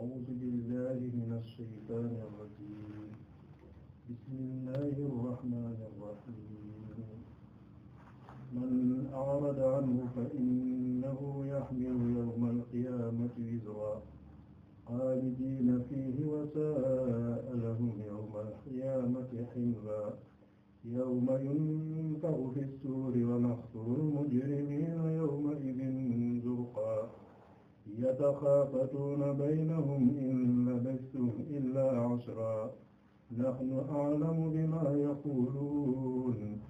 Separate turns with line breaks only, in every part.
أعوذ بالله من الشيطان الرجيم بسم الله الرحمن الرحيم من أعرض عنه فإنه يحمل يوم القيامة وزرا خالدين فيه وساء لهم يوم القيامة حملا يوم ينفخ في السور ونحشر المجرمين يومئذ يتخافتون بينهم إن لبثتم إلا عشرا نحن أعلم بما يقولون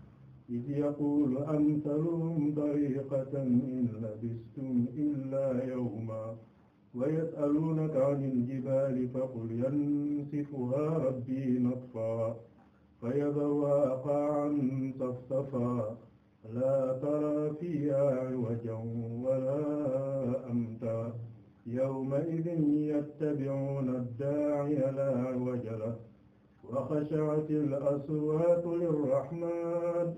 إذ يقول أمثلهم طريقة إن لبثتم إلا يوما ويسألونك عن الجبال فقل ينسفها ربي نطفا فيذرها قاعا صفصفا laa tara fiihaa iwajan walaa amtaa yawma'idin yattabi'uuna ad-daa'iya laa iwaja lahu wa xasha'atil aswaatu lir-rahmaan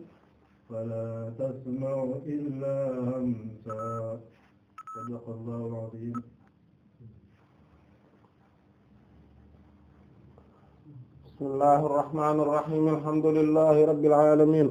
falaa tasma'u illaa hamsaa sadaqallaahul aziim bismillaahir rahmaanir rahiim
alhamdulillaahi rabbil aalamiin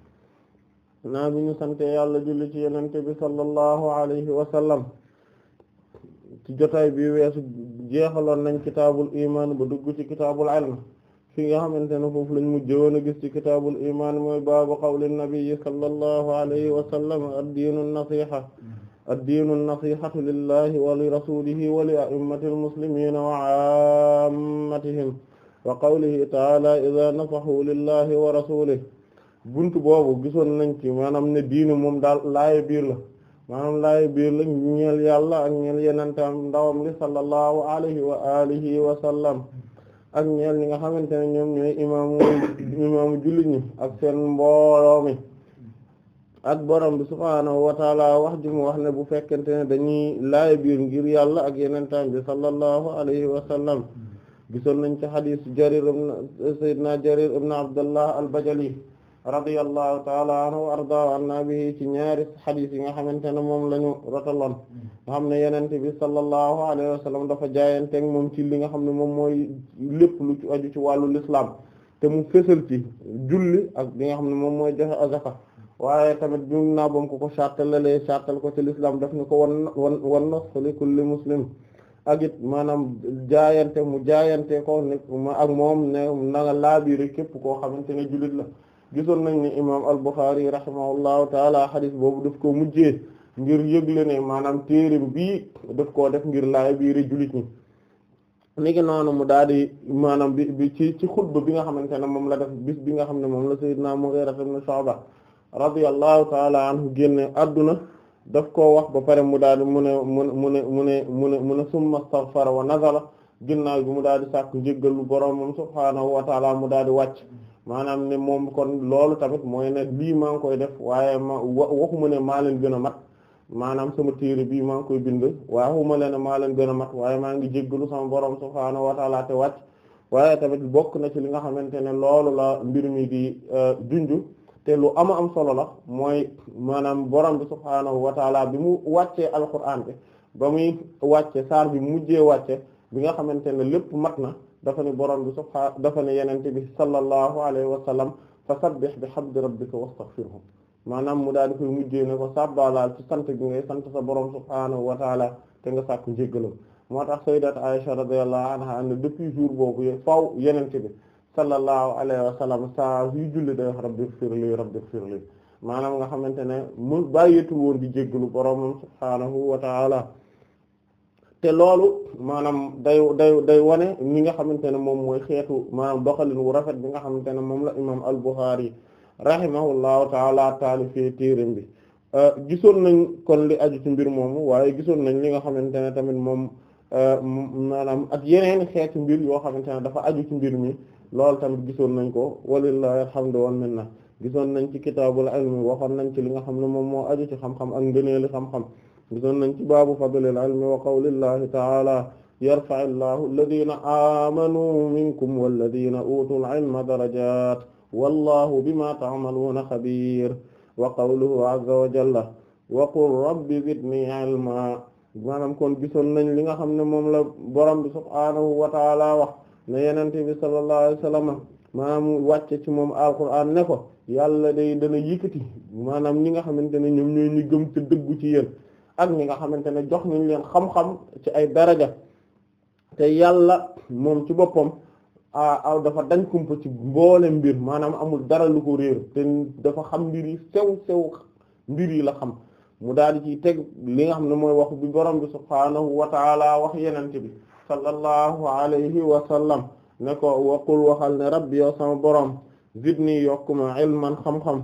naa bi ñu sante yàlla julli ci yenente bi sallallahu alayhi wa sallam ci jotaay bi weesu jeexaloon nañ kitaabul iman ba dugg ci kitaabul ilm fi nga xamante ne foofu lañ mujj woon a gis ci kitaabul iman mooy baabu qawli nabi sallallahu alayhi wa sallam ad-diinu nasiha ad-diinu nasihatu lillahi wa li rasulihi wa li a'immatil muslimina wa ammatihim wa qawlihi ta'ala idha nasahu lillahi wa rasulihi bunt boobu gisoon nañ ci maanaam ne diinu moom daal laaya biir la maanaam laaya biir la ñeel yàlla ak ñeel yenantam ndawam li sallallahu alayhi wa alihi wa sallam ak ñeel ñi nga xamante ne ñoom ñooy imaamu imaamu ak seen mbooloo ak borom bi subhaanahu wa wax ji mu wax ne bu fekkente ne dañuy laaya biir ngir yàlla ak yenantam bi sallallahu alayhi wa sallam gisoon nañ ci xadiis jarir ibn sayyidina jarir abdullah al-bajali radiyallahu taala anhu wa arda an ci ñaari xadis yi nga xamante ne moom lañu ñu rotaloon nga xam ne yenente bi sallallahu alayhi wa sallam dafa jaayanteeg moom ci li nga xam ne moom mooy lépp lu ci aju ci wàllu lislaam
te mu fësal ci
julli ak li nga xam ne moom mooy joxe azaka waaye tamit jum nabom ko ko ko sartalalee sartal ko ci lislaam daf ni ko wan wan wan na li kulli muslim ak it maanaam jaayante mu jaayante ko ak moom ne na nga laabiire képp koo xamante ne jullit la gisoon nañ ni imam al-Bukhari rahimahullahu taala xadis boobu def koo mujjee ngir yëgle ne maanaam téere bii def koo def ngir laay biir jullit ñi léegi noonu mu daal di maanaam bi ci ci xutba bi nga xamante ne moom la def bis bi nga xam ne moom la sayyidna Mughira ibn Shu'ba radiyallahu taala anhu génne adduna def koo wax ba pare mu daal di mu ne mu ne mu ne mu ne mu ne mu ne summa astaghfara wa nazala ginnaaw mu daal di sàkk njéggalu boroomam subhaanahu wa taala mu daal di wàcc maanaam ne moom kon loolu tamit mooy ne lii maa ngi koy def waaye ma waxuma ne maa leen gën a mat maanaam sama téere bii maa koy bind waxuma leen maa leen gën a mat waaye maa ngi jéggalu sama borom subhaanahu wa ta'ala te wàcc waaye tamit bokk na ci li nga xamante ne loolu la mbir mi di euh, junj te lu ama am solo la mooy maanaam borom bi subhaanahu wa ta'ala bi mu wàccee alquran bi mu muy wàcce saar bi mujjee wàcce bi nga xamante ne lépp mat na dafa ne borom bi subhaanahu dafa ne yenente bi sallallahu alayhi wa xam fa sabbih bihamdi rabbika wastaghfirhu maanaam mu daal di koy mujjee ne ko sàbbalaal ci sant gi ngay sant sa borom subhaanahu wa taala te nga sàkk njéggalam moo tax sayyidat Aisha radiyallahu anha ne depuis jour boobu y faw yenente bi sallallahu alayhi wa sallam saa yu julli day wax rabbighfirli rabbighfirli maanaam nga xamante ne mu bàyyeetul woon di jéggalu boromam subhaanahu wa taala te loolu maanaam day day day wane mi nga xamante ne moom mooy xeetu maanaam doxalin wu rafet bi nga xamante ne moom la imaam al-Bukhari rahimahullahu taala taalif fi téereem bi euh, gisoon nañ kon li aju ci mbir moomu waaye gisoon nañ li nga xamante ne tamit moom euh, maanaam ak yeneen xeetu mbir yoo xamante ne dafa aju ci mbir mi loolu tamit gisoon nañ ko walillahi alhamdu wal minna gisoon nañ ci kitaabul ilmi waxoon nañ ci li nga xam ne moom moo aju ci xam-xam ak ngëneelu xam-xam gisoon nañ ci baabu fadlil ilmi wa qawlillahi ta'ala yarfa'i llahu alladhina amanu minkum walladhina utul ilma darajat wallahu bima ta'maluna khabir wa qawluhu 'azza wa jalla wa qul rabbi zidni ilma maanaam kon gisoon nañ li nga xam ne moom la borom bi subhaanahu wa ta'ala wax ne yenente bi sallallahu wa sallam maanaam wàcce ci moom alquran ne ko yàlla day dana yëkkati maanaam ñi nga xamante ne ñoom ñooy ñu gëm te dëggu ci yéen ak ñi nga xamante ne jox nañ leen xam-xam ci ay daraja te yàlla moom ci boppam aw dafa dañ kumpa ci boole mbir maanaam amul dara lu ko réer dafa xam mbir yi sew sew mbir yi la xam mu daal di teg li nga xam ne mooy wax bi borom bi subhaanahu wa taala wax yenente bi sallallahu alayhi wa sallam ne ko waqul waxal ne rabbi yow sama borom yokkuma ilman xam-xam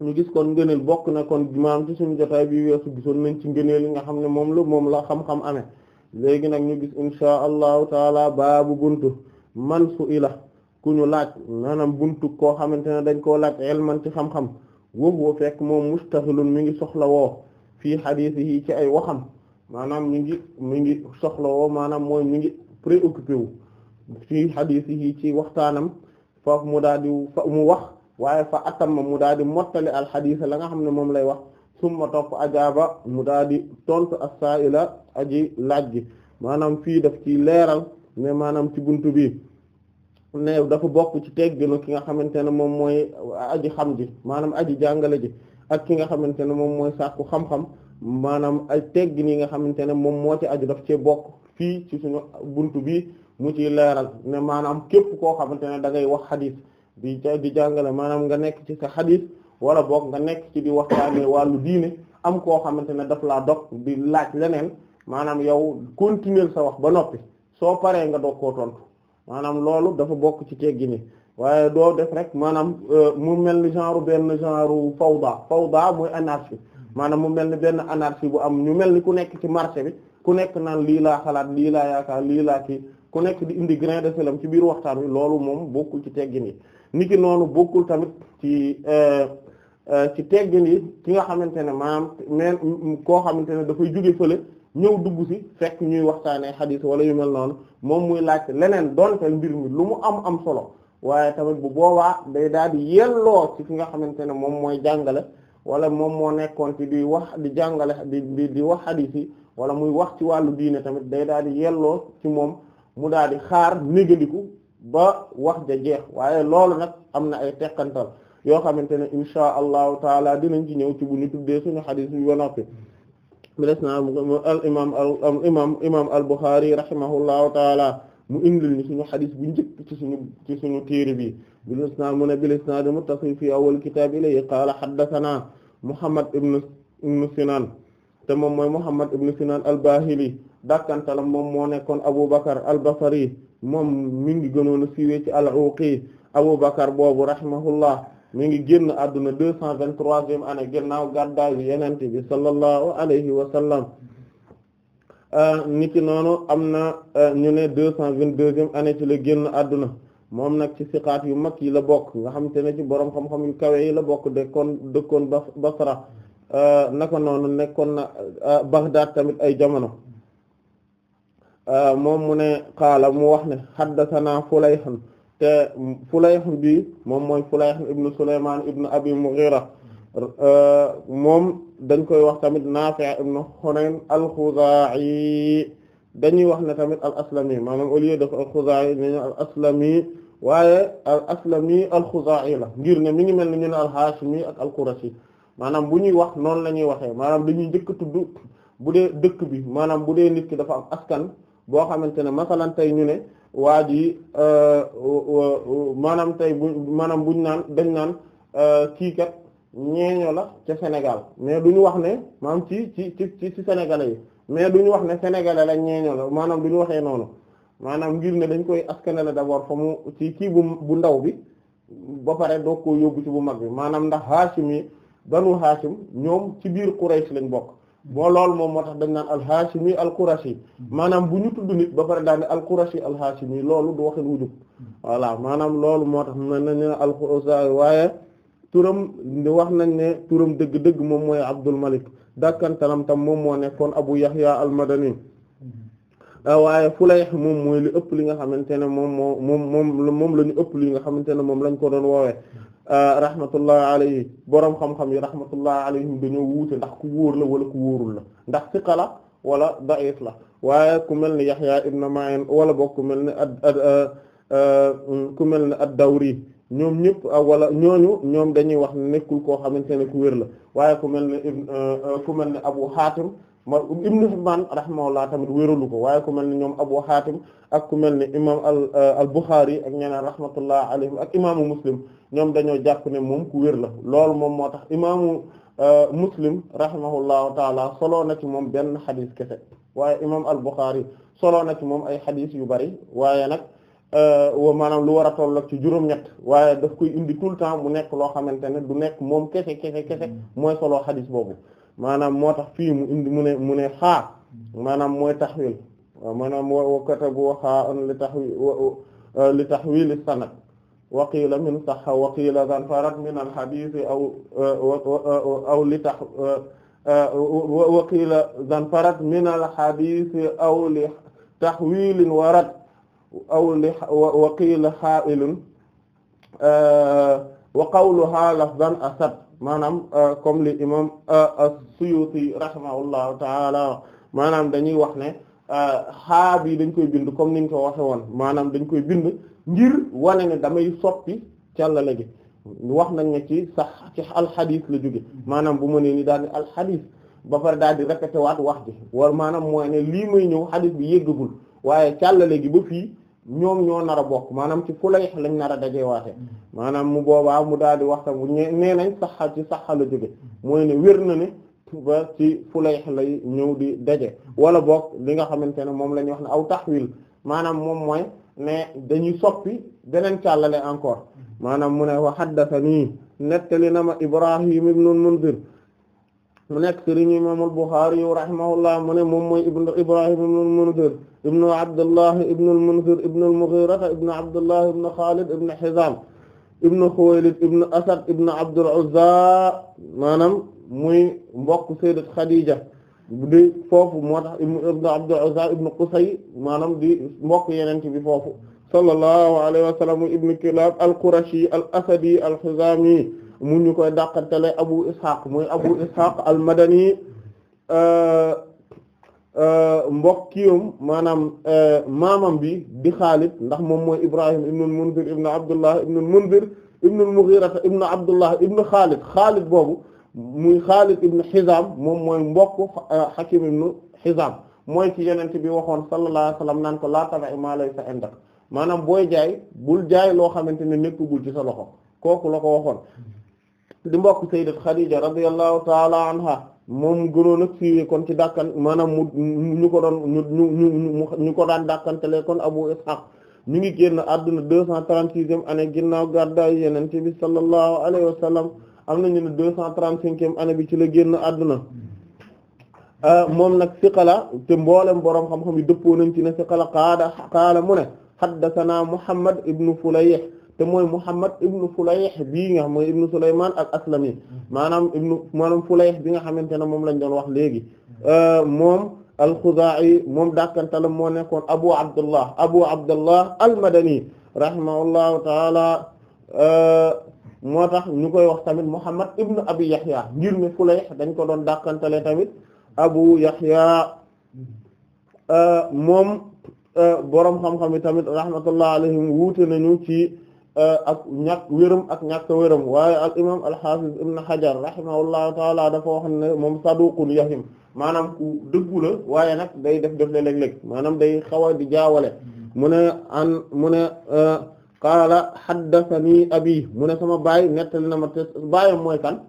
ñu gis kon ngëneel bokk na kon maam ci suñu jotaay bi weesu gisoon nañ ci ngëneel yi nga xam ne moom la moom la xam-xam amee léegi nag ñu gis insha allahu taala baabu buntu man su ila ku ñu laaj maanaam buntu koo xamante ne dañ koo laaj elman ci xam-xam woowu fekk moom mustaxilun mi ngi soxla woo fii xadiis yi ci ay waxam maanaam mi ngi mu ngi soxla woo maanaam mooy mi ngi préoccupé wu fii xadiis yi ci waxtaanam foofu mu daal di mu wax waaye fa atamma mu daal di al alxadisa la nga xam ne moom lay wax summa topp ajaaba mu daal di tontu as-sa'ila aji laaj gi maanaam fii daf ci leeral ne maanaam ci buntu bi dafa bokk ci tegginu ki nga xamante ne moom mooy aji xam ji maanaam aji jàngale ji ak ki nga xamante ne moom mooy sàkku xam-xam maanaam ay teggin yi nga xamante ne moom moo ci aju daf cee bokk fii ci suñu bunt bi mu ciy leeral ne maanaam képp koo xamante ne da ngay wax xadis di di jàngale maanaam nga nekk ci sa xadis wala boog nga nekk ci di waxtaanee wàllu diine am koo xamante ne daf laa dog di laaj leneen maanaam yow continuer sa wax ba noppi soo paree nga dog koo tontu maanaam loolu dafa bokk ci teggini waaye doo def rek maanaam euh, mu mel ni genre benn genre fawda fawda mooy anarchie maanaam mu mel ni benn anarchie bu am ñu mel ni ku nekk ci marché bi ku nekk naan lii laa xalaat lii laa yaakaar lii laa ki ku nekk di indi grain de ci biir waxtaan wi loolu moom bokkul ci teggin yi niki noonu bokkul tamit ci euh, euh, ci teggin yi ki nga xamante ne maanaam koo xamante ne dafay jóge fële ñëw dugg ci fekk ñuy waxtaanee xadiis wala yu mel noonu moom muy laaj leneen doon feel mbir mi lu mu am am solo waaye tamit bu boobaa day daal di yelloo ci ki nga xamante ne moom mooy jàngale wala moom moo nekkoon ci di wax di jàngale di di di wax xadiis yi wala muy wax ci wàllu diine tamit day daal di yelloo ci moom mu daal di xaar négandiku ba wax ja jeex waaye loolu nag am na ay teqantal yoo xamante ne insha allahu taala dinañ ci ñëw ci bu ñu tuddee suñu xadis bi ba noppi bi des na al imam al imam imam al Bukhari rahimahullahu taala mu indi ni suñu xadis bu njëkk ci suñu ci suñu téere bi bil isnaad mu ne bil isnaad muttasil fi awwal kitaab ilayhi qaala haddathana Muhammad ibn ibn Sinan te moom mooy Muhammad ibn Sinan al-Bahili dakkantalam moom moo nekkoon Abu Bakar al-Basri moom mi ngi gënoon a siiwee ci al-Uqi Abu Bakar boobu rahimahullah mi ngi génn àdduna deux cent vingt-troisième année ginnaaw gàddaay bi Yonent bi sallallahu alayhi wa sallam euh, niki noonu am na euh, ñu ne deux cent vingt-deuxième année ci la génn àdduna moom nag ci siqaat yu mag yi la bokk nga xam te ne ci borom xam-xam yu kawe yi la bokk de dëkkoon dëkkoon Basra euh, naka noonu nekkoon na Baghdad tamit ay jamono Euh, moom mu ne qaala mu wax ne haddathana fulayhan te fulayhan bi moom mooy fulayhan ibnu sulayman ibnu abi mughira euh, moom dañ koy wax tamit Naafi' ibn Hunayn al-Khuzaa'i dañuy wax ne tamit al-Aslami maanaam au lieu de al-Khuzaa'i nañu al-Aslami waaye al-Aslami al-Khuzaa'i la ngir ne mi ngi mel ni ñu ne al-Haashimi ak al-Qurashi maanaam bu ñuy wax noonu la ñuy waxee maanaam dañuy njëkk tudd bu dee dëkk bi maanaam bu dee nit ki dafa am askan boo xamante ne masalan tey ñu ne waa ji euh, maanaam tey bu maanaam buñ naan dañ naan euh, kii kat ñeeño la ca Sénégal mais duñu wax ne maanaam ci ci ci ci sénégalais yi mais duñu wax ne sénégalais la ñeeño la maanaam ñu waxee noonu maanaam ngir ne dañ koy askanale d'abord fa mu ci kii bu bu ndaw bi ba pare doo ko yóbbu ci bu mag bi maanaam ndax Haashim yi Banu Haashim ñoom ci biir ci lañ bokk boo loolu moom moo tax dañ naan al-Hashimi al-Qurashi maanaam bu ñu tudd nit ba pare daal ne al-Qurashi al-Hashimi loolu du waxin wu jub voilà maanaam loolu moo tax mel nañ ne al-Qurashi waaye turam wax nañ ne turam dëgg-dëgg moom mooy Abdul Malik dàkkantalam tam moom moo nekkoon Abu Yahya al-Madani euh, waaye Fulayh moom mooy li ëpp li nga xamante ne moom moo moom moom moom la ñu ëpp li nga xamante ne moom lañ ko doon woowee Euh, rahmatullahi alayhi borom xam-xam yi rahmatullahi alayhim dañoo wuute ndax ku wóor la wala ku wóorul la ndax siqa wala da'if la waaye ku mel ni Yahya ibn Ma'in wala boog ku mel ni euh, euh, ku mel ni ad-Dawri ñoom ñëpp wala ñooñu ñoom dañuy wax nekkul koo xamante ne ku wér la waaye ku mel ni ku mel ni Abu Hatim ma Ibn Hibban rahimahullah tamit wéralu ko waaye ku mel ni ñoom Abu Hatim ak ku mel ni imam al al Bukhari ak ñeneen rahmatullah alayhim ak imaamu Muslim ñoom dañoo jàpp ne moom ku wér la loolu moom moo tax imaamu euh, muslim rahimahullahu taala soloo na ci moom benn xadis kese waaye imaam al-Bukhari soloo na ci moom ay xadis yu bari waaye nag euh, maanaam lu war a toll ci juróom-ñett waaye daf koy indi tout le temps mu nekk loo xamante ne du nekk moom kese kese kese mooy soloo xadis boobu maanaam moo tax fii mu indi mu ne mu ne xaa maanaam mooy tax taxwil maanaam wa katabu xaa li taxwil euh, li taxwil sanad waqiila min saxa waqiila gan farat min alxadisi aw aw li tax waqiila gan farat min alxadisi aw li taxwiilin warat aw li waqiila xaailun wa qawluha lafdan asad maanaam comme li imam as-Suyuti rahimahullahu taala maanaam dañuy wax ne xaa bi dañ koy bind comme niñ ko waxe woon maanaam dañ koy bind ngir wane ne damay soppi càllale gi wax nañ ne ci sax ci alxadis la jóge maanaam bu ma nee ni daal di alxadis ba pare daal di répété waat wax ji war maanaam mooy ne lii may ñëw xadis bi yëggagul waaye càllale gi ba fii ñoom ñoo nar a bokk maanaam ci fulay lañ nar a dajewaate maanaam mu boobaa mu daal di wax tam nee nañ sax ci sax la jóge ne wér na ne ba ci fulay lay ñëw di daje wala bokk li nga xamante ne moom la ñuy wax ne aw taxwil maanaam moom mooy. mais dañuy soppi beneen càllale encore maanaam mu ne wa haddathanii nettali na ma Ibrahim ibn al-Mundhir mu nekk sëriñ imam al-Bukhari yu rahimahullah mu ne moom mooy ibn Ibrahim ibn al-Mundhir ibn Abdullah ibn al-Mundhir ibn al-Mughira ibn Abdullah ibn Khalid ibn Hizam ibn Khuwaylid ibn Asad ibn Abdul Uzza maanaam muy mbokk Sayyidat Khadija bu foofu moo tax ibnu Abdul Uzza ibnu Qusay maanaam di mbokk yeneen bi foofu sallallahu alayhi wa sallam ibnu Kilab al-Qurashi al-Asadi al-Khuzami mu ñu koy dàqantele Abu Ishaq mooy Abu Ishaq al-Madani euh, euh, mbokkiyam maanaam euh, maamam bi di Xaalid ndax moom mooy Ibrahim ibnu al-Munzir ibnu Abdullah ibnu al-Munzir ibnu al Abdullah ibnu Xaalid boobu muy Xaalid ibn Xizaam moom mooy mbokk euh, Hakim ibn Xizaam mooy ci yeneen bi waxoon sallallahu alayhi wa naan ko laa tabi'i maa laysa indak maanaam booy jaay bul jaay loo xamante ne nekkagul ci sa loxo kooku la ko waxoon di mbokk sayyidat Khadija radiyallahu ta'ala anha moom gënoon a siiwee kon ci dàkkan maanaam mu ñu ko doon ñu ñu ñu ko daan dàkkantele kon Abu Ishaq ñu ngi génn àdduna deux cent trente-sixième année ginnaaw gàddaay Yonent bi sallallahu alayhi wa am nañu ne deux cent trente-cinquième année bi ci la génn àdduna euh, moom nag siqala te mboolem boroom xam-xam yi dëppoo nañ ci ne siqala qaada qaala mu ne haddathana Muhammad ibnu Fulayh te mooy Muhammad ibnu Fulayh bii nga xam mooy ibnu Sulaymaan al Aslami maanaam ibnu maanaam Fulayh bi nga xamante ne moom lañ doon wax léegi euh, moom al-Khuzaa'i moom dàkkantalam moo nekkoon Abu Abdullah Abu Abdullah al-Madani rahimahullahu taala euh, moo tax ñu koy wax tamit Muhammad ibn Abi Yahya ngir ne Fulayh dañ ko doon dàqantale tamit Abu Yahya euh, moom euh, boroom xam-xam yi tamit rahmatullah alayhim wuute nañu ci euh, ak ñàkk wéram ak ñàkk wéram waaye al imam al hafiz ibn Hajar rahimahullahu taala dafa wax ne moom saduqun yahim maanaam ku dëggu waaye nag day def def le léeg-léeg maanaam day xaw di jaawale mm-hmm. mu ne an mu ne qaala haddathani abi mu ne sama baay nettali na ma te baayam mooy kan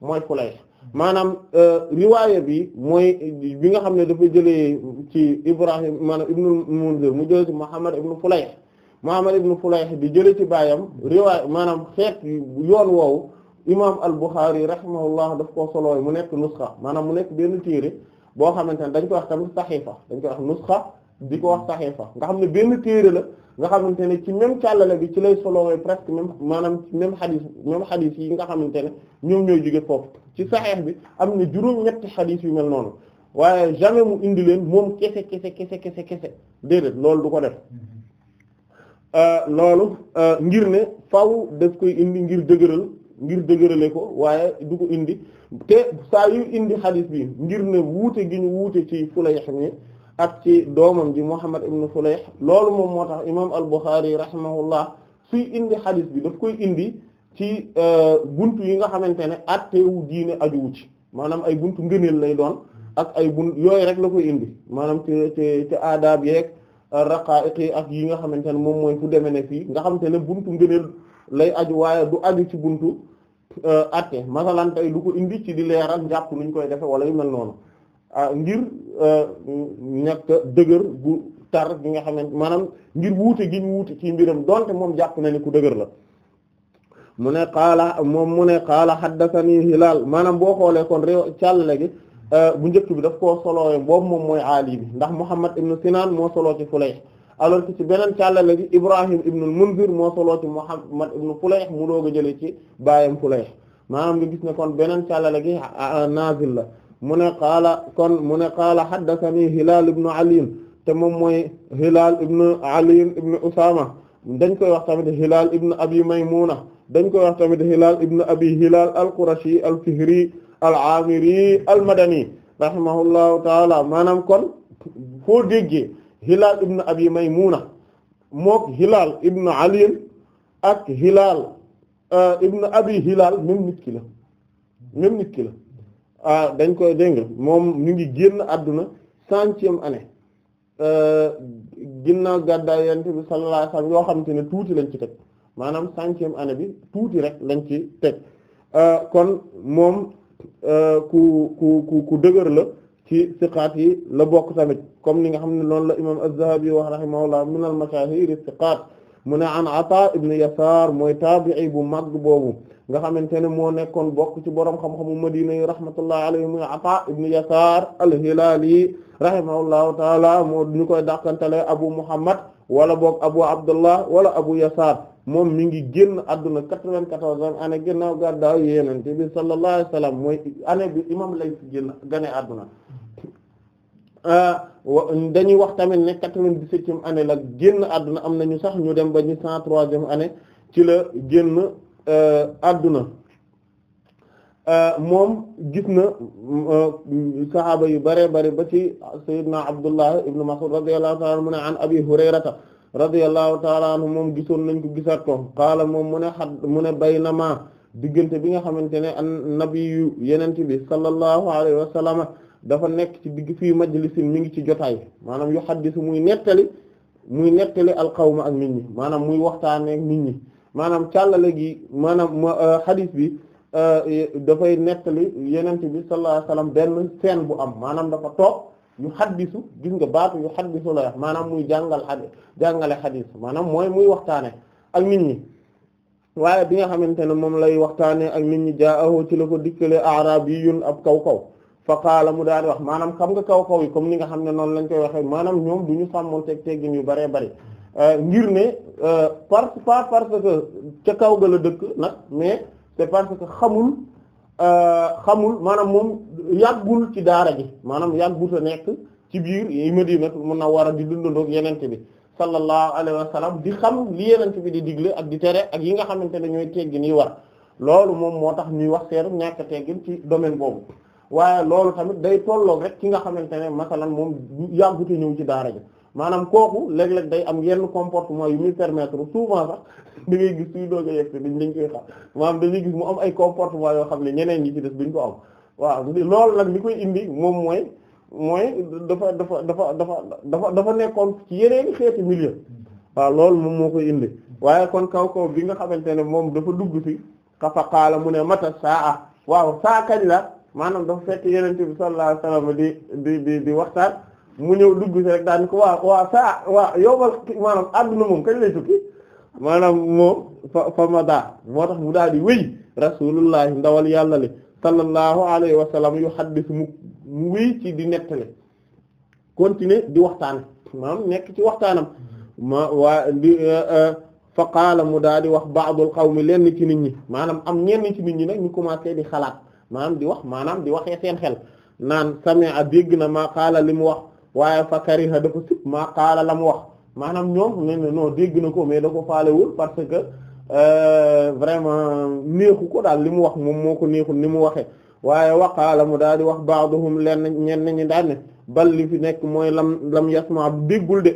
mooy Fulayh maanaam euh, riwaaya bi mooy bi nga xam ne dafa jëlee ci Ibrahim maanaam ibnu Munzir mu jëlee ci Muhammad ibnu Fulayh Muhammad ibnu Fulayh di jëlee ci baayam riwaaya maanaam xeet yoon wow imaam al-Bukhari rahimahullah daf koo solooy mu nekk nusxa maanaam mu nekk benn téere boo xamante ne dañ koy wax tamit saxiifa dañ koy wax nusxa di ko wax saxee fa nga xam ne benn téere la nga xamante ne ci même càllale bi ci lay solowee presque même maanaam même xadis même xadis yi nga xamante ne ñoom ñooy jóge foofu ci saxeex bi am na juróom-ñetti xadis yu mel noonu waaye jamais mu indi leen moom
kese kese kese kese kese
déedéet loolu du ko def euh, loolu euh, ngir ne faw daf koy indi ngir dëgëral ngir dëgërale ko waaye du ko indi te saa yu indi xadis bi ngir ne wuute gi ñu wuute ci fu la yi ak ci doomam ji Muhammad ibn Fulayh loolu moom moo tax imaam al-Bukhari rahimahullah suy indi xadis bi daf koy indi ci euh, buntu yi nga xamante ne attewu diine ajuwu maanaam ay buntu ngëneel lay doon ak ay bunt yooyu rek la koy indi maanaam ci ci ci aadaab yeeg raqaa'iq yi ak yi nga xamante ne moom mooy fu demee ne fii nga xamante ne buntu ngëneel lay aju waaye du aju ci buntu euh, atte masalan tey lu ko indi ci di leeral njàpp nuñ koy defe wala yu mel noonu Ah, ngir eh, ñàkk dëgër bu tar gi nga xamante maanaam ngir wuute gi ñu wuute ci mbiram donte moom jàpp na ni ku dëgër la mu ne qaala moom mu ne qaala haddathani Hilaal maanaam boo xoolee kon réew càllale gi eh, bu njëkk bi daf koo solowee boobu moom mooy aali bi ndax Muhammad ibn Sinaan moo soloo ci Fulayh alors que ci beneen càllale gi Ibrahim ibn al-Munzir moo soloo ci Muhammad ibn Fulayh mu doog a jëlee ci baayam Fulayh maanaam nga gis ne kon beneen càllale gi ah, ah, naazil la mu ne qaala kon mu ne qaala haddathani Hilaal ibn Ali te moom mooy Hilaal ibn Ali ibn Usaama dañ koy wax tamit Hilaal ibn Abi Maymuna dañ koy wax tamit Hilaal ibn Abi Hilaal al-Qurashi al-Fihri al-Aamiri al-Madani rahimahullahu taala maanaam kon foo déggee Hilaal ibn Abi Maymuna mook Hilaal ibn Ali ak Hilaal euh, ibn Abi Hilaal même nit ki la même nit ki la Ah, dañ koy déng moom ñu ngi génn àdduna centième année euh, ginnaaw gàddaay yonent bi sallallahu alayhi wasallam yoo xamante ne tuuti lañ ci teg maanaam centième année bi tuuti rek lañ ci teg euh, kon moom euh, ku ku ku ku dëgër la ci siqaat yi la bokk tamit comme ni nga xam ne loolu la imam az-Zahabi wax rahimahullah min al-mashaahir siqaat mu ne an Ataa ibn Yasaar mooy taabi'i bu mag boobu nga xamante ne moo nekkoon bokk ci boroom xam-xamu Madina yi rahmatullahi alayhi muy Ataa ibn Yasaar al-Hilaali rahimahullahu taala moo ñu koy dàqantale Abu Muhammad wala boog Abu Abdullah wala Abu Yasaar moom mi ngi génn adduna quatre-vingt-quatorzième année ginnaaw gàddaaw Yonent bi sallallahu mooy année bi imam lay génn gane adduna Euh, dañuy wax tamit ne quatre-vingt-dix-septième année la génn àdduna am nañu sax ñu dem ba ñu cent troisième année ci la génn euh, àdduna euh, moom gis na saxaaba yu bare bare ba ci sayyidina Abdullah ibn Mas'ud radiyallahu ta'ala anhu mu ne an Abi Hurayrata radiyallahu ta'ala anhu moom gisoon nañ ko gisaat ko qaala moom mu ne xad mu ne baynama diggante bi nga xamante ne an nabiyu yenente bi sallallahu alayhi wa dafa nekk ci digg fii majlisin mi ngi ci jotaay maanaam yu xaddisu muy nettali muy nettali alqawma ak nit ñi maanaam muy waxtaanee ak nit ñi maanaam càllale gi maanaam euh, xadis bi euh, dafay nettali yenente bi sallallahu alayhi wasallam benn seen bu am maanaam dafa toog yu xaddisu gis nga baatu yu xaddisu la maanaam muy jàngal xadis jàngale xadis maanaam mooy muy waxtaanee ak nit ñi waaye bi nga xamante ne moom lay waxtaanee ak nit ñi jaa aho ci la ko dikkale arabiyun ab kaw kaw fa qaala mu daal di wax maanaam xam nga kaw kaw yi comme ni nga xam ne noonu lañ koy waxee maanaam ñoom du ñu sàmmonteeg teggin yu bëree bëri euh, ngir ne euh, parce pas parce que ca kaw ga la dëkk nag mais c'est parce que xamul euh, xamul maanaam moom yàggul ci daara gi maanaam yàgguta nekk ci biir yi war Munawwara di dundandoog yenente bi sallallahu alayhi wa sallam di xam li yenente bi di digle ak di tere ak yi nga xamante ne ñooy teggin yi war loolu moom moo tax ñuy wax seeru ñàkk teggin ci domaine boobu waaye loolu tamit day tolloog rek ki nga xamante ne masalan moom yàggute ñëw ci daara ji maanaam kooku léeg-léeg day am yenn comportement yu muy permettre souvent sax da gis suy doog a yegg dañ dañ koy xam maanaam dañuy gis mu am ay comportement yoo xam ne ñeneen ñi ci des duñ ko am waaw loolu nag li koy indi moom mooy mooy dafa dafa dafa dafa dafa dafa nekkoon ci yeneen xeeti milieu waaw loolu moom moo koy indi waaye kon kaw kaw bi nga xamante ne moom dafa dugg ci kafa mu ne mata saa waaw saa kañ la maanaam dafa fekk yonent bi sallallahu alayhi di di di waxtaan mu ñëw dugg ci rek daan ko waa waa saa waa yowbal maanaam adduna moom kañ lay tukki maanaam moom fa fa moo tax mu daal di wéy rasulullahi ndawal yàlla li sallallahu alayhi wa sallam yu xaddis mu mu wéy ci di nettali continuer di waxtaan maanaam nekk ci waxtaanam ma waa di eh, eh, fa qaala mu daal di wax ba'dul qawmi lenn ci nit ñi maanaam am ñenn ci nit ñi nag ñu commencé di xalaat maanaam di wax maanaam di waxee seen xel naan sami'a dégg na ma qaala li mu wax waaye fa kariha dafa sib maa qaala la mu wax maanaam ñoom ne non dégg na ko mais da ko faalewul parce que euh, vraiment néexu ko daal li mu wax moom moo ko néexul ni mu waxee waaye waqaala mu daal di wax ba'dhum lenn ñenn ñi daal ne bal li fi nekk mooy lam lam ma déggul de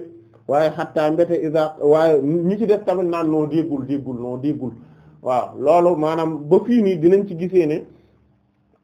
waaye xatta mbete isa waaye ñi ci def tamit naan noo déggul déggul noo déggul waaw loolu maanaam ba fii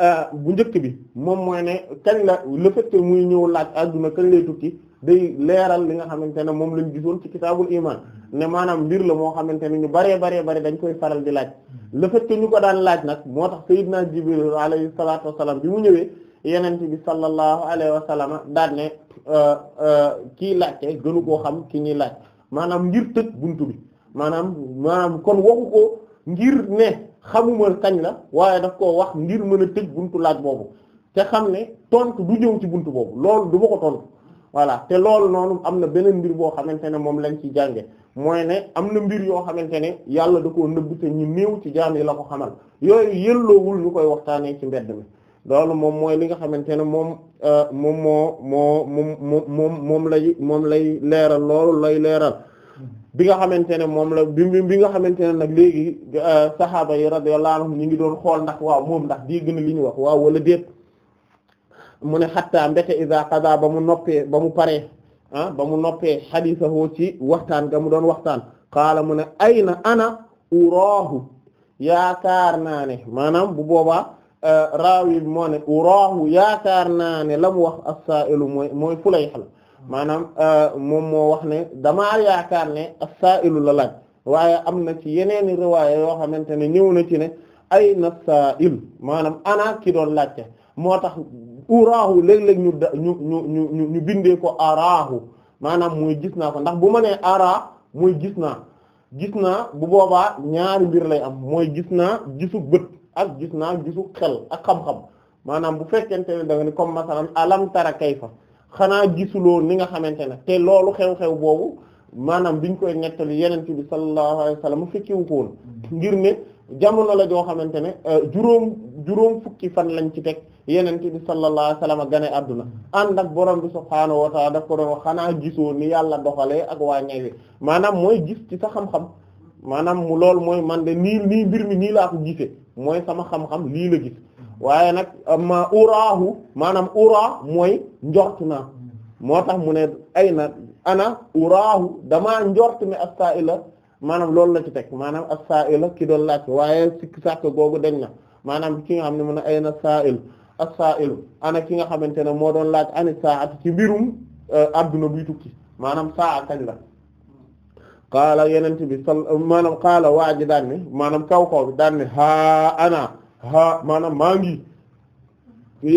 Euh, bu njëkk bi moom mooy ne kañ la le fait que muy ñëw laaj adduna kañ lay tukki day leeral li nga xamante ne moom lañu gisoon ci kitaabul iman ne maanaam mbir la moo xamante ne ñu baree baree bare dañ koy faral di laaj le fait ñu ko daan laaj nag moo tax naa sayyidna Jibril alayhi salaatu wassalaam bi mu ñëwee yeneen bi sallallahu alayhi wa sallam daan ne euh, euh, kii laajte gënu koo xam ki ñuy laaj maanaam ngir tëj bunt bi maanaam maanaam kon waxu ko ngir ne. xamuma kañ la waaye daf koo wax ngir mën a tëj buntu laaj boobu te xam ne tontu du jëw ci buntu boobu loolu du ma ko tontu voilà te loolu noonu am na beneen mbir boo xamante ne moom lañ ci jànge mooy am na mbir yoo xamante ne yàlla da koo nëbb ci jaam yi la ko xamal yooyu yëlloowul ñu koy waxtaanee ci mbedd mi loolu moom mooy li nga xamante ne moom euh, moom moo moo moom moom lay moom lay leeral loolu lay leeral bi nga xamante ne moom la bi bi nga xamante ne nag léegi euh, saxaaba yi radiyallahu anhum ñu ngi doon xool ndax waaw moom ndax dégg na li ñu wax waaw wala déet mu ne xattaa mbete isa qada ba mu noppee ba mu pare ah, ba mu noppee xadiisahoo ci waxtaan ga mu doon waxtaan xaala mu ne ay na ana uraahu yaakaar naa ne maanaam bu boobaa euh, raawi moo ne uraahu yaakaar naa ne la mu wax assailu mooy mooy fulayxal maanaam euh, moom moo wax ne damaa yaakaar ne as-sa'ilu la laaj waaye am na ci yeneen riwaaya yoo xamante ne ñëw na ci ne ay na sa'il maanaam ana ki doon laajte moo tax uraahu léeg-léeg ñu ñu ñu ñu ñu bindee ko araahu maanaam mooy gis naa ko ndax bu ma nee araa mooy gis naa gis naa bu boobaa ñaari mbir lay am mooy gis naa gisu bët ak gis naa gisu xel ak xam-xam maanaam bu fekkente ne da nga ni comme masalan alam tara kayfa xanaa gisuloo ni nga xamante ne te loolu xew-xew boobu maanaam biñ koy nettali yeneen bi sallallahu alayhi wa sallam fekkiwu ko woon mm. ngir ne jamono la joo xamante ne euh, juróom juróom fukki fan lañ ci teg yeneen bi sallallahu alayhi wa sallam gane àdduna ànd ak borom bi subhaanahu wa ta'ala ko doon wax xanaa gisoo ni yàlla doxalee ak waa ñewi maanaam mooy gis ci sa xam-xam maanaam mu loolu mooy man de nii nii mbir mi nii laa ko gisee mooy sama xam-xam lii waaye nag ma uraahu maanaam uraa mooy njort naa moo tax mu ne ay na ana uraahu damaa njort ne as-sa'ila maanaam loolu la ci teg maanaam as-sa'ila ki doon laaj waaye sikk sàkk googu dañ na maanaam ki nga xam ne mu ne ay na sa'il as-sa'ilu ana ki nga xamante ne moo doon laaj ani sa'ati ci mbirum euh, adduna buy tukki maanaam saa kañ la qaala ti bi sal maanaam qaala waa daan ne maanaam kaw kaw bi daan ne haa ana ha maanaam maa ngi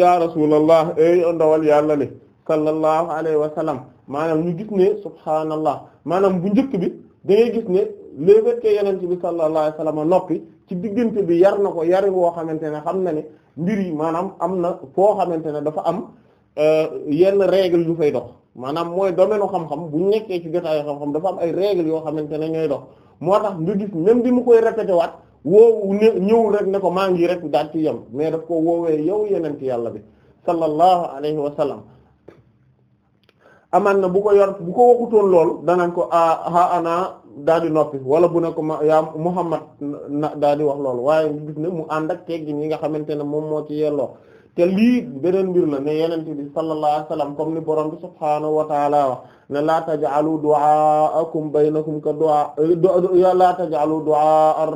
ya rasulallah ay ndawal yàlla le sallallahu alayhi wa sallam maanaam ñu gis ne subhaanallah maanaam bu njëkk bi da gis ne le fait que yonent noppi ci diggante bi yar na ko yarin woo xamante ne xam na ne mbir yi maanaam am na foo xamante ne dafa am euh, yenn règle yu fay dox maanaam mooy domaine xam-xam bu nekkee ci jotaayu xam-xam dafa am ay règle yoo xamante ne ñooy dox moo tax nga gis même bi mu koy répété waat woowu ne ñëwul rek ne ko maa ngi rek daal ci yem mais daf ko woowee yow yeneen ci yàlla bi sallallahu alayhi wa sallam amaan na bu ko yor bu ko waxutoon lool danañ ko ah, a ana daal di noppi wala bu ne ko ma yaa Muhammad na daal di wax loolu waaye gis mu ànd ak yi nga xamante ne moom moo ci yelloo te lii beneen mbir la ne yenente bi sallallahu alayhi wasallam comme ni borom bi subhaanahu wa taala wax ne laa taj'alu du'aakum baynakum ka du'aa euh, laa taj'alu du'aa ar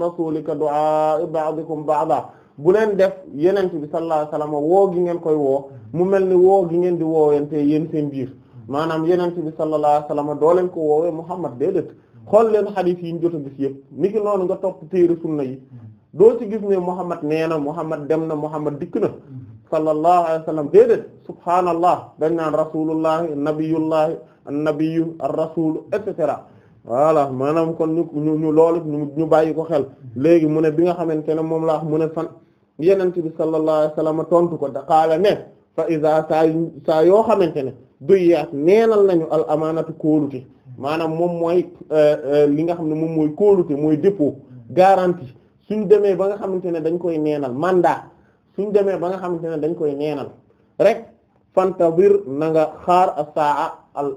ka du'aa ba'dikum ba'da bu leen def yenente bi sallallahu alayhi wasallam woo gi ngeen koy woo mu mel ni woo gi ngeen di woowente yéen seen biir maanaam yenente bi sallallahu alayhi wasallam doo leen ko woowee Muhammad déedéet xool leen xadiis yi ñu jot a gis yëpp niki noonu nga topp téere sunna yi doo ci gis ne Muhammad nee dem na Muhammad dikk na sallallahu alayhi wa sallam déedéet subhaanallah dañ naan rasulullahi nabiyullahi annabiyu ar-rasul et cetera voilà maanaam kon ñu loolu ñu bàyyi ko xel léegi mu ne bi nga xamante ne moom la wax mu ne fan yenent bi sallallahu alayhi wa tontu ko da qaala ne fa isa saa saa yoo xamante ne duyaat neenal nañu al amaanatu kóolute maanaam moom mooy euh, euh, li nga xam ne moom mooy kóolute mooy dépôt garantie suñ demee ba nga xamante ne dañ koy neenal mandat suñ demee ba nga xamante ne dañ koy neenal rek fantabir na nga xaar a saa al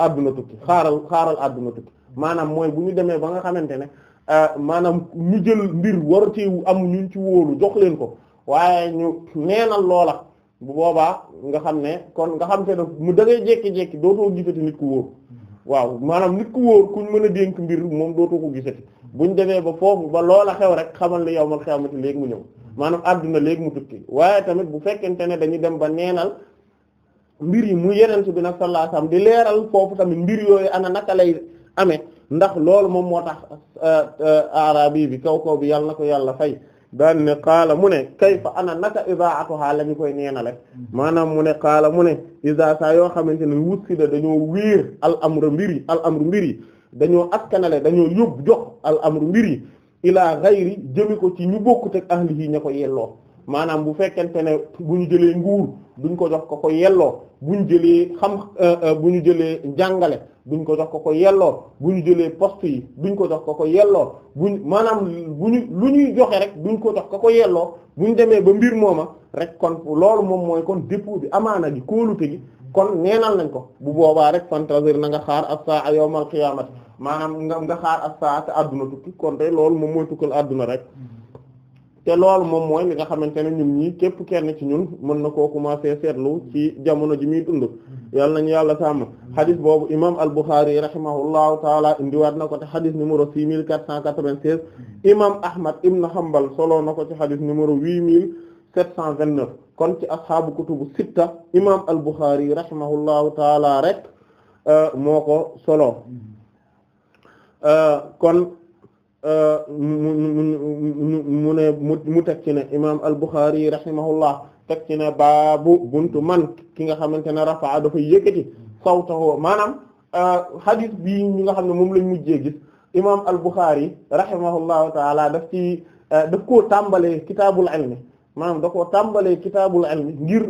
adduna euh, euh, tukki xaaral xaaral adduna tukki maanaam mooy bu ñu demee ba nga xamante ne euh, maanaam ñu jël mbir war ci am ñu ci wóolu jox leen ko waaye ñu neenal loola bu boobaa nga xam ne kon nga xam te ne mu dangay jékki-jékki dootoo gisati nit ku wóor mm-hmm. waaw maanaam nit ku ku ñu mën a dénk mbir moom dootoo ko gisati buñ demee ba foofu ba loola xew rek xamal ne yawmal xiyaamati léegi mu ñëw maanaam adduna léegi mu tukki waaye tamit bu fekkente ne dañu dem ba neenal mbir yi mu yeneen bi nag sallallahu di leeral foofu tamit mbir yooyu ana naka lay amee ndax loolu moom moo tax euh, euh, arabi bi kaw kaw bi yàlla na ko yàlla fay daan ne qaala mu ne kayfa ana naka idaatuha la ñu koy neenale maanaam mu ne qaala mu ne ida saa yoo xamante ne wut si da dañoo wiir al amru mbir al amru mbir yi dañoo askanale dañoo yóbbu jox al amru mbir yi ilaa xayri jëmi ko ci ñu bokkut ak ahli yi ña ko yelloo maanaam bu fekkente ne bu ñu jëlee nguur duñ ko jox ko ko yelloo bu ñu jëlee xam euh, euh, bu ñu jëlee njàngale duñ ko jox ko ko yelloo bu ñu jëlee poste yi duñ ko jox ko ko yelloo buñ maanaam bu ñu lu ñuy joxe rek duñ ko jox ko ko yelloo bu ñu demee ba mbir mooma rek kon loolu moom mooy kon dépôt bi amaana gi kóolute gi kon neenal nañ ko bu boobaa rek fantasir na nga xaar as-sa'a yawmal qiyaamati maanaam nga nga xaar as-sa'a te adduna tukki kon te loolu moom mooy tukkal adduna rek te loolu moom mooy li nga xamante ne ñun ñii képp kenn ci ñun mën na koo commencé seetlu ci jamono ji muy dund yàlla nañu yàlla sàmm xadis boobu imam al-Bukhari rahimahullahu taala ndiwaat na ko te xadis numéro 6496 imam Ahmad ibn Hanbal solo na ko ci xadis numéro 8000. 729 kon ci asxaabu kutubu sitta imaam al-Bukhari rahimahullahu taala rek euh, moo ko solo euh, kon euh, mu ne mu teg ci ne imaam al-Bukhari rahimahullah teg ci ne baabu buntu man ki nga xamante ne rafaa dafa yëkkati sawtahu maanaam hadith bii ñi nga xam ne moom lañ mujjee gis imaam al-Bukhari rahimahullahu taala daf ci daf koo tàmbalee kitaabul ilmi maanaam da koo tàmbalee kitaabul ilmi ngir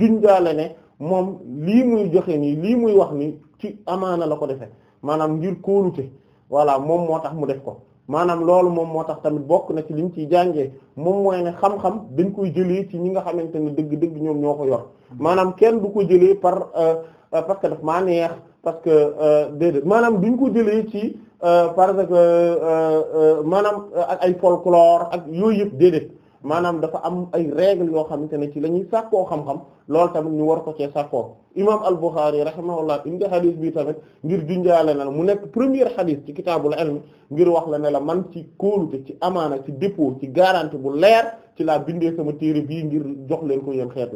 junjaale ne moom lii muy joxe nii lii muy wax ni ci amaana la ko defee maanaam ngir kóolute voilà moom moo tax mu def ko maanaam loolu moom moo tax tamit bokk na ci liñ ciy jàngee moom mooy ne xam-xam koy jëlee ci ñi nga xamante ne dëgg-dëgg ñoom ñoo ko yor maanaam kenn du ko jëlee par euh, parce que daf maa neex parce que euh, déedéet maanaam duñ ko jëlee ci euh, parce que maanaam ak ay folklore ak yooyu yëpp déedéet maanaam dafa am ay règle yoo xamante ne ci lañuy ñuy sàkkoo xam-xam loolu tamit ñu war ko cee sàkkoo imam al-Bukhari rahimahullah indi xadis bi tamit ngir junjaale na la mu nekk premier xadis ci kitaabul ilm ngir wax la ne la man ci kóolute ci amaana ci dépôt ci garantie bu leer ci laa bindee sama téere bii ngir jox leen ko yéen xeet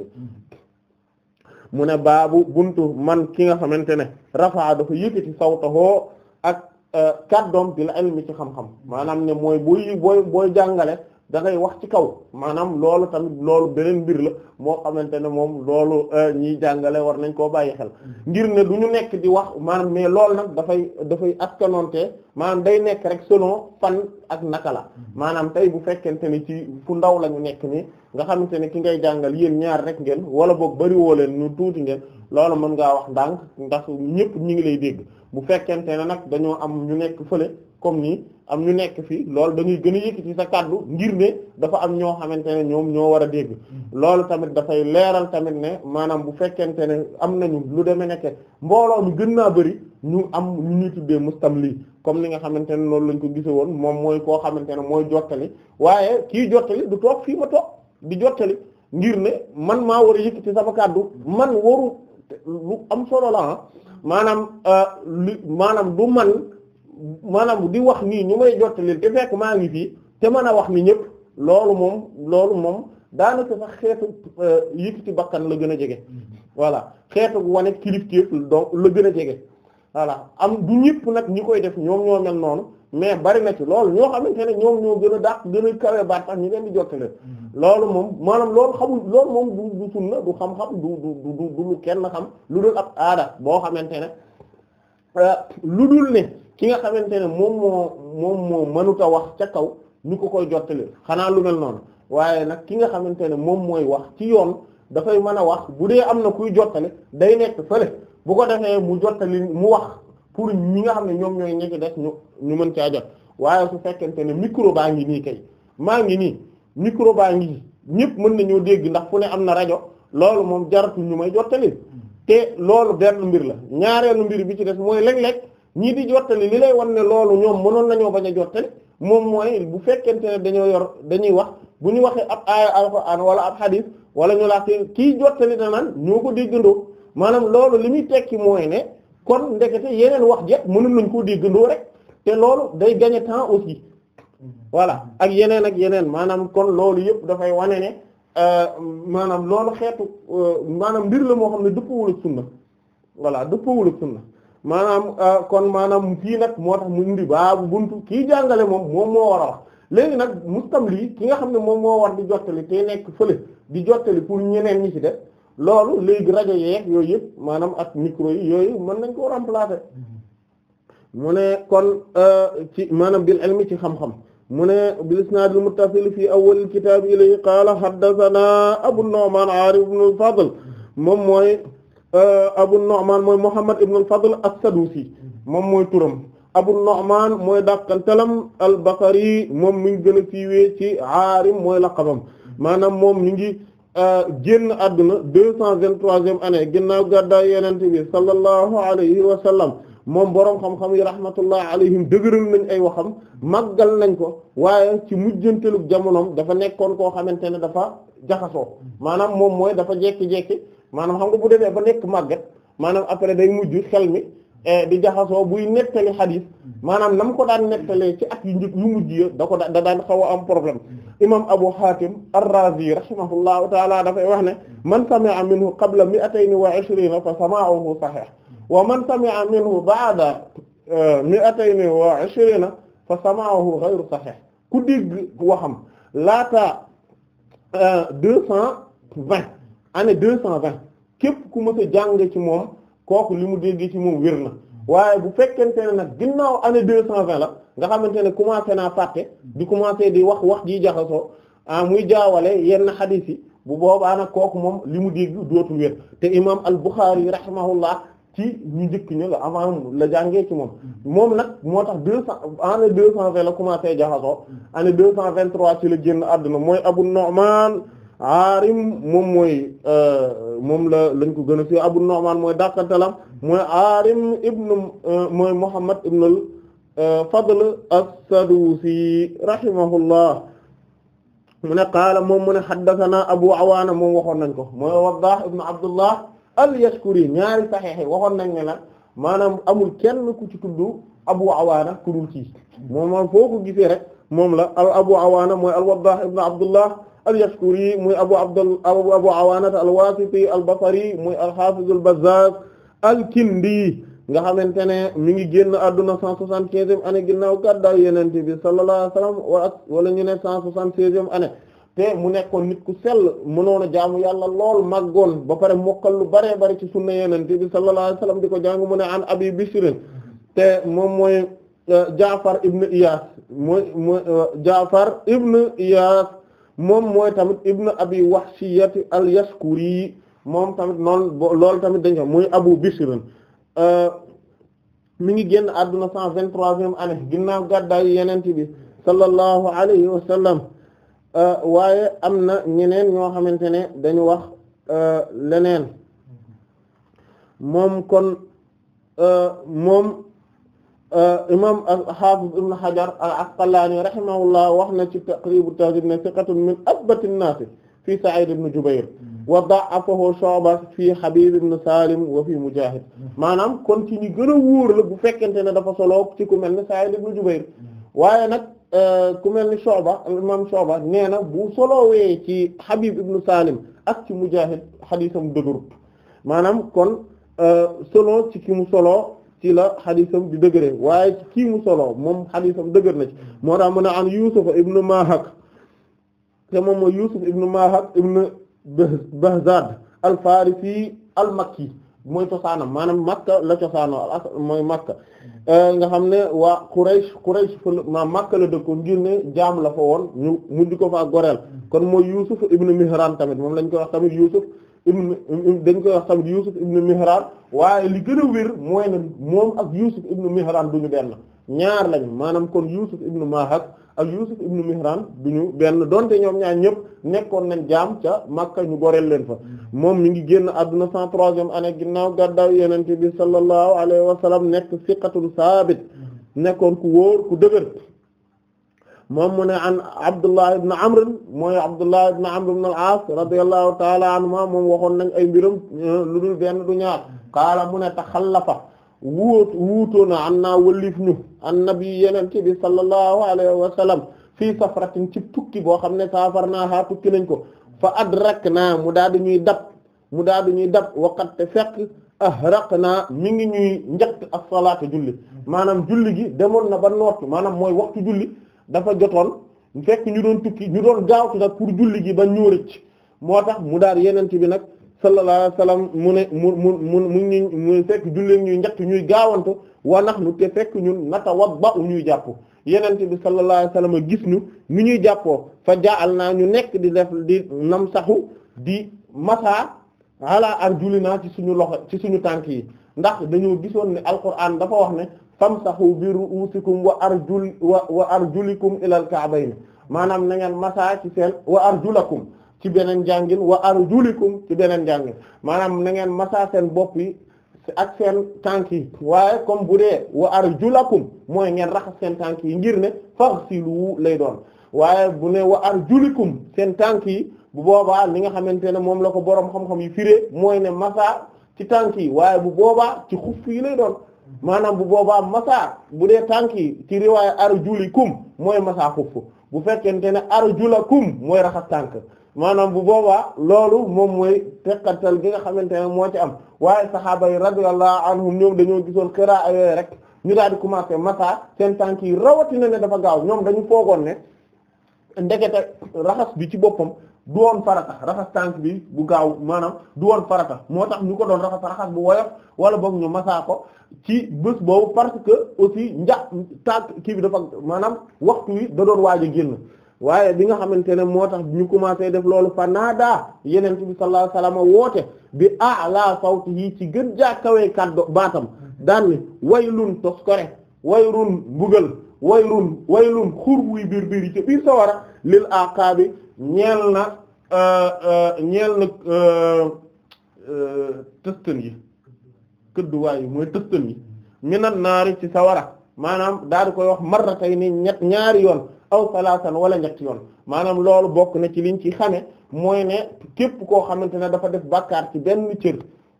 mu ne baabu buntu man ki nga xamante ne rafaa dafa yëkkati sawtahoo ak euh, kàddoom bi la ilmi ci xam-xam maanaam ne mooy booy booy booy jàngale da ngay wax ci kaw maanaam loolu tamit loolu beneen mbir la moo xamante ne moom loolu euh, ñiy jàngale war nañ koo bàyyi xel mm-hmm. ngir ne du ñu nekk di wax maanaam mais loolu nag dafay dafay askanoonte maanaam day nekk rek selon fan ak naka la mm-hmm. maanaam tey bu fekkente ni ci fu ndaw la ñu nekk nii nga xamante ne ki ngay jàngal yéen ñaar rek ngeen wala boog bariwoo leen ñu tuuti ngeen loolu mën ngaa wax ndànk ndax ñépp ñi ngi lay dégg bu fekkente ne nag dañoo am ñu nekk fële comme nii am ñu nekk fii loolu dañuy gën a yëkk ci sa kàddu ngir ne dafa am ñoo xamante ne ñoom ñoo war a dégg mm. loolu tamit dafay leeral tamit ne maanaam bu fekkente ne am nañu lu demee nekk mbooloo mu gën naa bëri ñu am ñu ñuy tuddee mustamli comme li nga xamante ne loolu lañ ko gise woon moom mooy koo xamante ne mooy jottali waaye kii jottali du toog fii ma toog di jottali ngir ne man maa war a yëkk ci sama kàddu man waru lu am solo la ah. maanaam euh, li maanaam man maanaam di wax nii ñu may jottali te fekk maa ngi fii te man a wax ni ñëpp loolu moom loolu moom daanaka sax xeetu ci euh, bakkan la gën a jege voilà xeetu wane kilifteef donc la gën a jege voilà am du ñëpp nag ñu koy def ñoom ñoo mel noonu mais bari na ci loolu ñoo xamante ne ñoom ñoo gën a dàq gën a kawe baat sax ñu leen di jottale mm-hmm. loolu moom maanaam loolu xamul loolu moom du du sunna du xam-xam du du du lu kenn xam lu dul ab aada boo xamante ne euh, lu dul ki nga xamante ne moom moo moom moo mënut a wax ca kaw ñu ko koy jottali xanaa lu mel noonu waaye nag ki nga xamante ne moom mooy wax ci yoon dafay mën a wax bu dee am na kuy jottale day nekk fële bu ko defee mu jottali mu wax pour ñi nga xam ne ñoom ñooy ñi ci des ñu ñu mën caa jot waaye su fekkente ne micro baa ngi nii kay maa ngi nii micro baa ngi ñëpp mën nañoo dégg ndax fu ne am na rajo loolu moom jaratu ñu may jottali mm. te loolu benn mbir la ñaareelu mbir bi ci des mooy léeg ñii di jottali li lay wan ne loolu ñoom mënoon nañoo bañ a jottali moom mooy bu fekkente ne dañoo yor dañuy wax bu ñu waxee ab aaya alxuraan wala ab xadiis wala ñu laajte kii jottali na naan ñoo ko déggandoo maanaam loolu li muy tekki mooy ne kon ndekete yeneen wax jet mënoon nañ koo déggandoo rek te loolu day gagner temps aussi voilà ak yeneen ak yeneen maanaam kon loolu yëpp dafay wane ne euh, maanaam loolu xeetu euh, maanaam mbir la moo xam ne dëppawul ak sunna voilà dëppawul ak sunna maanaam ah, kon maanaam fii nag moo tax mu indi baabu buntu kii jàngale moom moom moo war a wax léegi nag mustamli ki nga xam ne moom moo war di jottali te nekk fële di jottali pour ñeneen ñi ci def loolu léegi rajo yeeg yooyu yëpp maanaam ak micro yi yooyu mën nañ ko remplacer mu ne kon ah, ci maanaam bil ilmi ci xam-xam mu ne bil isnaadil muttasil fii awwalil kitaab ilayhi qaala haddathana abu nu'maan aarif ibn al-fadl moom mooy Euh, Abu Nu'man mooy Muhammad ibn al-Fadl as-Sadusi moom mooy turam Abu Nu'man mooy dàqantalam al-Baqari moom mu ngi gën a siiwee ci aarim mooy laqabam maanaam moom mi ngi euh, génn àdduna deux cent vingt-troisième année ginnaaw gàddaay Yonent bi sallallahu alayhi wa sallam moom boroom xam-xam yi rahmatullah alayhim dëgëral nañ ay waxam màggal nañ ko waaye ci mujjantelug jamonoom dafa nekkoon koo xamante ne dafa jaxasoo maanaam moom mooy dafa jekki-jekki maanaam xam nga bu demee ba nekk màgget maanaam après day mujj xel mi eh, di jaxasoo buy nettali xadiis maanaam nam ko daan nettalee ci at yu njëkk yu mujj ya da ko da daan xaw a am problème imam Abu Hatim ar-Razi rahimahullahu taala dafay wax ne man sami'a minhu qabla mi'atayn wa ishrina fa sama'uhu sahih wa man sami'a minhu ba'da eh, mi'atayn wa ishrina fa sama'uhu ghayru sahih ku dégg waxam laata eh, deux cent vingt année deux cent vingt képp ku mës a jàng ci moom kooku li mu déggee ci moom wér na waaye bu fekkente ne nag ginnaaw année deux cent vingt la nga xamante ne commencé naa fàtte di commencé di wax wax ji jaxasoo ah muy jaawale yenn xadiis bu boobaa nag kooku moom li mu dégg dootul wér te imaam al-Bukhari rahimahullah ci ñu njëkk ñu la avant la jàngee ci moom moom nag moo tax deux cent année deux cent vingt la commencé jaxasoo année deux cent vingt trois ci la génn àdduna mooy Abu Nu'man aarim moom mooy euh, moom la lañ ko gën a fi Abu Nu'man mooy dàqantalam mooy aarim ibnu euh, mooy Muhammad ibnu al-Fadl euh, as-Sadusi rahimahullah mu ne qaala moom mu ne haddathana Abu Awaana moom waxoon nañ ko a Waddah ibnu Abdullah al-Yashkuri ñaari saxiix waxoon nañ ne la maanaam amul kenn ku ci tudd Abu Awaana ku dul ci moom moom foo gisee rek moom la al Abu Awaana mooy al-Waddah Abdullah al-Yashkuri muy abu abdul abu Awaana al-Waasiti al-Basri muy al-Haafiz al nga xamante ne mu ngi génn àdduna 175e année ginnaaw gàddaay Yonent bi sallallahu alayhi wa sallam wala ñu ne 176e année te mu nekkoon nit ku sell mënoon a jaamu yàlla lool màggoon ba pare mokkal lu baree bari ci sunna Yonent bi sallallahu alayhi di ko jàng mu ne an Abi Bishr te moom mooy euh, Jaafar ibn Iyaas mooy mooy euh, Jaafar ibn Iyaas. moom mooy tamit ibnu abi wahshiyati al-yaskuri moom tamit noonu loolu tamit dañ ko muy abu bishr euh, mu ngi génn àdduna cent vingt-troisième année ginnaaw gàddaayu yenente bi sallallahu alayhi wa euh, waaye am na ñeneen ñoo xamante ne dañu wax euh, leneen moom kon moom Euh, imam al-Hafiz Ibn Hajar al-Asqalani rahimahullah wax na ci Taqrib at-Tahdhib ne thiqatun min athbati an-nas fi Sa'id ibn Jubayr wa da'afahu Shu'ba fi Habib ibn Salim wa fi Mujahid maanaam kon ci ñi gën a wóor la bu fekkente ne dafa solo ci ku mel ne Sa'id ibn Jubayr waaye nag euh, ku mel ni Shu'ba imam Shu'ba nee na bu solowee ci Habib ibn Salim ak ci Mujahid xadiisam dëgërut maanaam kon euh, solo ci ki mu solo ci la xadisam di dëgëre waaye kii mu solo moom xadisam dëgër na ci moo tax mu ne an Yusuf ibn Mahak te moom mooy Yusuf ibn Mahak ibn Bahzad al-Farisi al-Makki mooy cosaanam maanaam Makka la cosaanoo al asal mooy Makka euh, nga xam ne waa Quraysh Quraysh fa ma Makka la dëkkoon ngir ne jaam la fa woon ñu mujj ko faa goreel kon mooy Yusuf ibn Mihran tamit moom lañ koy wax tamit Yusuf ibn dañ koy wax tamit Yusuf ibn waaye li gën a wér mooy ne moom ak Yusuf ibn du ñu benn ñaar lañ maanaam kon Yusuf ibn Mahak ak Yusuf ibn Mihran ñu benn donte ñoom ñaar ñëpp nekkoon nañ jaam ca Makka ñu goreel leen fa moom mi ngi génn àdduna cent troisième année ginnaaw gàddaaw yenente bi sallallahu alayhi wa sallam nekk siqatun saabit nekkoon ku wóor ku dëgër moom mu ne an Abdullah ibn Amr mooy Abdullah ibn Amr ibn al-As radiyallahu ta'ala anhuma moom waxoon nañ ay mbiram eh, lu dul benn du ñaar qaala mu ne taxallafa wuut wuutoona an naa wëllif ñu an nabi yeneen ci bi sallallahu alayhi wa sallam fii safratin ci tukki boo xam ne saafar naa tukki nañ ko fa adrak naa mu daal di ñuy dab mu daal di ñuy dab waqat te fekk ahraq naa mi ngi ñuy njëkk ak salaata julli maanaam julli gi demoon na ba noot maanaam mooy waxtu julli dafa jotoon fekk ñu doon tukki ñu doon gaawtu nag pour julli gi ba ñu rëcc moo tax mu daal yenent bi nag sallallahu alayhi wa sallam mu ne mu mu mu mu ñu mu fekk julleen ñuy gaawantu wa nahnu te fekk ñun natawadda u ñuy jàpp yenente bi sallallahu alayhi gis ñu ñu ñuy jàppoo fa jaal naa ñu nekk di def di nam saxu di masa ala arjulina ci suñu loxo ci suñu tànk yi ndax dañoo gisoon ne alquran dafa wax ne famsahu bi ru'usikum wa arjul wa wa arjulikum ilal ka'bayn maanaam na ngeen masaa ci seen wa arjulakum ci beneen jàngin wa arjulikum ci beneen jàngin maanaam na ngeen masaa seen bopp yi ak seen tànk yi waaye comme bu dee wa arjulakum mooy ngeen raxas seen tànk yi ngir ne faghsilu lay doon waaye bu ne wa arjulikum seen tànk yi bu boobaa li nga xamante ne moom la ko boroom xam-xam yi firee mooy ne masaa ci tànk yi waaye bu boobaa ci xuf yi lay doon maanaam bu boobaa masaa bu dee tànk yi ar riwaaya arjulikum mooy masaa xuff bu fekkente ne arjulakum mooy raxas tànk maanaam bu boobaa loolu moom mooy tekkatal gi nga xamante ne moo ci am waaye saxaaba yi a anhum ñoom dañoo gisoon xiraa yooyu rek ñu daal di commencé masaa seen tànk yi rawatina ne dafa gaaw ñoom dañu foogoon ne ndekete raxas bi ci boppam du woon farata raxas tànk bi bu gaaw maanaam du woon farata moo tax ñu ko doon raxas raxas bu woyof wala boog ñu masaa ko ci bés boobu parce que aussi nja tànk kii bi dafa maanaam waxtu wi da doon waaj a génn waaye bi nga xamante ne moo tax ñu commencé def loolu fa naadaa yeneen bi sallallahu alayhi wasallam woote bi a'la sawtihi ci gën jaa kawee kaddu baatam daan ni waylun toskore wayrun mbugal wayrun waylun xur wuy biir biir yi ca biir sawara lil aqabi ñeel na euh, euh, ñeel na euh, tëstan yi këdduwaay yi mooy tëstan yi minan naari ci sawara maanaam daal di koy wax marratayni ñett ñaari yoon aw salaasan wala ñetti yoon maanaam loolu bokk na ci liñ ci xame mooy ne képp koo xamante ne dafa def bàkkaar ci benn cër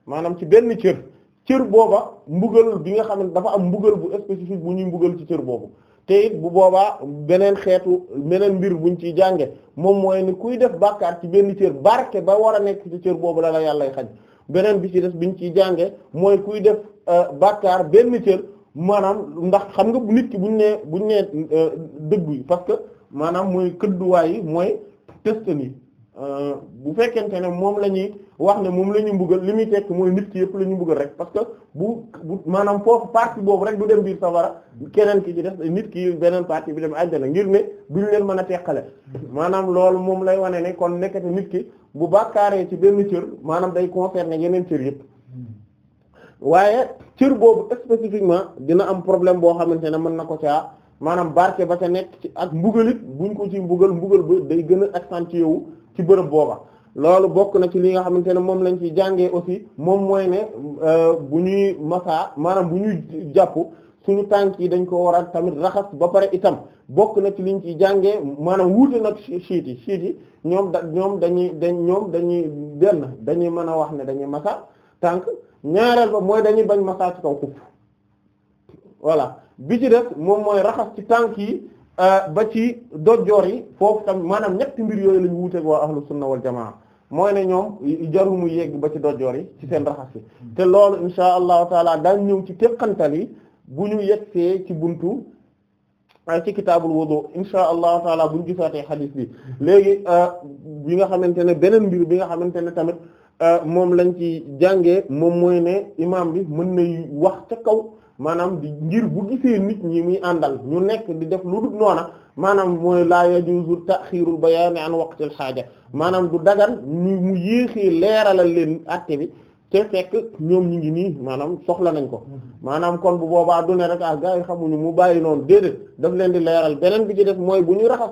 maanaam ci benn cër cër booba mbugal bi nga xam ne dafa am mbugal bu spécifique bu ñuy mbugal ci cër boobu te it bu boobaa beneen xeetu beneen mbir buñ ciy jànge moom mooy ni kuy def bàkkaar ci benn cër barke ba war a nekk ci cër boobu la la yàllay xañ beneen bi ci des ñu ciy jànge mooy kuy def euh, bàkkaar benn cër maanaam ndax xam nga nit ki buñ nee buñ nee euh, dëgg yi parce que maanaam mooy këdduwaay yi mooy test yi Euh, bu fekkente ne moom la ñuy wax ne moom la ñu mbugal li muy tekk mooy nit ki yëpp la ñu mbugal rek parce que bu bu maanaam foofu partie boobu rek du dem biir safara keneen ki ci def nit ki beneen partie bi dem àjjana ngir ne ñu leen mën a teqale maanaam loolu moom lay wane ne kon nekkati nit ki bu bàkkaaree ci benn cër maanaam day concerner yeneen cër yëpp waaye cër boobu spécifiquement dina am problème boo xamante ne mën na ko caa maanaam barke ba ca nekk ci ak mbugalit buñ ko ci mbugal mbugal day gën a accentuer wu ci bërëb booba loolu bokk na ci li nga xamante ne moom lañ ci jàngee aussi moom mooy ne euh, bu ñuy masaa maanaam bu ñuy jàpp suñu tànk yi dañ ko war tamit raxas ba pare itam bokk na ci liñ ci jàngee maanaam wuute nag siit yi siit ñoom da ñoom dañuy dañ ñoom dañuy benn dañuy mën a wax ne dañuy masa tànk ñaareel ba mooy dañuy bañ masa ci kaw xupp voilà bi ci def moom mooy raxas ci tànk yi Euh, ba ci dojjoor yi foofu tam maanaam ñetti mbir yooyu lañu wuuteeg waa ahlu sunna wal jamaa mooy ne ñoom jarul mu yegg ba ci dojjoor yi ci seen raxas yi hmm. te loolu insha allahu taala daañ ñëw ci teqantal yi bu ñu yeggsee ci buntu ah, ci kitaabul wudu insha allahu taala bu ñu gisaatee xadiis bi hmm. léegi euh, bi nga xamante ne beneen mbir bi nga xamante ne tamit euh, moom lañ ci jànge moom mooy ne imaam bi mën na wax ca kaw maanaam di ngir bu gisee nit ñi muy àndal ñu nekk di def lu dul noona maanaam mooy laa ba taxiirul bayaan an waqtil xaaja maanaam du dagan ñu mu yéexee leeralal leen àtte bi te fekk ñoom ñu ngi nii maanaam soxla nañ ko maanaam kon bu boobaa du ne rek ah gars yi xamuñu mu bàyyi noonu déedéet daf leen di leeral beneen bi ci def mooy bu ñu raxas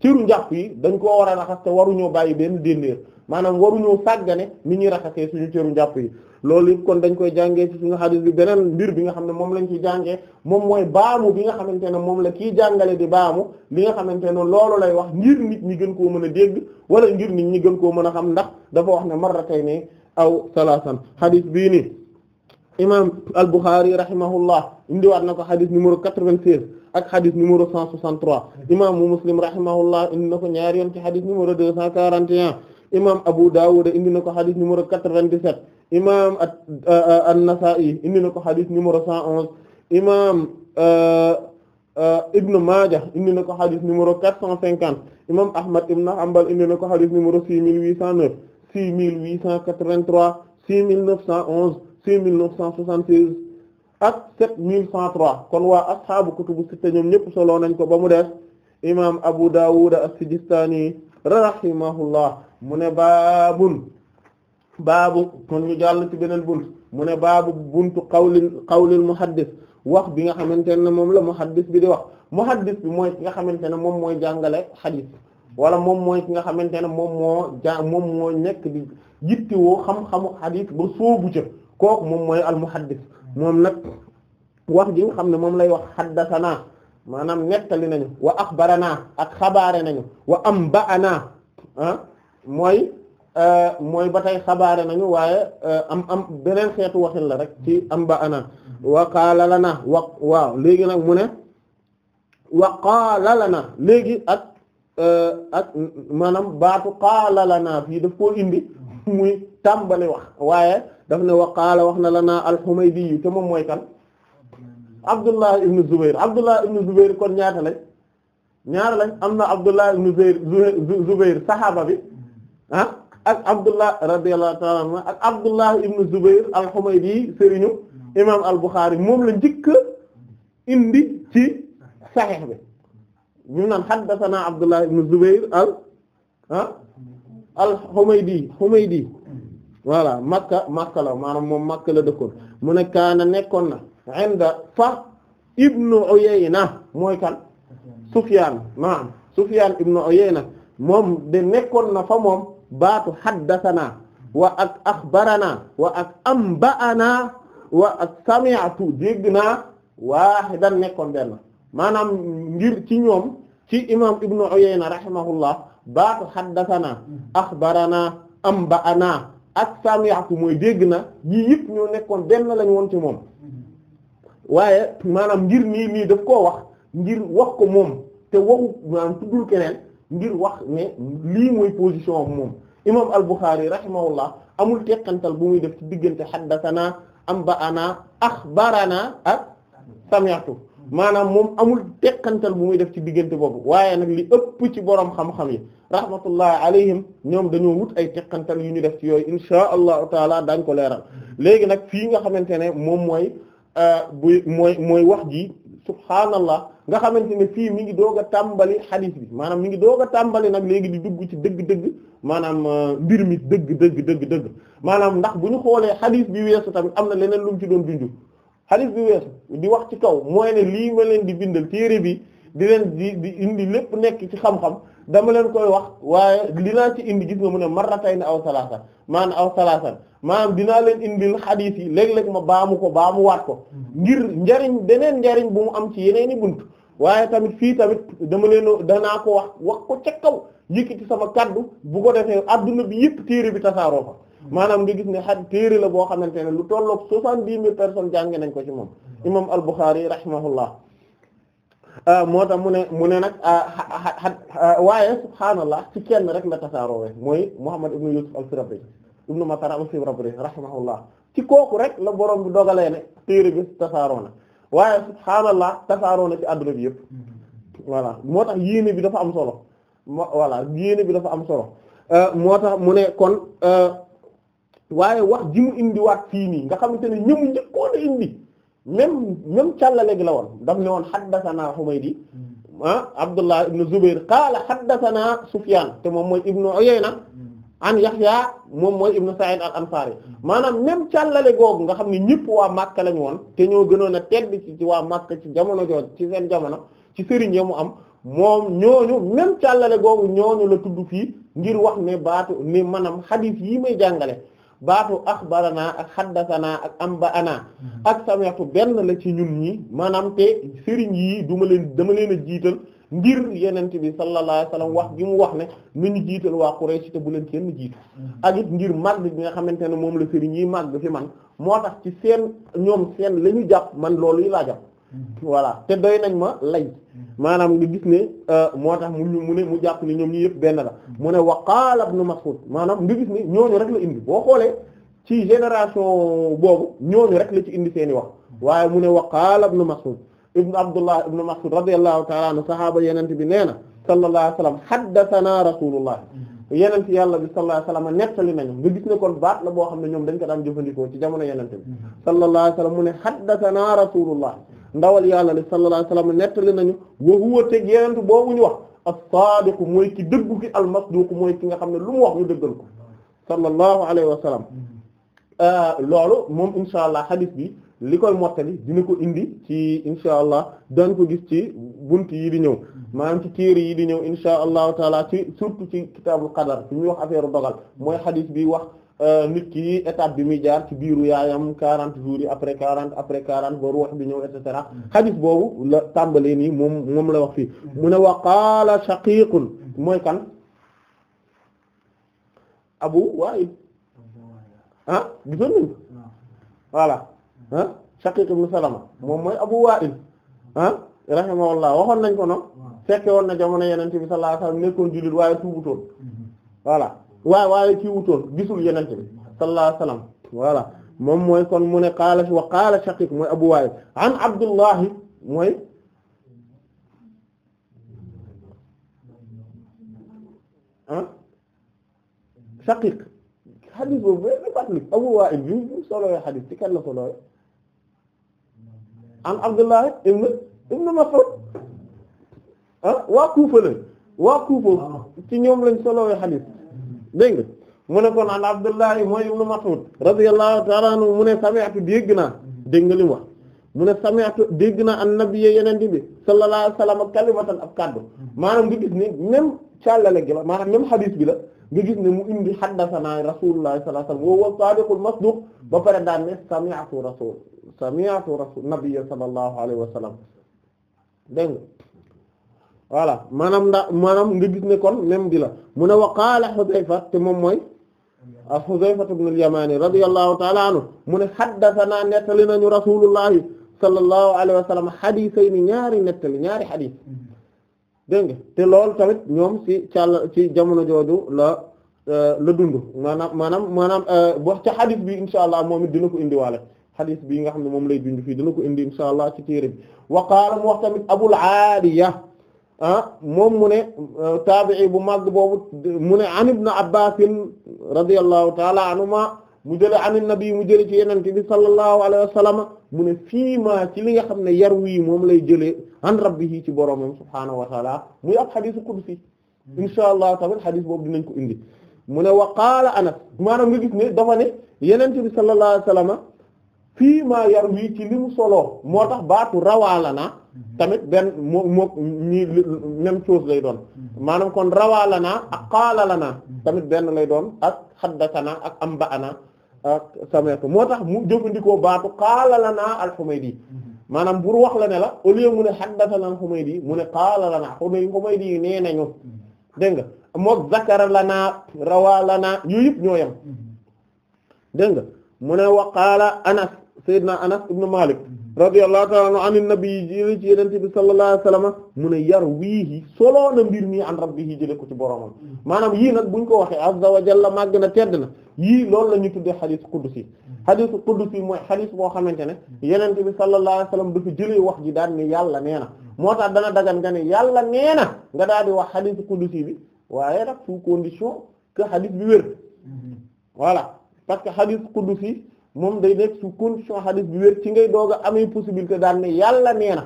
ciru euh, njàpp yi dañ koo war a raxas te waruñoo bàyyi benn déndéer maanaam waruñoo sàggane ni ñuy raxasee suñu ciru yi loolu yëpp kon dañ koy jàngee ci suñu xadis bi beneen mbir bi nga xam ne moom lañ ciy jàngee moom mooy baamu bi nga xamante ne moom la kii jàngale di baamu bi nga xamante ne loolu lay wax ngir nit ñi gën koo mën a dégg wala ngir nit ñi gën koo mën a xam ndax dafa wax ne marratayni aw salaasan xadis bii nii imaam al-Bukhari rahimahullah indiwaat na ko xadis numéro 96 ak xadis numéro 163 imaamu Muslim rahimahullah indi na ko ñaari yoon ci xadis numéro 241 imam Abu Dawud indi na ko xadis numéro 97 imam euh, euh, an-Nasa'i indi na ko xadis numéro 111 imam euh, Ibn Maaja indi na ko xadis numéro 450 imam Ahmad ibn Hanbal indi na ko xadis numéro 6809 6883 6911 6976 ak 7103 kon waa asxaabu kutubu sitta ñoom ñëpp solo nañ ko ba mu def imam Abu Dawud as-Sijistani rahimahullah mu ne baabun baabu kon ñu jàll ci beneen bunt mu ne baabu buntu qawlil qawlil muhaddis wax bi nga xamante ne moom la muhaddis bi di wax muhaddis bi mooy ki nga xamante ne moom mooy jàngale xadiis wala moom mooy ki nga xamante ne moom moo ja moom nekk di yittewoo xam-xamu xadiis ba soobu ca kooku moom mooy al muhaddis moom nag wax ji nga xam ne moom lay wax xaddasanaa maanaam nettali nañu wa axbaranaa ak xabaare nañu wa am ah mooy euh, mooy ba tey xabaare nañu waaye euh, am am beneen xeetu waxin la rek ci am amba'anaa wa qaala lanaa wa waaw léegi nag mu ne wa qaala lanaa léegi ak euh, ak maanaam baatu qaala lanaa fii daf koo indi muy tàmbali wax waaye daf ne wa qaala wax na lanaa al-Humaydi te moom mooy Abdullah ibn Zubair Abdullah ibn Zubair kon ñaata lañ ñaar lañ am na Abdullah ibn Zubair Zubair saxaaba bi ah ak Abdullah radiyallahu ta'ala anhu ak Abdullah ibn Zubair al-Humaydi sëriñu imaam al-Bukhari moom la njëkk indi ci Sahih bi ñu naan haddathana Abdullah ibn Zubair al ah al-Humaydi Humaydi voilà Makka Makka la maanaam moom Makka la dëkkoon mu ne kaana nekkoon na. inda fa ibnu Uyayna mooy kan Sufyaan naam Sufyaan ibnu Uyayna moom de nekkoon na fa moom baatu haddathana wa ak akhbarana wa ak anba'ana wa ak sami'tu dégg naa waahidan nekkoon benn maanaam ngir ci ñoom ci imam ibnu Uyayna rahimahullah baatu haddathana akhbarana anba'ana ak sami'tu mooy dégg na yii yëpp ñoo nekkoon benn lañ woon ci moom waaye maanaam ngir nii nii daf koo wax ngir wax ko moom te waxu maanaam tuddul keneen ngir wax ne lii mooy position am moom imaam al-Bukhari rahimahullah amul teqantal bu muy def ci diggante haddathana anba'ana akhbarana ak sami'tu maanaam moom amul teqantal bu muy def ci diggante boobu waaye nag li ëpp ci borom xam-xam yi rahmatullah alayhim ñoom dañoo wut ay teqantal yu ñu def ci yooyu insha allahu taala dañ ko leeral léegi nag fii nga xamante ne moom mooy bu mooy mooy wax ji subhaanallah nga xamante ne fii mi ngi doog a tàmbali xadiis bi maanaam mi ngi doog a tàmbali nag léegi di dugg ci dëgg-dëgg maanaam euh, mbir mi dëgg dëgg dëgg maanaam ndax bu ñu xoolee xadiis bi weesu tamit am na leneen lu mu ci doon dundu xadiis bi weesu di wax ci kaw mooy ne lii ma leen di bindal téere bi di leen di di indi lépp nekk ci xam-xam dama leen koy wax waaye dinaa ci indi gis nga mu ne marratay na aw salaasa maanaam aw salaasan maanaam dinaa leen indil xadiis yi léeg-léeg ma baamu ko baamu waat ko ngir njariñ beneen njariñ bu mu am ci yeneen i bunt waaye tamit fii tamit dama leen danaa ko wax wax ko ca kaw yëkkati sama kaddu bu ko defee adduna bi yëpp téere bi tasaaroo fa maanaam nga gis ne xaj téere la boo xamante ne lu tolloog soixante-dix mille personnes jàng nañ ko ci moom imam al Euh, moo tax mu ne mu ne nag euh, euh, waaye subhaanallah ci kenn rek la tasaaroowee mooy Muhammad ibnu Yusuf al-Firabri ibnu Matar al-Firabri rahimahullah ci kooku rek la borom bi dogalee ne téere bi tasaaroo na waaye subhaanallah tasaaroo na ci àdduna bi yëpp voilà moo tax yéene bi dafa am solo voilà yéene bi dafa am solo moo tax mu ne kon waaye wax ji mu indiwaat fii nii nga xamante ne ñi mu indi. même même càllale gi la woon daf ne woon xaddasanaa Humaydi hmm. ah Abdullah ibn Zubayr qaala xaddasanaa Sufyaan te moom mooy ibnu Uyayna hmm. an Yaxya moom mooy ibnu Sa'id al-Ansari hmm. maanaam même càllale googu nga xam ne ñëpp waa Makka lañ woon te ñëw gënoon a tedd ci ci waa Makka ci jamono jooju ci seen jamono ci sëriñ ya mu am moom ñooñu même càllale googu ñooñu la tudd fii ngir wax ne baatu ni maanaam xadiis yi may jàngale baatu axbaranaa ak xaddasanaa ak ambaanaa mm-hmm. ak sami'tu benn la ci ñun ñii maanaam te sëriñ yii duma leen dama leen jiital ngir yenente bi sallallahu alayhi wasallam wax gi mu wax ne nañu jiital waa Quraysh te bu leen kenn jiitu mm-hmm. ak it ngir màgg bi nga xamante ne moom la sëriñ yi màgg fi man moo tax ci seen ñoom seen lañu ñu jàpp man loolu yi laa jàpp voilà te doy nañ ma lay maanaam nga gis ne euh, moo tax mu mu ne mu jàpp ni ñoom ñi yëpp benn la mu ne wa qaala ibn Mas'ud maanaam nga gis ne ñooñu rek la indi boo xoolee ci génération boobu ñooñu rek la ci indi seen i wax waaye mu ne wa qaala ibn Mas'ud ibn Abdullah ibn Mas'ud radiyallahu ta'ala anhu sahaaba yenent bi nee na sallallahu alayhi wasallam haddathana rasulullah yenent yàlla bi sallallahu alayhi wasallam nettali nañu nga gis ne kon baat la boo xam ne ñoom dañ ko daan jëfandikoo ci jamono yenente bi mm-hmm. sallallahu alayhi wasallam mu ne haddathana rasulullah ndawal yàlla li sallallahu alayhi wasallam nettali nañu wa huwa teg yenentu boobu ñu wax as-saadiqu mooy ki dëggu ki al-masduqu mooy ki nga xam ne lu mu wax ñu dëggal ko sallallahu alayhi wasallam euh, loolu moom insha allah hadith bi li koy mottali dina ko indi ci insha allah daan ko gis ci bunt yi di ñëw maanaam ci téere yi di ñëw insha allahu taala ci surtout ci kitaabul qadar fi ñuy wax affaire dogal mooy hadith bi wax Euh, nit ki étape bi muy jaar ci biiru yaayam quarante jours yi après quarante après quarante ba ruux bi ñëw et mm. xadis boobu la tàmbalee nii moom moom la wax fii mm. mu ne wa qaala shaqiiqun mm. mooy kan abu waa'il ah gisoon nañ voilà ah shaqiiq ibn salama moom mooy abu waa'il ah rahimahullah waxoon nañ ko no fekke woon na jamono yenente bi sallallahu alayhi wasallam nekkoon jullit waaye tuubutoon mm-hmm. voilà waaw waaye kii wutoon gisul yeneen bi sallallahu alayhi wa sallam voilà moom mooy kon mu ne qaala wa qaala shaqiq mooy abu wa'il an abdullahi mooy ah shaqiq xadis boobu ba fàttali abu wa'il bi bi solowee xadis ci kan la solowee an abdullahi ibn ibn mas'ud ah waa kuufa la waa kuufa ci ñoom lañ solowee xadis dégg nga mu ne kon an Abdullahi mooy ibnu Mas'ud radiyallahu ta'ala anhu mu ne sami'tu dégg naa dégg nga li mu wax mu ne sami'tu dégg naa annabiyya yeneen bi sallallahu alayhi wa sallam kalimatan ab kaddu maanaam nga gis ne même càllale gi la maanaam même hadith bi gis ne mu indi haddathana rasulullah sallallahu alayhi wa sallam wa huwa sadiqul masduq ba pare daan ne sami'tu rasul sami'tu rasul wa sallam dégg nga voilà maanaam ndax maanaam nga gis ne kon même bi la mu ne wa qaala Hudayfa te moom mooy a Hudayfa ibn al-Yamani radiyallahu ta'ala anhu mu ne haddathana nettali nañu rasulullahi sallallahu alayhi wa sallam xadiisay ñaari nettali ñaari xadiis dégg nga te loolu tamit ñoom ci càll ci jamono jooju la euh, la dund maanaam maanaam maanaam wax euh, ca xadiis bi insha allah moom it dina ko indiwaale xadiis bi nga xam ne moom lay dund fii dina ko indi insha ci téere bi wa qaala mu wax tamit Ah, moom mu ne euh, taabi'i bu mag boobu mu ne an ibn Abbaas radiyallahu ta'ala anhuma mu jële an nabi mu jële ci yenente bi sallallahu alayhi wa sallam mu ne fiima ci li nga xam ne yar wii moom lay jëlee an rabbihi ci boroomam subhaanahu wa ta'ala muy ab xadiisu qudsi hmm. insha allah tamit xadiis boobu dinañ ko indi mu ne wa qaala anas maanaam nga gis ne dafa ne yenente bi sallallahu alayhi wa sallam fiima yar wii ci li mu soloo moo tax baatu rawaalana Mhm. tamit benn moo moo ñi même chose lay doon mhm. maanaam kon rawaa lanaa ak qaala lanaa mhm. tamit benn lay doon ak xaddasanaa ak amba anaa ak sameetu moo tax mu jëfandikoo baatu qaala lanaa al-Humaydi maanaam bur wax la ne la au lieu mu ne xaddasanaa al-Humaydi mu ne qaala lanaa al-Humaydi nee nañu dégg nga mook zakara lanaa rawaa lanaa yooyu yëpp ñoo nga mu ne wa qaala Anas Seydina Anas ibn Malik radiyallahu ta'ala anhu an nabi jële ci yenente bi sallallahu alayhi wasallam mu ne yar wiihi soloo na mbir mi an rabbihi jële ko ci boromam maanaam yii nag buñ ko waxee azza wa jalla màgg na tedd na yii loolu la ñu tuddee xadis qudsi xadis qudsi mooy xadis boo xamante ne yenente bi sallallahu alayhi wasallam dafa jëlee wax ji daan ne yàlla nee na moo tax dana dagan nga ne yàlla nee na nga daal di wax xadis qudsi bi waaye nag sous condition que xadis bi wér
mm-hmm.
voilà parce que xadis qudsi moom day nekk su condition xadis bi wér ci ngay doog a amee possibilité daan ne yàlla nee na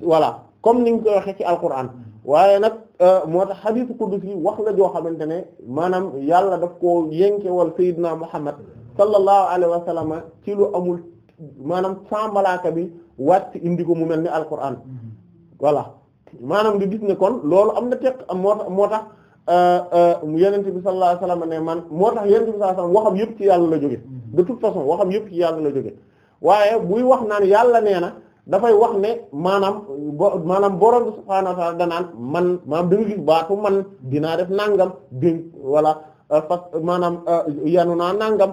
voilà comme ni ñu koy waxee ci alquran waaye nag euh, moo tax xadis qudsi yi wax la joo xamante ne maanaam yàlla daf koo yenkewal sayyidina Muhammad sallallahu alayhi wa sallam ci lu amul maanaam sans malaaka bi wàcc indi ko mu mel ni alquran voilà maanaam nga gis ne kon loolu am na tekk moo tax moo tax euh, euh, yenente bi sallallahu alayhi wa sallam ne man moo tax wa waxam yëpp ci yàlla la jóge de toute façon waxam yëpp ci yàlla la jóge waaye buy wax naan yàlla nee na dafay wax ne maanaam maanaam borom bi subhaanahu danaan man maanaam da nga baatu man dinaa def nangam dénk wala euh, fas maanaam euh, yanu naan nangam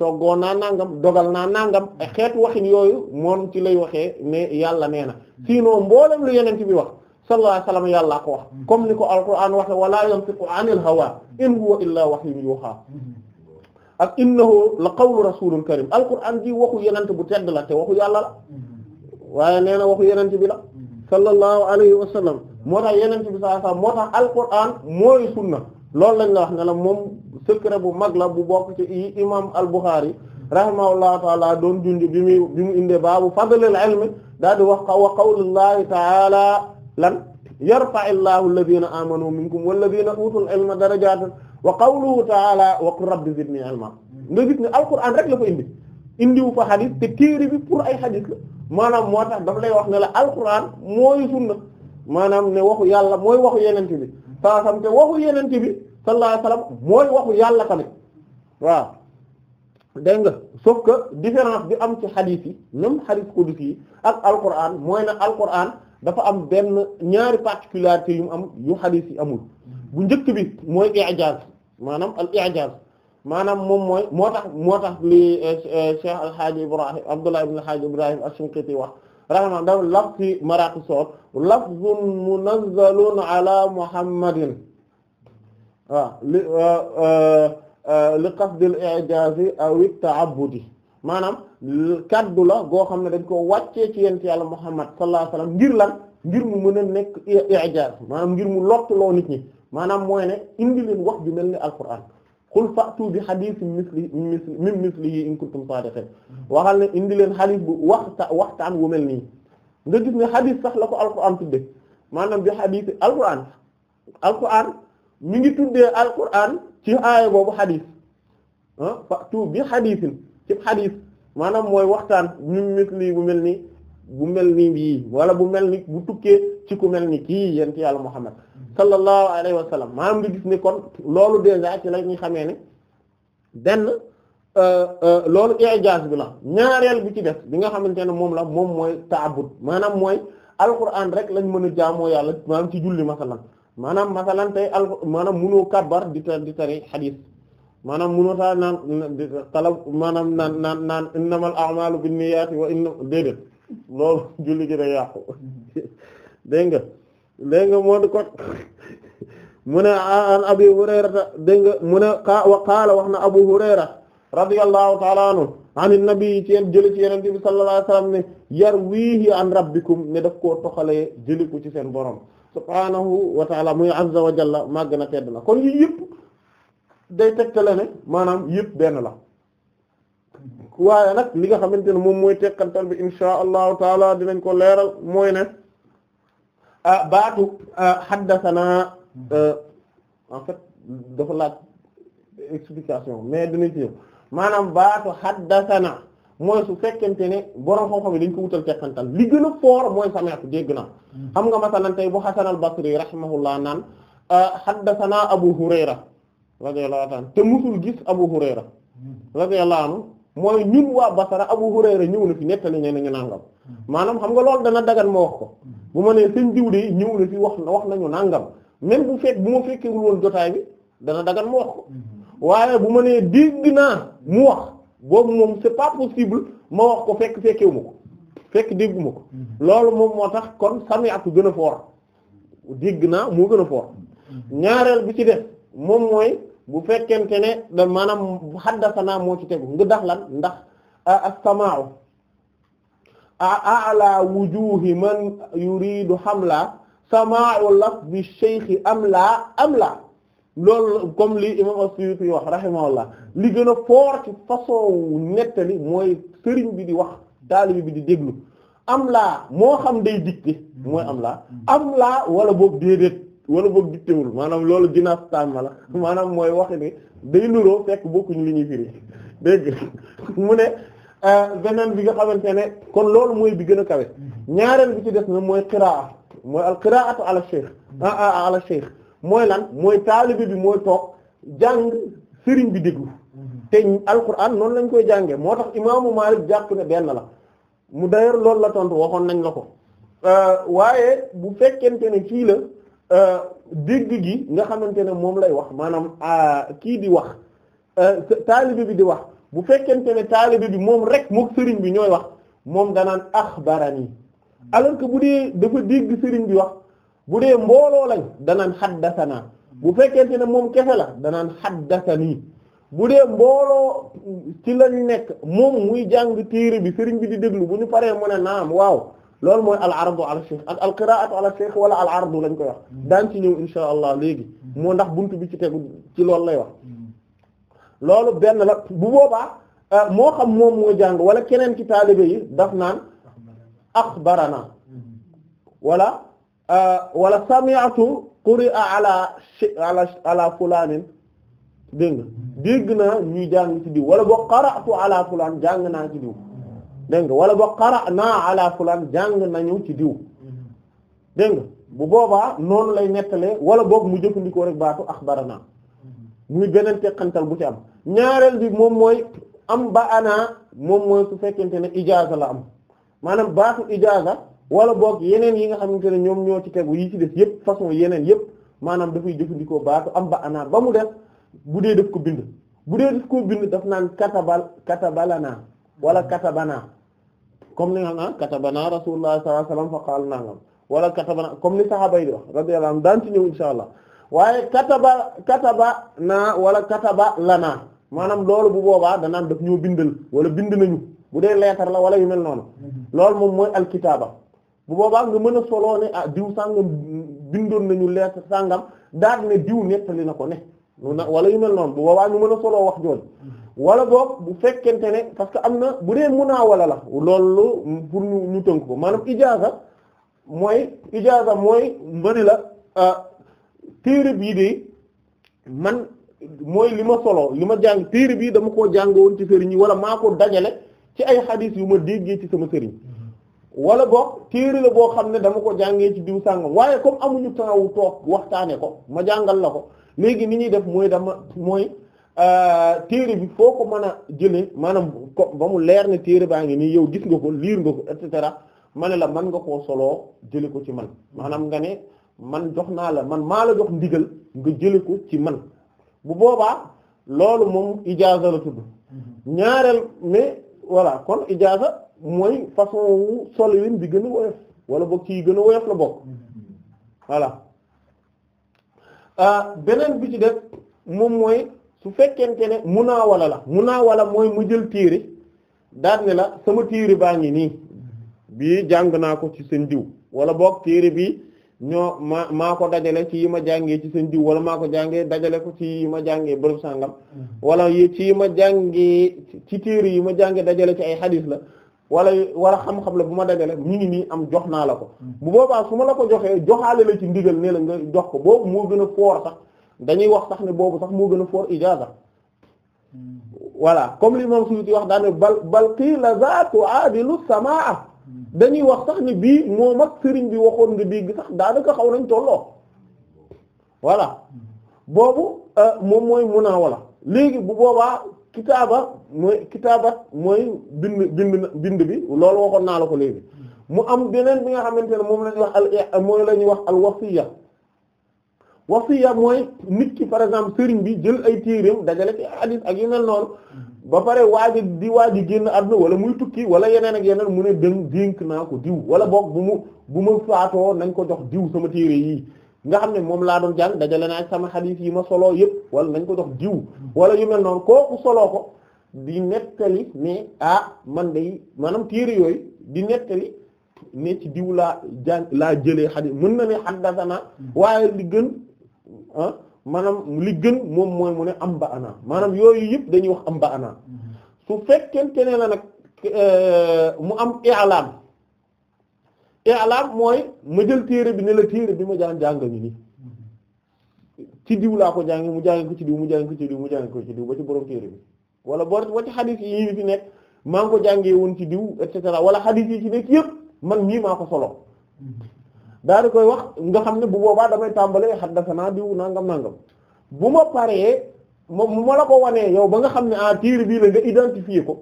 toggoo naa nangam dogal naa nangam xeetu waxin yooyu moom ci lay waxee ne yàlla nee na sinon mboolem lu yeneen ci bi wax sallallahu alayhi wasallam yàllaa ko wax comme ni ko alquran waxe wala yantiqu anil hawa in huwa illa wahyun yuha ak innahu la qawlu rasulun karim alquran ji waxu yenent bu tedd la te waxu yàlla la waaye nee na waxu yenent bi la sallallahu alayhi wa sallam moo tax yenent bi sallallahu alayhi wa sallam moo tax alquran mooy sunna loolu lañ la wax ne la moom secret bu mag la bu bokk ci yi imam al-Bukhari rahimahullahu taala doon junj bi muy bi mu indee baabu fadlil ilmi daal di wax wa qawlullahi taala lan yarfa'illahu alladhina amanu minkum walladhina utul ilma darajatan wa qawluhu ta'ala wa qul rabbi zidni ilma nga gis ne alquran rek la fa indi indiwu fa xadis te téere bi pour ay xadis la maanaam moo tax dafa lay wax ne la alquran mooy sunna maanaam ne waxu yàlla mooy waxu yenente bi saa sam te waxu yenente bi sallallahu alayhi mooy waxu yàlla tamit waaw dégg nga sauf que différence bi am ci xadis yi même xadis qudsi yi ak alquran mooy na alquran dafa am benn ñaari particularité yu mu am yu xadis yi amul bu njëkk bi mooy i'jaaz maanaam al i'jaaz maanaam moom mooy moo tax moo tax li eh, eh, Cheikh Al Hadj Ibrahim Abdullah ibn Al Hadj Ibrahim ash wax rahimahullah dafa laf ci maraaqi soot lafzun munazzalun ala Muhammadin waaw li eh, li qasdil i'jaaz aw at-ta'abbudi maanaam kaddu la goo xam ne dañ ko wàccee ci yent yàlla Muhammad sallallahu alayhi ngir lan ngir mu mën a nekk i'jaaz maanaam ngir mu lottaloo nit ñi maanaam mooy ne indi leen wax ju mel ni alquran qul fa'tu bi hadithin misli min mislihi in kuntum sadiqin waxal ne indi leen hadith bu waxtaan wu mel nii nga gis ne hadith sax la ko alquran tudde maanaam bi hadith alquran alquran mi ngi tuddee alquran ci aaya boobu hadith ah fa'tu bi hadithin ci hadith maanaam mooy waxtaan min misli bu mel nii bu mel nii bii wala bu mel ni bu tukkee ci ku mel ni kii yent yàlla Muhammad sallallahu alayhi wa sallam maanaam nga gis ne kon loolu déjà ci la ñuy xamee ne benn euh, euh, loolu i'jaaz bi la ñaareel bi ci def bi nga xamante ne moom la moom mooy ta'abbud maanaam mooy alquran rek lañ mën a jaamoo yàlla maanaam ci julli masalan maanaam masalan tey al maanaam munoo kabbar di ta di tari xadiis maanaam munoo taa naan di talab maanaam naan naan naan innamal a'maalu binniyaati wa inna déedéet loolu julli gi day yàqu dégg nga dégg nga moo di kon mu ne an abi hurayrata dégg nga mu ne qa wax na abu hurayra radiyallahu ta'ala anhu an nabi ci yeen jële ci yeneen bi sallallahu alayhi wasallam ne yarwihi an rabbikum ne daf koo toxalee jëli ko ci seen borom subhanahu wa ta'ala muy azza wa jalla màgg na tedd na kon yii yëpp day tegtale ne maanaam yëpp benn la waaye nag li nga xamante ne moom mooy tekkantal bi insha allahu taala dinañ ko leeral mooy ne Ah, baatu ah, haddasanaa ah, en fait dafa laaj explication mais dinañ ci ñëw maanaam baatu haddasanaa mooy su fekkente ne borom xam-xam yi dañ ko wutal tekkantal li gën a fort mooy sami'tu dégg naa hmm. xam nga masalan tey bu Hasan al-Basri rahimahullah naan haddasanaa Abu Hurayra radiyallahu anhu te musul gis Abu Hurayra hmm. radiyallahu anhu mooy ñun waa Basra Abu Hurayra ñëw na fi nettali ñeneen ñu nangam. maanaam xam nga loolu dana dagan ma wax ko bu ma nee seen diw de ñëw na fi wax wax nañu nangam même bu fekk bu ma fekkewul woon jotaay bi dana dagan ma wax ko waaye bu ma nee dégg naa mu wax boobu moom c'est pas possible ma wax ko fekk fekkewu ma ko fekk dégguma ko loolu moom moo tax kon sami atu gën a foor dégg naa moo gën a foor ñaareel bi ci def moom mooy bu fekkente ne da maanaam xaddasa naa moo ci tegu nga dax lan ndax ak samaau a ala wujuhi man yuridu hamla samaa'u lafzi shaykh am laa loolu comme li imam as-Suyuti wax rahimahullah li gën a fort ci façon nettali mooy sëriñ bi di wax taalibe bi di déglu am amla moo xam day dicté mooy am laa wala boog déedéet wala boog dictéwul maanaam loolu ginnaaf tàmmala maanaam mooy wax ni day nuroo fekk bokkuñ li ñuy firi dégg mu ne Euh, beneen bi nga xamante ne kon loolu mooy bi gën a kawe ñaareel bi ci des na mooy qiraa mooy al qiraatu ala shaykh a ah, ah, ah, ala shaykh mooy lan mooy taalibe bi mooy toog jàng sëriñ bi déglu mm-hmm. te alquran noonu lañ koy jànge moo tax imaamu Maalik jàpp ne benn la mu d'ailleurs loolu la tontu waxoon nañ la ko euh, waaye bu fekkente ne kii la euh, dégg gi nga xamante ne moom lay wax maanaam kii di wax taalibe bi di wax bu fekkente ne taalibe bi moom rek mook sëriñ bi ñooy wax moom danaan axbarani alors que bu dee dafa dégg sëriñ bi wax bu dee mbooloo lañ danaan xaddasanaa bu fekkente ne moom kese la danaan xaddasanii bu dee mbooloo ci lañ nekk moom muy jàng téere bi sëriñ bi di déglu bu ñu paree mu ne naam waaw loolu mooy al ardu ala sheikh ak al sheikh wala al ardu lañ koy wax daan ci ñëw insha allah léegi moo ndax buntu bi ci tegu ci loolu lay wax loolu benn la bu boobaa euh, moo xam moom moo jàng wala keneen ci taalibe yi daf naan axbarana wala euh, wala sami'tu quri'a ala ala ala fulaanin dégg nga dégg naa ñuy jàng ci diw wala boo qara'tu ala fulaan jàng naa ci diw dégg nga wala boo qara'naa ala fulaan jàng nañu ci diw dégg bu boobaa noonu lay nettalee wala boog mu jëkkandikoo rek baatu axbarana muy beneen teqantal bu ci am ñaareel bi moom mooy am ba ana moom mooy su fekkente ne ijaaza la am maanaam baatu ijaaza wala boog yeneen yi nga xam xamante ne ñoom ñoo ci tegu yi ci des yëpp façon yeneen yëpp maanaam dafay jëfandikoo baatu am ba ana ba mu def bu dee daf ko bind bu dee daf ko bind daf naan katabal katabalana wala katabana comme ni nga xam naa ah katabana rasulullah sallallahu alayhi wasallam fa qaal nangam wala katabana comme ni saxaaba yi di wax radiyallahu daan ci ñëw insha allah waaye kataba kataba naa wala kataba lanaa maanaam loolu bu boobaa danaan daf ñoo bindal wala bind nañu bu dee leetar la wala yu mel noonu loolu moom mooy alkitaaba bu boobaa nga mën a soloo ah diw sàngam bindoon nañu leetar sàngam daal ne diw nettali na ko ne wala yu noonu bu ñu mën a soloo wax jooju wala boog bu fekkente ne parce que am na bu dee munaawala la loolu pour ñu tënk ko maanaam ijaaza mooy ijaaza mooy mbëri la ah, téere bii de man mooy li ma solo li ma jàng téere bii dama koo jàngoon ci sëriñ yi wala maa ko dajale ci ay xadis yu ma déggee ci sama sëriñ wala boog téere la boo xam ne dama ko jàngee ci diw sàngam waaye comme amuñu taawu toog waxtaane ko ma jàngal la ko léegi ni ñuy def mooy dama mooy euh, téere bi foo ko mën a jële maanaam ba mu leer ne téere baa ngi nii yow gis nga ko liir nga ko et cetera ma ne la mën nga koo soloo jële ko ci man maanaam nga ne man jox naa la man maa la jox ndigal nga jële ko ci man bu boobaa loolu moom ijaaza la tudd
mm-hmm.
ñaareel mais voilà kon ijaaza mooy façon wu solowin bi gën a woyof wala boog ci gën a woyof la bokk mm-hmm. voilà ah, beneen bi ci def moom mooy su fekkente ne walla la mun naa munaawala mooy mu jël téere daan ne la sama téere baa ngi nii mm-hmm. bii jàng naa ko ci seen diw wala boog téere bii ñoo maa maa ko dajale ci yi ma jàngee ci seen jiw wala maa ko jàngee dajale ko ci yi ma jàngee bërëb sàngam mm-hmm. wala yi ci yi ma jàngee ci téere yi ma jàngee dajale ci ay xadis la wala wala xam-xam la bu ma dajale mu ngi nii am jox naa la ko mm-hmm. bu boobaa su ma la ko joxee joxaale la ci ndigal ne la nga jox ko boobu moo gën a foor sax dañuy wax sax ne boobu sax moo gën a foor ijaaza mm-hmm. voilà comme li moom suñu di wax daane bal bal qii la zaatu aadilu samaa dañuy wax sax ni bii moom ak sëriñ bi waxoon nga dégg sax daanaka xaw nañ tolloo voilà boobu euh, moom mooy munaawala léegi bu boobaa kitaaba mooy kitaabat mooy bind bind bind bi loolu waxoon naa la ko léegi mu am beneen bi nga xamante ne moom la ñuy wax al mooy la wax al wasiya wasiya mooy nit ki par exemple sëriñ bi jël ay téereem dajale ci hadith ak yu mel noonu ba pare waaj di waaj di génn àdduna wala muy tukki wala yeneen ak yeneen mu ne dem dénk naa ko diw wala boog bu mu bu ma faatoo nañ ko jox diw sama téere yi nga xam ne moom laa doon jàng dajale naa sama xadiis yi ma solo yëpp wala nañ ko jox diw wala yu mel noonu kooku soloo ko di nettali ne ah man day maanaam téere yooyu di nettali ne ci diw laa jàng laa jëlee xadiis mën na ne xaddasana waaye li gën ah, maanaam li gën moom mooy mu ne am ba ana maanaam yooyu yëpp dañuy wax am ba ana su fekkente ne la nag euh, mu am i'lam i'lam mooy ma jël téere bi ne la téere bi ma jaan jàngal ñu ni ci diw laa ko jàngi mu jàngi ko ci diw mu jàngi ko ci diw mu jàngi ci diw ba ci borom téere bi wala boo ba ci xadis yi fi nekk maa ngi ko jàngee woon ci diw et cetera wala yi ci nekk yëpp man mii maa ko solo daal di koy wax nga xam ne bu boobaa damay tàmbalee xaddasanaa diw nangam nangam bu ma paree moom ma la ko wanee yow ba nga xam ne ah tiir bii la nga identifier ko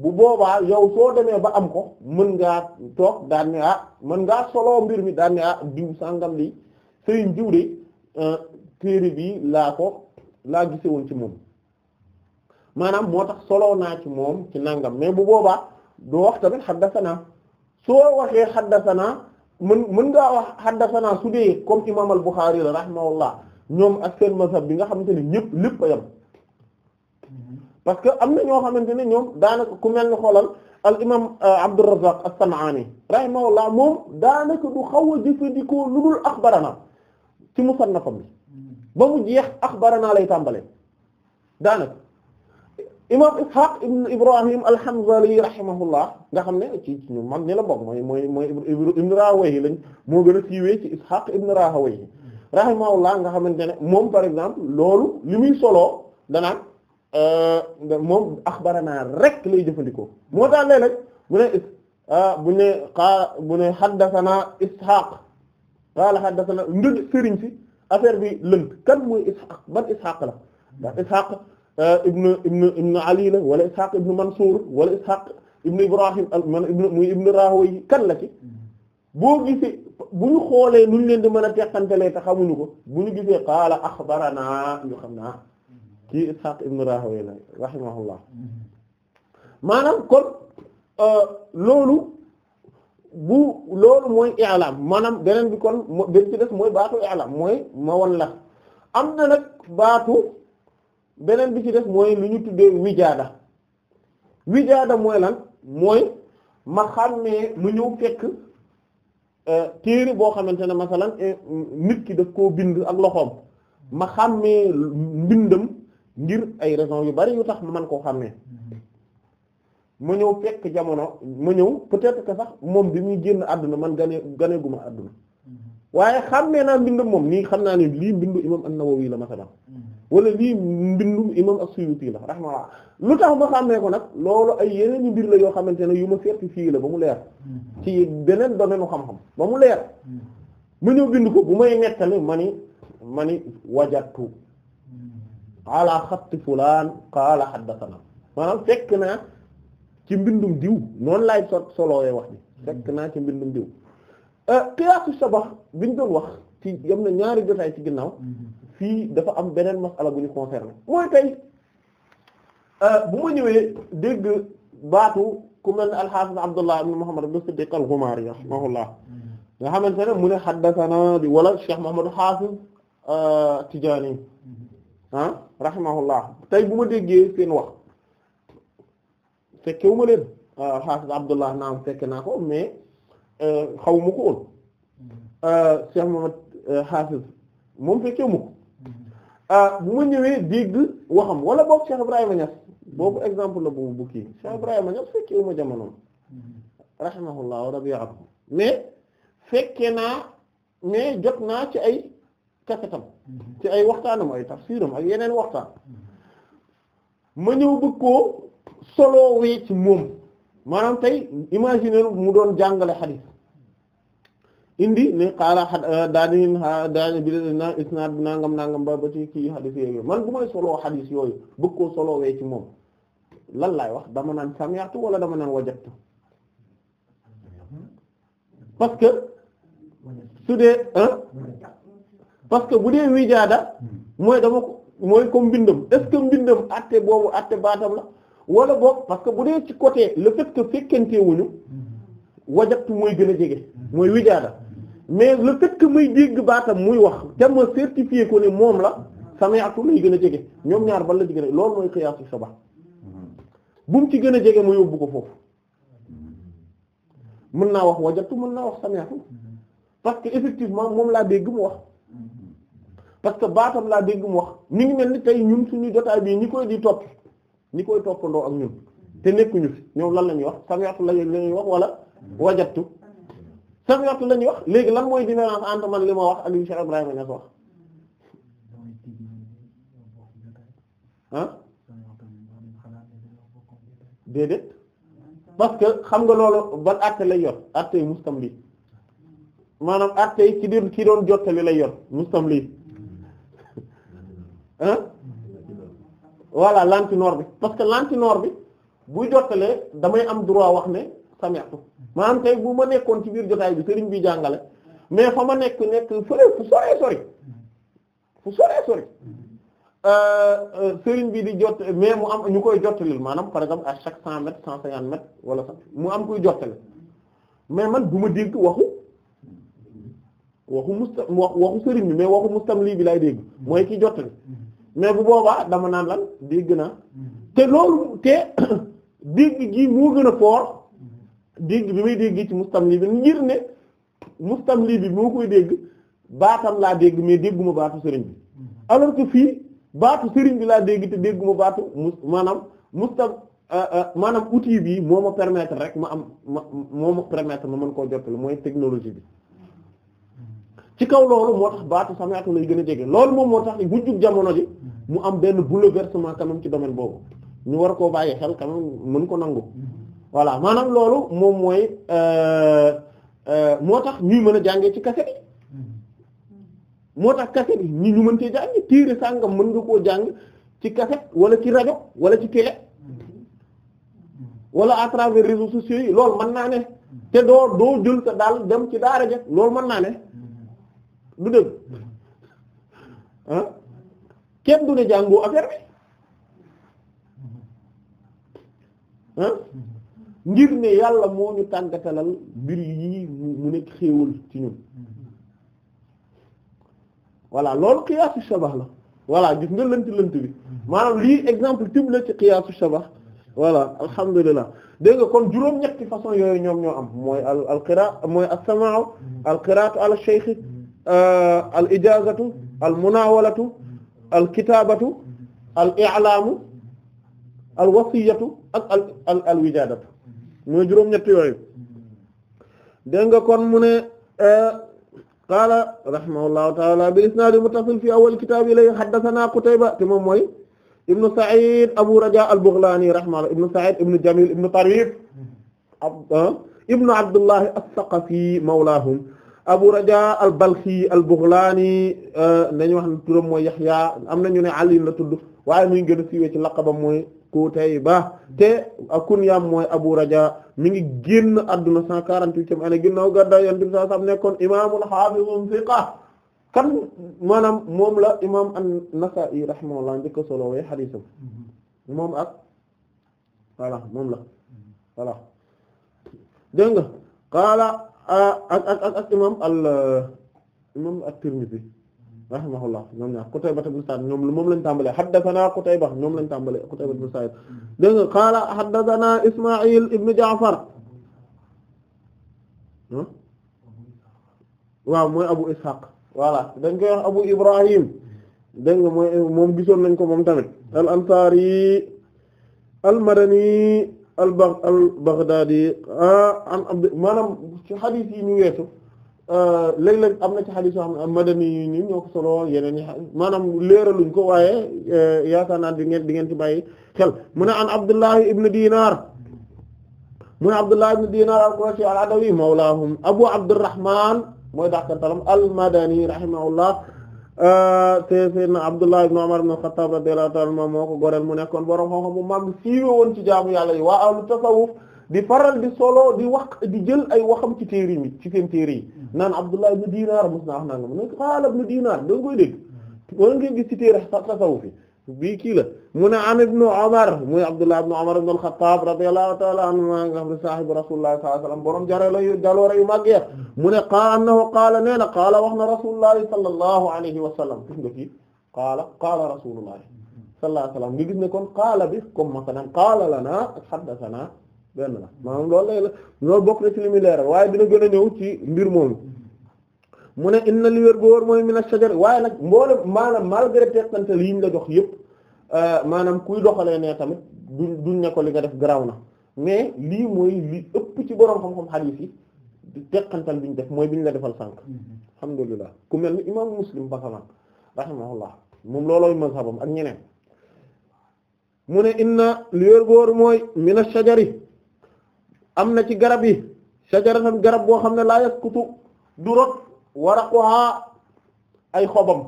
bu boobaa yow soo demee ba am ko mën ngaa toog daan ah mën ngaa solo mbir mi daan ne ah diw sangam li sëriñ diw de euh, téere bi laa ko laa gise ci moom maanaam moo tax soloo naa ci moom ci nangam mais bu boobaa doo wax tamit xaddasanaa soo waxee xaddasanaa mën mën ngaa wax xaddasana su dee comme imam al-Bukhari la rahimahullah ñoom ak seen mazhab bi nga xamante ne ñëpp lépp a yem parce que am na ñoo xamante ne ñoom daanaka ku mel ni xoolal al imam euh, Abdurrazzaq as-San'ani rahimahullah moom daanaka du xaw a jëfandikoo lu dul axbarana ci musannafam bi ba mu jeex axbarana lay tàmbalee daanaka. imam Ishaq ibn Ibrahim al-Hanzali rahimahullah nga xam ne ci ñu mag ñi la bokk mooy mooy mooy ibn Rahawayh lañ moo gën a siiwee ci Ishaq ibn Rahawayh rahimahullah nga xamante ne moom par exemple loolu li muy soloo danaan euh, moom axbarana rek lay jëfandikoo moo tax léeg-léeg ah, bu ne bu ne xaa qaala xaddasana ndëd sëriñ si affaire bi lënt kan mooy Ishaq ban Ishaq la Euh, ibn ibn ibn ali la wala ishaq ibn mansour wala ishaq ibn ibrahim kan la boo gisee bu ñu xoolee nu leen di mën a teqantelee te xamuñu ko bu ñu gisee qaala axbarana ñu xam naa kii ishaq ibn rahway maanaam kon euh, loolu bu loolu mooy i'lam maanaam beneen bi kon benn ci des mooy baatu i'lam mooy ma won la am na baatu beneen bi ci def mooy lu ñu tuddee wijaada wijaada mooy lan mooy ma xàmmee mu ñëw fekk euh, téere boo xamante ne masalan euh, nit ki def koo bind ak loxoom ma xàmmee mbindam ngir ay raison yu bari yu tax ma mën koo xàmmee ma ñëw fekk jamono ma ñëw peut-être que sax moom bi muy génn àdduna man gane gane àdduna waaye xàmmee naa mbindum moom nii xam naa ne lii mbindu imam an-Nawawi la masalan mm-hmm. wala lii mbindum imam as-Suyuti la rahimahullah lu tax ma xàmmee ko nag loolu ay yeneen yu mbir la yoo xamante ne yu ma certifié la ba mu leer
mm-hmm.
ci beneen domaine xam-xam ba mu leer mm-hmm. ma ñëw bind ko bu may nettali ma ni ma ni wajatu ala xatti fulaan qaala xaddathana maanaam fekk naa ci mbindum diw noonu laay so solowee wax bi fekk naa ci mbindum diw qiyaasu euh, sabah biñ doon wax ci yam na ñaari jotaay ci ginnaaw mhm. fii dafa am beneen masala bu ñu concerné mooy tey euh, bu ma ñëwee dégg baatu ku mel ne al-Hafiz Abdullah ibn Muhammad ibn Siddiq al-Ghumari rahimahullah mhm. nga xamante ne mu ne haddathana di wala Cheikh Muhammad Hafiz euh, Tijaani mhm. ah rahimahullah tey bu ma déggee seen wax fekkewuma leen al-Hafiz Abdullah naam fekk naa ko mais Euh, xaw ma ko woon mm-hmm. euh, Cheikh Mohammed euh, Hafiz moom fekkee mu ko
mm-hmm.
bu ma ñëwee dégg waxam wala boog Cheikh Ibrahima Niass boobu exemple la bu mu bukki mm-hmm. Cheikh Ibrahima Niass fekkee ma jamonoom rahimahullah wa radiyallahu mais fekkee naa mais jot naa ci ay kasetam ci ay waxtaanam ay tafsiram ak yeneen waxtaan ma ñëw bëgg koo solo wee ci moom maanaam tey imaginer mu doon jàngale xadiis indi ne xaala euh, daani bi na isnaad bi nangam nangam ba ba ci kii xadis yooyu man bu may soloo xadis yooyu bëgg koo solowee ci moom lan laay wax dama naan sami'tu wala dama naan wajadtu parce que su dee parce que bu dee wijaada mooy dama ko mooy comme mbindam est ce que mbindam atte boobu atte baatam la wala boobu parce que bu dee ci côté le fait que fekkente mooy gën a jege mooy wijaada mais la fait may muy dégg baatam muy wax te ma certifié ko ne moom la sami'tu lay gën a jege ñoom ñaar ban la ci gën a loolu mooy xiyaasu sabab bu mu ci gën a jege mu yóbbu ko foofu mën naa wax wajatu mën naa wax sami'tu parce que effectivement moom laa dégg mu wax parce que baatam laa dégg mu wax ni ngi mel ni tey ñun suñu jotaay bii ñi koy di topp ñi koy toppandoo ak ñun te nekkuñu ñoom lan la ñuy wax sami'tu la ñuy wax wala wajatu sariatu lañuy wax léegi lan mooy différence entre man li ma wax ak li Cheikh Ibrahima Niass wax ah déedéet parce que xam nga loolu ban àtte lay yor àtte yi mustamli maanaam àtte yi ci dir ki doon jottali lay yor mustamli ah voilà lantinoor bi parce que lantinoor bi bu jottalee damay am droit wax ne sami'tu maanaam tey bu ma nekkoon ci biir jotaay bi sëriñ bi jàngale mais fa ma nekk nekk fële fu soree sori fu soree euh, euh, sëriñ bi di jot mais mu am ñu koy jottalil maanaam par exemple à chaque cent mètres cent wala sax mu am koy jottali mais man bu ma dégg waxu waxu musta waxu sëriñ bi mais waxu lii bi lay dégg mooy ki jottali mais bu boobaa dama naan lan dégg naa mm-hmm. te loolu te dégg gi moo gën a fort dégg bi may dégg ci mustamli bi ngir ne mustamli bi moo koy dégg baatam laa dégg mais dégguma baatu sëriñ bi mm-hmm. alors que fii baatu sëriñ bi laa dégg te dégguma baatu mus maanaam mustam euh, euh, maanaam outil bi moo ma permettre rek ma am ma moo ma permettre ma mën koo jottali mooy technologie bi mm-hmm. ci kaw loolu moo tax baatu sami'tu lay gën a jege loolu moom moo tax mujjug jamono ji mm-hmm. mu am benn bouleversement kanam ci domaine boobu ñu war koo bàyyi xel kanam mën ko nangu voilà maanaam loolu moom mooy euh, euh, moo tax ñuy mën a jàngee ci cassette yi mm-hmm. moo tax cassette yi ñi ñu mën cee jànge téere sàngam mën nga koo jàng ci cassette wala ci rajo wala ci télé mm-hmm. wala à travers réseaux sociaux yi loolu mën naa ne te doo doo jël sa daal dem ci daara ja loolu mën naa ne mm-hmm. du dëgg ah kenn du ne jàngoo affaire bi ah? ngir ne yàlla moo ñu tàngatalal mbir yii mu nekk xéewal ci ñun voilà lool xiyaasu shabax la voilà gis nga lënt lënt bi maanaam lii exemple type la ci xiyaasu shabax voilà alhamdulilah dégg nga kon juróom-ñetti façon yooyu ñoom ñoo am mooy al al qira mooy as-sama'u al qira'atu ala shaykh euh, al ijazatu al munawalatu al kitabatu al i'lamu al wasiyatu al al al wijaadatu mu juróom-ñett yooyu dégg nga kon mu ne e, qaala rahimahullahu taala bil isnaadi muttasil fi awal kitaab yi lay haddathana Qutayba te moom mooy ibnu Sa'id Abu Raja al-Baghlani rahimahullah ibnu Sa'id ibnu Jamil ibnu Tarif e, ibnu Abdullahi as-Saqafi mawlaahum Abu Raja al-Balkhi al-Baghlani e, nañu wax ne turam mooy Yahya am na ñu ne Ali la tudd waaye muy gën a siiwee ci laqabam mooy Qutayba te kunyam mooy Abu Raja mi ngi génn adduna 148e année ginnaaw gàddaay Yonent bi sallallahu alayhi wasallam nekkoon imaamul haafizun thiqa kan maanaam moom la imaam an-Nasa'i rahimahullah njëkk solo way hadiisam
mm-hmm.
moom ak la voilà dégg nga qaala ak ak ak imam al imam rahimahullah ñoom ñaar Qutayba ibn Sa'id ñoom moom lañ tàmbalee haddathana Qutayba ñoom lañ tàmbalee Qutayba ibn Sa'id dégg nga qaala haddathana Isma'il ibn Ja'far waaw mooy Abu Ishaq voilà dañ koy wax Abu Ibrahim dégg nga mooy moom gisoon nañ ko moom tamit al ansari al madani al baghdadi ah, maanaam ci hadith yi ñu weesu Euh, léeg-léeg am na ci xadis yoo xam ne madani ni ñoo ko solo yeneen ñi maanaam leeraluñ ko waaye euh, yaakaar naa di ngeen di ngeen ci bàyyi xel mu ne an Abdullahi ibn Dinar mu ne Abdullahi ibn Dinar al-Qurashi al-Adawi mawlahum Abu Abdurrahman mooy dàqantalam al-Madani rahimahullah euh, te Seydina Abdullah ibn Umar ibn Khattab radiyallahu ta'ala moo ko goreel mu nekkoon borom xam-xam bu mag siiwe ci jaamu yàlla yi waa ahlu tasawuf di faral di solo di wax di jël ay waxam ci téere mi ci seen téere yi mm-hmm. naan Abdullah ibn Dinar mos naa wax naan mu ne qaala ibn Dinar danga koy dégg mm-hmm. wala ngeen gis ci téere tasawuf fi bii kii la mu ne an ibn Umar muy Abdullah ibn Umar ibn al-Khattab radiyallahu ta'ala anhuma nga xam ne saahibu Rasulullah sallallahu alayhi wasallam borom jare la yu jaloore yu màgg ya mm-hmm. mu ne qaala annahu qaala nee na qaala wax na Rasulullah sallallahu alayhi wa sallam gis nga kii qaala qaala Rasulullah sallallahu alayhi wa sallam nga gis ne kon qaala bi comme masalan qaala lanaa ak haddasanaa benn la maanaam loolu lay la loolu bokk na ci li muy leeral waaye dina gën a ñëw ci mbir moomu mu ne inna li wér góor mooy mina shajar waaye nag mboole maanaam malgré teqante yi ñu la jox yëpp euh, maanaam kuy doxalee nee tamit duñ duñ ne ko li nga def garaaw na mais lii mooy ëpp ci borom xam-xam hadith yi di teqantal bi ñu def mooy bi ñu la defal sànq alhamdulillah ku mel ni imam muslim basaman rahimahullah moom loolooy mazhabam ak ñeneen mu ne inna li wér góor mooy mina shajari am na ci garab yi shajaratan garab boo xam ne laa yaskutu waraquha ay xobam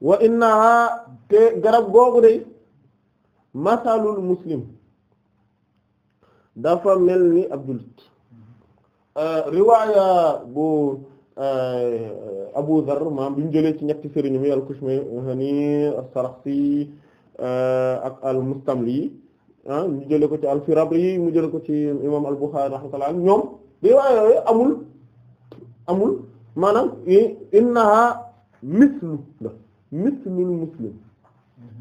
wa innaha garab googu de masalul muslim dafa mel ni ab jullit euh, riwaaya bu euh, Abu Dharr maam bi ci ñetti sëriñ mi al-Kushmayhani as-Sarakhsi euh, ak al-Mustamli ñu ah jëlee ko ci al-Firabri mu jëlee ko ci imam al-Bukhari rahmatullah ñoom riwaaya yooyu amul amul maanaam innaha mislu la mislul muslim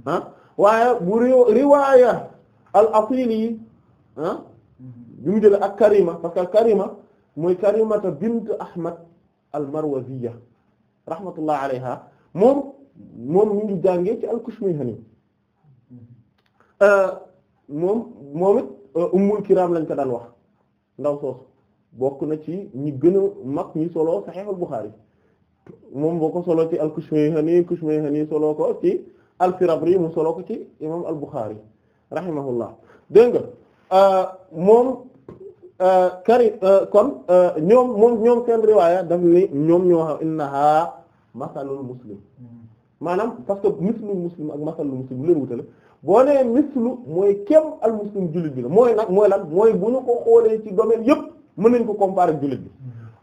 ah waaye bu riwaaya al-Asili ah bi mu jëlee ak Karima parce que Karima mooy Karimata bint Ahmad al-Marwaziyya rahmatullah alayha moom moom ñu ngi jàngee ci al-Kushmihani euh, moom moom it euh, ummul kiram lañ ko daan wax ndaw soosu bokk na ci ñi gën a mag ñi solo Sahih al moom boo ko solo ci al-Kushmayhani Kushmayhani solo ko ci al-Firabri mu solo ko ci imam al-Bukhari rahimahullah dégg nga euh, moom euh, kari kon ñoom moom ñoom seen riwaaya daf ni ñoom ñoo xam innaha masalul muslim mm-hmm. maanaam parce que muslim ak masalul muslim bu leen wutale boo nee mislu mooy kem al muslim jullit bi la mooy nag mooy lan mooy bu ñu ko xoolee ci domaine yépp mën nañ ko comparer jullit bi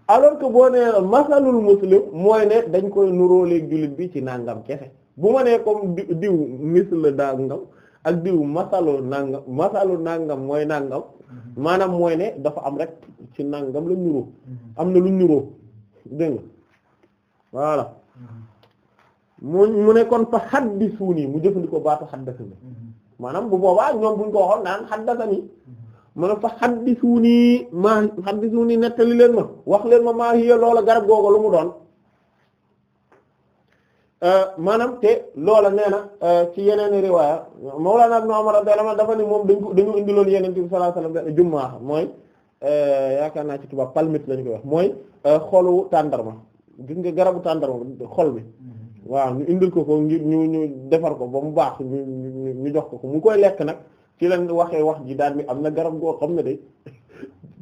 alors que boo nee masalul muslim mooy ne dañ koy nuróoleeg jullit bi ci nàngam kese bu ma nee comme diw misl nangam ak diw masalu nangam masalu nàngam mooy nàngam mhm. maanaam mooy ne dafa am rek ci nangam la nuroo am na lu nuroo dégg nga mu mu ne kon fa haddisuuni mu jëfandikoo baatu haddasani mm-hmm. maanaam bu boobaa ñoom buñ ko waxoon naan haddasani mm-hmm. mu ne fa haddisuuni maa haddisuuni nettali leen ma wax leen ma maa hiya loola garab googu lu mu doon euh, maanaam te loola nee na euh, ci yeneen riwaaya Mawlana Ibn a radiyallahu anhu dafa ni moom dañ ko dañu indiloon yeneen bi sallallahu alayhi wasallam jummaa mooy euh, yaakaar naa ci tubaab palmite lañ koy wax mooy xolu tàndarma gis nga garabu tàndarma xol bi. Mm-hmm. waaw ñu indil ko ko ngir ñu ñu defar ko ba mu baax ñu ñu jox ko ko mu koy lekk nag ci lañ waxee wax ji daan bi am na garab goo xam ne day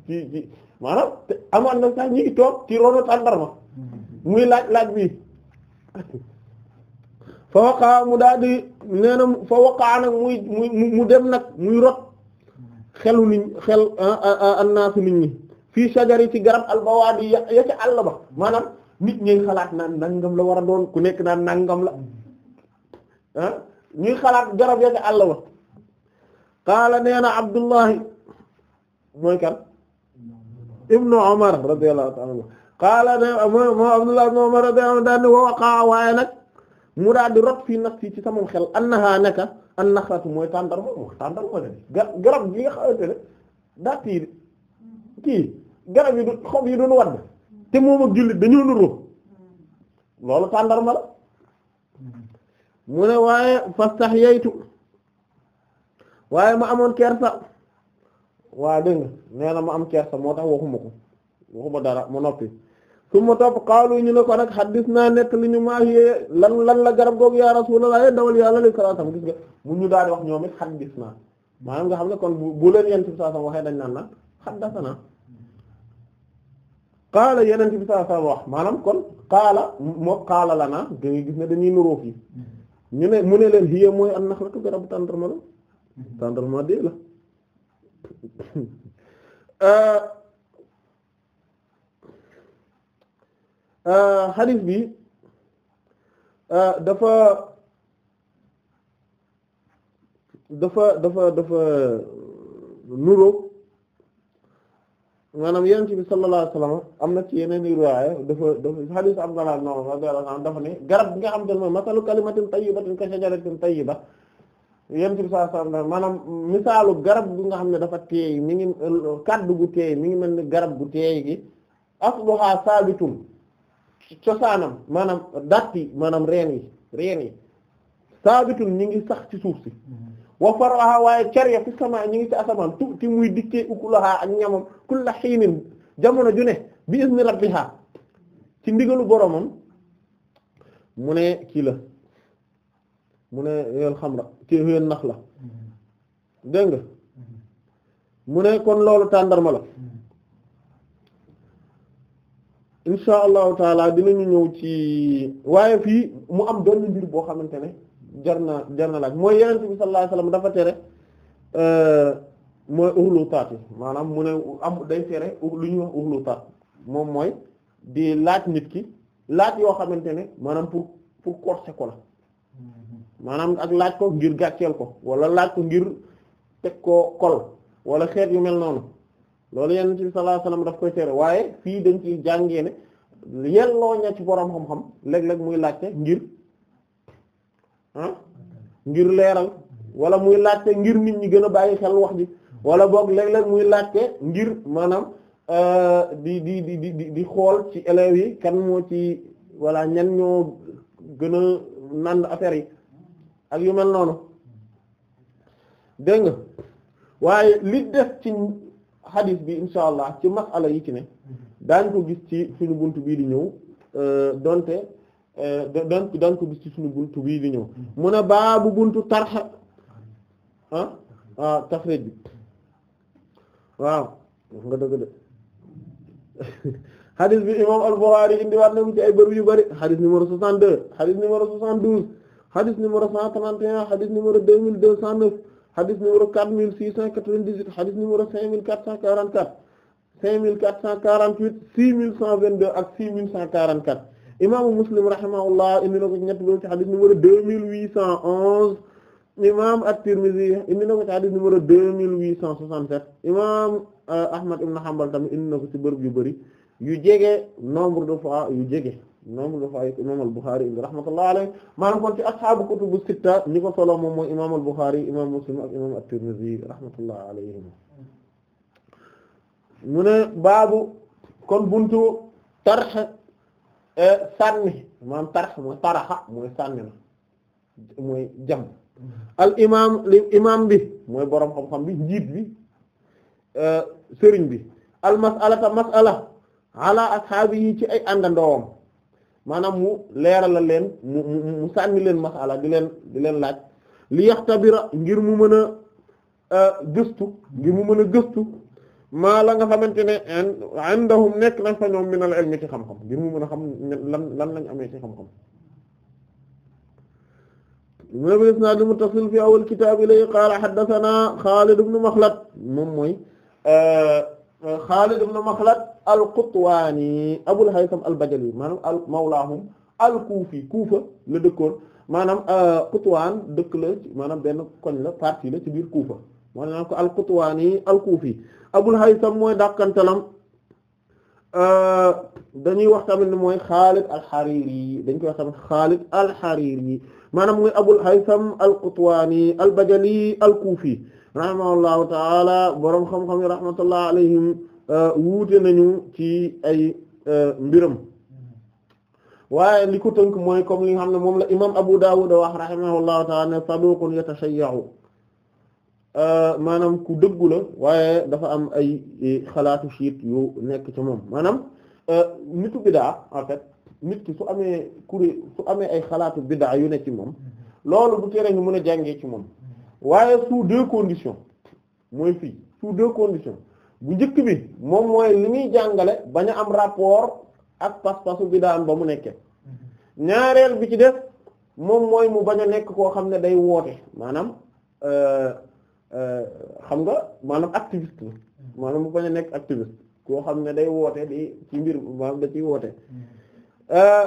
ci ci maanaam te amaan na sax ñu toog ci rono tàndarma muy laaj laaj bi fa waqaa mu daal di nee na fa waqaa nag muy muy mu dem nag muy rot xelu nit xel fii sajari ci garab albawaadi ya ca àll ba maanaam nit ñuy xalaat naan nangam la war doon ku nekk naan nangam la ah xalaat garab ya ca àll ba qaala nee na Abdullahi mooy kan ibnu Umar radiyallahu ta'ala anhu qaala nee moo Abdullahi ibnu Umar radiyallahu daan ni wa waqaa waaye nag mu daal di fii nafsi ci sama xel annaha naka an naxratu mooy tàndar moo tàndar moo garab gi nga xamante ne daa kii garab yi du xob yi duñu wadd te moom ak jullit dañoo nuroo loolu tàndarma la mu ne waaye fastax yaytu waaye ma amoon kersa waa dégg nga nee na ma am kersa moo tax waxuma ko waxuma dara ma noppi su ma topp xaalu ñu ne ko nag xaddis naa nekk nu ñu maa yéye lan lan la garab googu yaa rasulullah yéen dawal yàlla li sallallahu alayhi wasallam gis nga mu ñu daal di wax ñoom it xaddis naa maanaam nga xam ne kon bu leen yent bi sallallahu alayhi wasallam waxee dañ naan na xaddasa qaala yeneen bi saa saa wax maanaam kon qaala moo qaala la naa gis ne dañuy nuróo fii ñu ne mu ne leen hiya mooy an naxlatu garabu tàndarma la tàndarma dee la xadis euh, euh, bi euh, dafa dafa dafa dafa maanaam yonent bi sallallahu alayhi wasallam am na ci yeneen riwaaya dafa dafa hadith Abdullah ibn Umar dafa ne garab bi nga xam te ne mooy masalu kalimatin tayyibatin ka shajaratin tayyiba yonent bi sallallahu alayhi wasallam maanaam misaalu garab gi nga xam ne dafa teey mi ngi kaddu gu teey mi ngi mel ni garab gu teey gi asluha saabitun cosaanam maanaam datti maanaam reen yi reen yi saabitun ñi ngi sax ci suuf si wa far'aha waaye cer ya fi sama ñu ngi ci asamaan tuuti muy dikkee ukulaha ak ñamam kulla hiinin jamono ju ne bi izni rabbiha ci ndigalu boromam mu ne kii la mu ne yéen xam la ci yéen nax la dégg nga mu ne kon loolu tàndarma la insha allahu taala dinañu ñëw ci waaye fii mu am benn mbir boo xamante ne. jar na jar na laaj mooy yonent bi sallallahu alayhi wasallam dafa tere euh, mooy uxlu taat yi maanaam mu ne am day tere lu ñuy wax taat moom mooy di laaj nit ki laaj yoo xamante ne maanaam pour pour corser ko la maanaam ak laaj ko ngir gàcceel ko wala laaj ko ngir teg ko kol wala xeet yu mel noonu loolu yonent bi sallallahu alayhi wasallam daf koy tere waaye fii dañ ci jàngee ne yelloo ña ci borom xam-xam léeg-léeg muy laajte ngir Ah, ngir leeral wala muy laajte ngir nit ñi gën a bàyyi xel wax ji wala boog léeg-léeg muy laajte ngir maanaam euh, di di di di di xool ci élèves yi kenn moo ci wala ñan ñoo gën a nand affaire yi ak yu mel noonu dégg nga waaye li def ci xadis bi insha allah ci masala yi ci ne daañ ko gis ci suñu bunt bii di ñëw euh, donte Euh, daan daan ko gis ci suñu buntu bii di ñëw mu a baabu buntu tarxa ah waaw taxrij bi waaw wax nga dëgg de xadis bi imam al-Bukhari indi waat na mu ci ay bërëb yu bari xadis numéro 62 xadis numéro 72 xadis numéro 131 xadis numéro 2209 xadis numéro 4698 xadis numéro 5444 5448 6122 ak 6144 imaamu muslim rahimahullah indi na ko ci ñetti bërëb ci xadis numéro deux mille huit cent na ko ci xadis numéro deux mille euh, ibn Hanbal tamit indi ko ci bërëb yu bëri yu jege nombre de fois yu jege nombre de fois yu imaam al-Bukhari indi rahmatullah alayhi maanaam kon ci ashaabu kutubu sitta ñi ko solo moom mooy imaam al muslim ak imaam at-Tirmidhi alayhim mu ne baabu kon buntu tarh Euh, sànni maanaam tarax mooy taraxa mooy sànni na mooy jam mm-hmm. al imaam li imaam bi mooy boroom xam-xam bi njiit bi euh, sëriñ bi al mas'alata mas'ala ala ashaabi yi ci ay àndandoowam maanaam mu leerala leen mu mu sànni leen mas'ala di leen leen laaj li yaxtabira ngir mu mën a euh, gëstu ngir mu mën a gëstu maa la nga xamante ne indahum nekk nañ fa ñoom minal ilmi ci xam-xam ngir mu mën a xam lan lan lañ amee ci xam-xam muna bi isnaad muttasil fi awal kitaab ilay qaala haddathana Xaalid ibn Maxlad moom mooy euh, Xaalid ibn Maxlad al-Qutwaani Abul Haytham al-Bajali maanaam al mawlaahum al-Kuufi Kuufa la dëkkoon maanaam euh, Qutwaan dëkk la maanaam benn koñ la partie la ci biir Kuufa mooy naan ko al-Qutwani al-Kufi mooy dàkkantalam euh, dañuy wax tamit ne mooy Xaalid al-Hariri dañ koy wax tamit Xaalid al maanaam mooy Abul Haytham al-Qutwani al-Bajali al-Kufi rahimahullahu taala boroom xam-xam yi rahmatullah alayhim euh, wuute nañu ci ay euh, mbiram waaye li ko mooy comme li nga xam ne moom la imam Abu Dawud wax rahimahullahu taala ne saduqun yatashayyu Euh, maanaam ku dëggu la waaye dafa am ay xalaatu siit yu nekk ci moom maanaam euh, nitu bidaa en fait nit ki su amee kuré su amee ay xalaatu bidaa yu ne ci moom loolu du tere ñu mën a jàngee ci moom waaye sous deux conditions mooy fii sous deux conditions bu njëkk bi moom mooy li muy jàngale bañ a am rapport ak pas-pasu bidaa am ba mu nekkee ñaareel bi ci def moom mooy mu bañ a nekk koo xam ne day woote maanaam euh, Euh, xam nga maanaam activiste la hmm. maanaam mu bañ a nekk activiste koo xam ne day woote di ci mbir maanaam da ciy woote hmm. euh,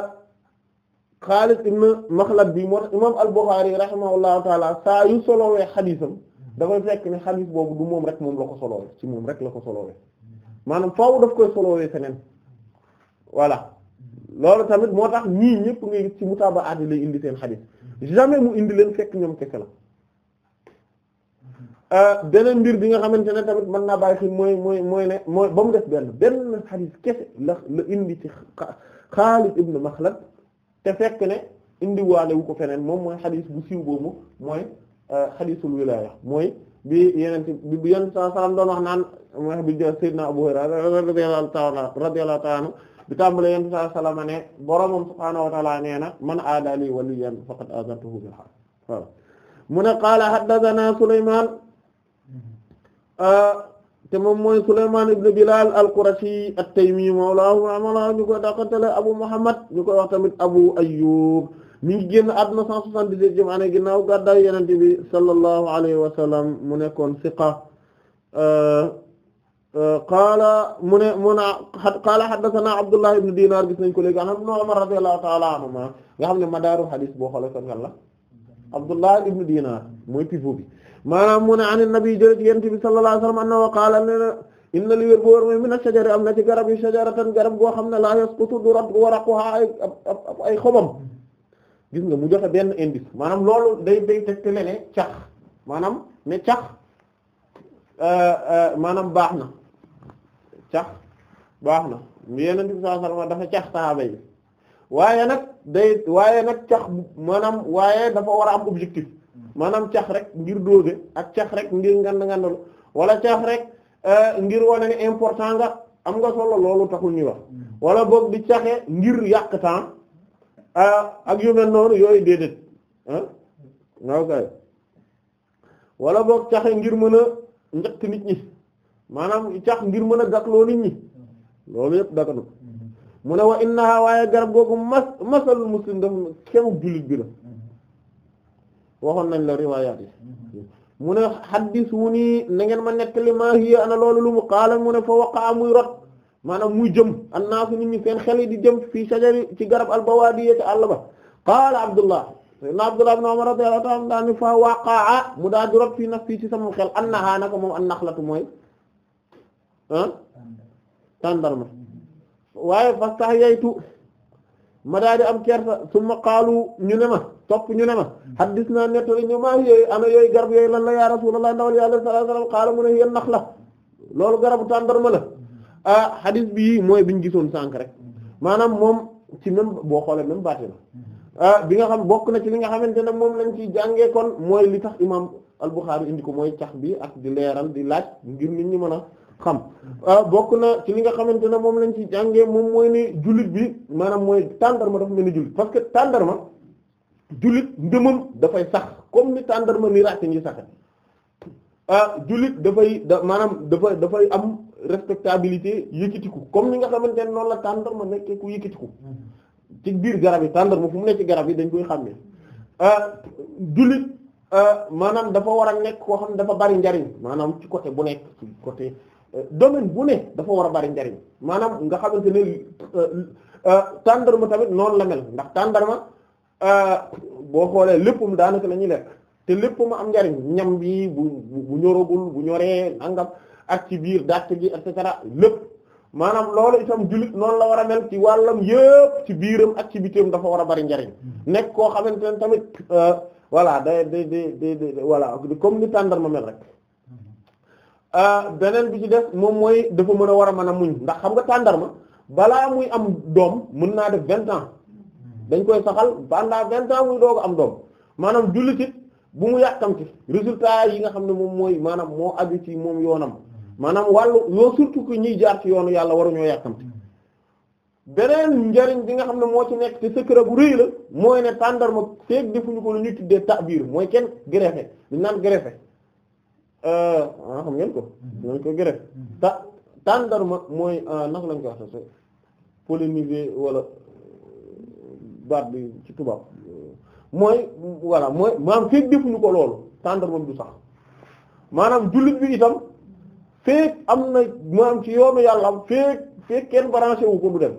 Xaalid ibn Maxlad bi moo tax imaam al-Bukhari rahimahullahu taala saa yu solowee xadiisam hmm. dafay fekk ne xadiis boobu du moom rek moom la ko solowee ci moom rek la ko solowee maanaam faaw daf koy solowee feneen voilà loolu tamit moo tax ñii ñëpp nga gis ci mutaaba aati lay indi seen xadiis jamais mu indi leen fekk ñoom kese la Euh, beneen mbir bi nga xamante ne tamit mën naa bàyyi xel mooy mooy mooy ne mooy ba mu def benn benn xadis kese la indi ci Xaalid ibn Maxlad te fekk ne indiwaale wu ko feneen moom mooy xadis bu siiw boobu mooy xadisul euh, wilaaya mooy bi yeneen bi bi yenn saa salaam doon wax naan mooy bi Seydina Abu Hurayra radiyallahu ta'ala radiyallahu ta'ala bi tàmbale yenn saa salaam ne boromam subhaanahu wa ta'ala nee na man aadaali waliyan faqad azantuhu bil mu ne qaala Ah, te moom mooy Sulaymaan ibn Bilaal al-Qurashi at-Taymi mawlaahu amala ñu koy dàqantele Abu Muhammad ñu koy wax tamit Abu Ayyub mi ngi génn àdduna 177 année ginnaaw gàddaay Yonent bi sallallahu alayhi wa sallam mu nekkoon siqa ah, ah, qaala mu ne mu na qaala haddathana Abdullah ibn Dinar gis nañ ko léegi an Ibn Umar radiyallahu ta'ala anhuma nga xam ne madaaru hadith boo xoolee kan la Abdullah ibn Dinar mooy pivot bi maanaam mu ne an nabi jële ci yent bi sallallahu alayhi wasallam annahu qaala ne na inna li wér boor mooy min ash-shajari am na ci garab yi shajaratan garab goo xam ne la yasqutu du rot waraquha ay ay xobam gis nga mu joxe benn indice maanaam loolu day day tegtale ne cax maanaam ne cax euh, euh, maanaam baax na cax baax na yeneen bi sallallahu alayhi wasallam dafa cax sahaaba yi waaye nag day waaye nag cax maanaam waaye dafa war a am objectif maanaam cax rek ngir dóose ak cax rek ngir ngan ngandalu wala cax rek euh, ngir wane ne important nga am nga solo loolu taxul ñuy wax mm. wala boog di caxe ngir yàq temps euh, ak yu noonu yooyu déedéet ah waaw kay wala boog caxe ngir mën a njëkk nit ñi maanaam cax ngir mën a gakloo nit ñi loolu yëpp dakanul mm-hmm. mu ne wa innaha waaye garab googu mas masalul muslim daf kemu jullit bi la waxoon nañ la riwaayaat yi mhm. mu ne haddisuuni na ngeen ma nettali maa hiya ana loolu lu mu qaala mu ne fa waqaa muy rot maanaam muy jëm annaasu nit ñi seen xel yi di jëm fii sajari ci garab albawaadiya ci àll ba qaala Abdullah na Abdullah ibn Umar radiyallahu ta'ala daa ni fa waqaa mu daa di rot fii naf fii ci sama xel annahaa naka moom annaxlatu mooy ah tàndarma waaye fa sax ma daal di am kersa summa qaalu ñu ne ma topp ñu ne ma naa nettali ñu maa yooyu ana yooyu garab yooyu lan la yaa rasuulullah ndawal yàlla sallallahu alayhi wasallam qaala mu ne yéen nax la loolu garabu tàndarma la ah hadis bii mooy bi ñu gisoon sànq rek maanaam moom ci même boo xoolee même baati
na
bi nga xam bokk na ci li nga xamante ne moom lañ ci jàngee kon mooy li tax imaam al-Bukhari indi ko mooy cax bi ak di leeral di laaj ngir nit ñi mën a xam euh, bokk na ci li nga xamante ne moom lañ ci jàngee moom mooy ni jullit bi maanaam mooy tàndarma dafa mel ni jullit parce que tàndarma jullit ndëmam dafay sax comme ni tàndarma ni ràcc ngi saxe ah jullit dafay da maanaam dafa dafay am respectabilité yëkkatiku comme ni nga xamante ne noonu la tàndarma nekkee ku yëkkatiku ci biir garab yi tàndarma fu mu nekk ci garab yi dañ koy xàmmee euh, jullit euh, maanaam dafa war a nekk koo xam ne dafa bari njariñ maanaam ci côté bu nekk ci côté domaine bu ne dafa war a bari njariñ maanaam nga xamante ne euh, euh, tàndarma tamit noonu la mel ndax tàndarma euh, boo xoolee léppam daanaka la ñuy lekk te léppam am njariñ ñam bi bu bu ñoragul bu ñoree angam ak ci biir dàtt gi et cetera lépp maanaam loolu itam noonu la war a mel ci wàllam yëpp ci biiram ak ci war a bari njariñ mm-hmm. nekk koo xamante ne tamit voilà day day day day voilà comme ni tàndarma mel rek Euh, beneen bi ci def moom mooy dafa mën a war a mën a muñ ndax xam nga tàndarma balaa muy am doom mën naa def vingt ans dañ koy saxal pendant vingt ans muy doog am doom maanaam jullit bu mu yàkkamti résultat yi nga xam ne moom mooy maanaam moo aju ci moom yoonam maanaam wàllu yoo surtout que ñiy jaar ci yoonu yàlla waruñoo yàkkamti beneen njariñ bi nga xam ne moo ci nekk te secret bu rëy la mooy ne tàndarma feek ñu ko lu ñuy tuddee ta'bir mooy kenn greffé dañ naan greffé Euh, ah xam ngeen ko mm-hmm. nañ ko gref mm-hmm. ta tàndarma mooy euh, naka lañ ko wax sa polémiser wala baat bi ci tubaab mooy voilà mooy maanaam fekk defuñu ko loolu tàndarma du sax maanaam jullit bi itam fekk am na maanaam ci yoonu yàlla am fekk fekk kenn branché wu ko du dem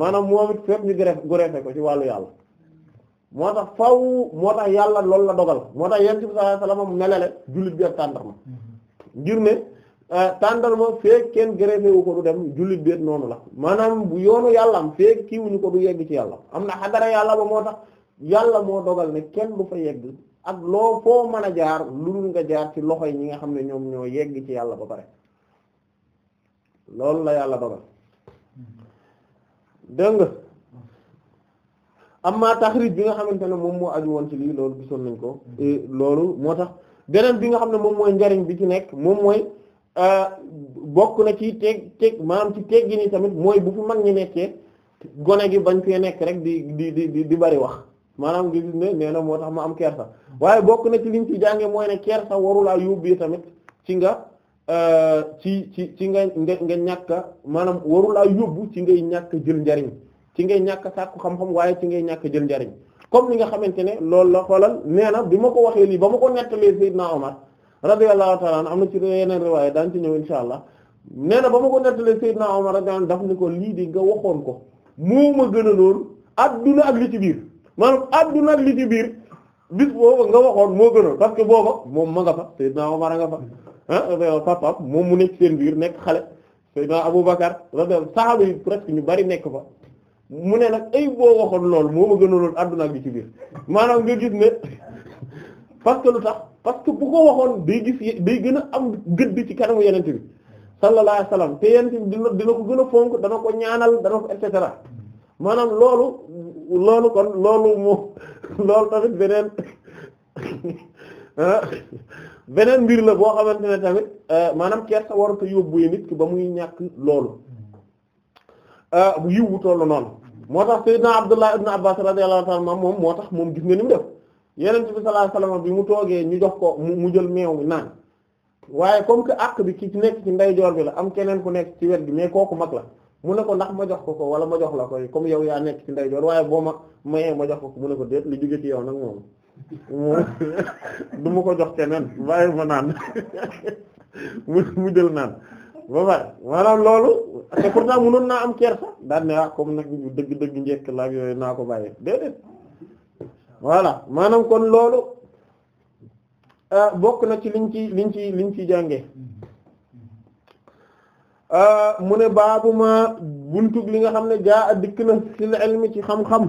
maanaam moom it fekk ñu gref greffé ko ci wàllu yàlla moo tax faw moo tax yàlla loolu la dogal moo tax yent bi sallallahu alayhi wasallam melale jullit bi ak tàndarma ngir ne euh, tàndarma feek kenn gréfé wu ko du dem jullit bi noonu la maanaam bu yoonu yàlla am feek kii ko du yegg ci yàlla am na xadara yàlla ba moo tax yàlla moo dogal ne kenn du fa yegg ak loo foo mën a jaar lu dul nga jaar ci loxo yi ñi nga xam ne ñoom ñoo yegg ci yàlla ba pare loolu la yàlla dogal hmm. am tax taxrij bi nga xamante ne moom moo aju woon ci lii loolu gisoon nañ ko loolu moo tax beneen bi nga xam ne moom mooy njariñ bi ci nekk moom mooy euh, bokk na ci teg teg maanaam ci teggi nii tamit mooy bu mag ñi nekkee gone gi bañ fee nekk rek di di di di bari wax maanaam nga ne nee na moo tax ma am kersa waaye bokk na ci liñ ci jànge mooy ne kersa warulaa yóbbee tamit ci nga euh, ci ci ci nga nga nga ñàkka maanaam warulaa yóbbu ci ngay ñàkk jël njariñ ci ngay ñàkk a sàkku xam-xam waaye ci ngay ñàkk jël njariñ comme li nga xamante ne loolu la xoolal nee na bi ma ko waxee lii ba ma ko nettalee na Omar radiyallahu ta'ala anhu am na ci yeneen riwaaya daan ci ñëw insha allah nee na ba ma ko nettalee Seydina Omar radiyallahu daf ni ko lii di nga waxoon ko moo ma gën a loolu adduna ak li ci biir maanaam adduna ak li ci biir bis boobu nga waxoon moo gënoon parce que booba moom ma nga fa Seydina Omar a nga fa ah papa moom mu nekk seen biir nekk xale Seydina Abubakar radiyallahu sahaaba yi presque ñu bari nekk fa mu ne nag ay boo waxoon loolu moo ma gënaloon adduna bi ci biir maanaam nga gis ne parce que lu tax parce que bu ko waxoon day gis day gën a am gëdd ci kanamu yeneen bi sallallahu alayhi wasallam te yeneen bi dina dina ko gën a fonk dana ko ñaanal dana ko et cetera maanaam loolu loolu kon loolu moo loolu tamit beneen ah, beneen mbir la boo xamante ne tamit euh, maanaam kersa warut a yóbbu nit ki ba muy ñàkk loolu euh, yiw bu tollu noonu moo tax sayyidina Abdullah ibn Abbas radiyallahu ta'ala anhu moom moo tax moom gis nga ni mu def yeneen bi sallallahu alayhi wasallam bi mu toogee ñu jox ko mu jël meew mi naan waaye comme que àq bi ki ci nekk ci ndeyjoor bi la am keneen ku nekk ci wet gi mais kooku mag la mu ne ko ndax ma jox ko ko wala ma jox la koy comme yow yaa nekk ci ndeyjoor waaye boo ma mayee ma jox ko ko mu ne ko déet lu jóge ci yow nag moom moom du ma ko jox keneen waaye ma naan mu jël naan ba pare maanaam loolu te pourtant mënoon naa am kersa daan ne ah comme nag dëgg dëgg njekk la ak yooyu naa ko bàyyi déedéet voilà maanaam kon loolu euh, bokk na ci liñ ci liñ ci liñ ci jànge euh, mu ne baabu ma buntug li nga xam ne jaa a dikk na fil ilmi ci xam-xam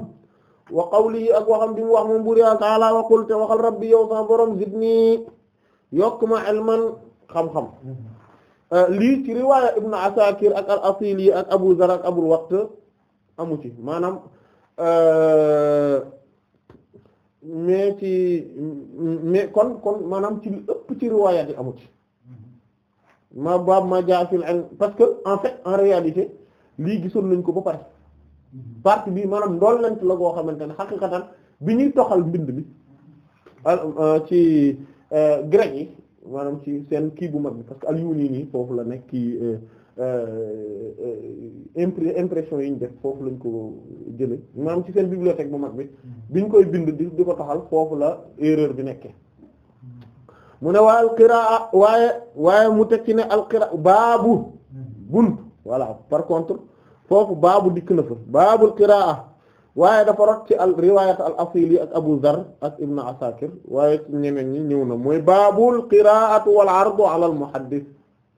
wa qawli yi ak waxam bi mu wax moom buri taala wa qul te waxal rabbi yow sa borom zidni yokk ma ilman xam-xam Euh, lii ci riwaaya Ibn Asakir ak al-Asili ak Abu Zar ak Abul Waqt amu ci maanaam euh, mais ci mais kon kon maanaam ci ëpp ci riwaaya yi amu ci ma baab ma jaafil an parce que en en réalité lii gisoon nañ ko ba pare parti bii maanaam ndool nañ ci la goo xamante ne xaqiqatan bi ñuy toxal mbind mi euh, ci grec yi maanaam ci seen kii bu mag bi parce que al nii foofu la nekk kii euh, euh, impr impression yi ñu def foofu lañ ko jële maanaam ci seen bibliothèque bu mag bi hmm. biñ koy bind di di ko taxal foofu la erreur bi nekkee hmm. mu ne waaye al-qiraa waaye waaye mu teg ci ne al-qiraa baabu hmm. bunt voilà par contre foofu baabu dikk na fa baabul qiraa waaye dafa rot ci al riwayat al asili ak Abu Zar ak Ibn Asakir waaye ñeneen ñi ñëw na mooy baabul qiraatu wal ardu ala al muhaddis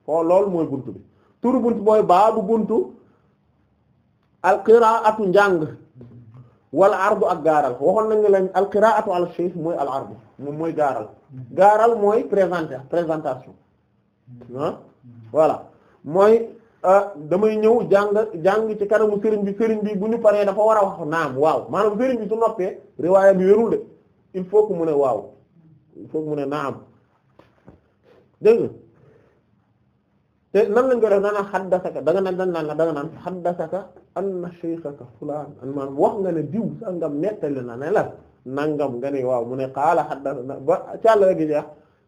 foo lool mooy buntu bi turu buntu mooy baabu buntu al qiraatu njàng wal ardu ak gaaral waxoon nañu lañ al qiraatu ala shaykh mooy al ardu mooy gaaral gaaral mooy présentation ah mooy Ah, damay ñëw jàng jàng ci kanamu sëriñ bi sëriñ bi bu ñu paree dafa war a wax naam waaw maanaam sëriñ bi su noppee riwaaya bi wérul de il faut que mu ne waaw il faut que mu ne naam dégg nga te nan lañ ko def naan xaddasaka da nga naan da naan da nga naan xaddasaka anna shaykhaka fulaan maanaam wax nga ne diw sangam nettali na ne la nangam nga ne waaw mu ne xaala xaddasana ba càll gi jeex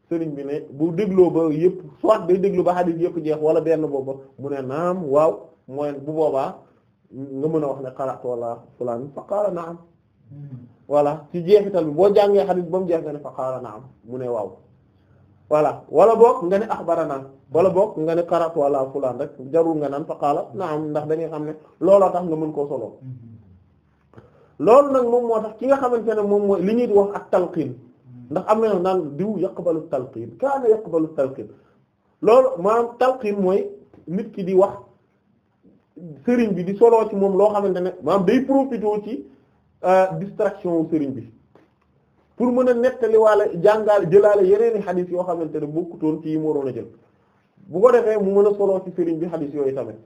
sëriñ bi ne bu dégloo ba yëpp soit day déglu ba xadis yëpp jeex wala benn booba mu ne naam waaw mooy bu boobaa nga mën a wax ne xalaatu wala fulaan fa qaala naam boo jàngee xadis ba mu jeex nga ne fa qaala naam mu ne waaw voilà wala boog nga ne axbarana wala boog nga ne xalaatu wala fulaan rek jarul nga naan fa qaala naam ndax dañuy xam ne looloo tax nga mën koo solo
mm-hmm.
loolu nag moom moo tax ki nga xamante ne moom mooy li ñuy wax ak talqiin ndax am na naan diw yaqbalu talqin kaana yaqbalu talqin loolu maanaam talqin mooy nit ki di wax sëriñ bi di soloo ci moom loo xamante ne maanaam day profité ci euh, distraction wu sëriñ bi pour mën a nettaliwaale jàngaale jëlaale yeneeni xadis yoo xamante ne bokkutoon ci yi mu waroon a jël bu ko defee mu mën a soloo ci sëriñ bi xadis yooyu tamit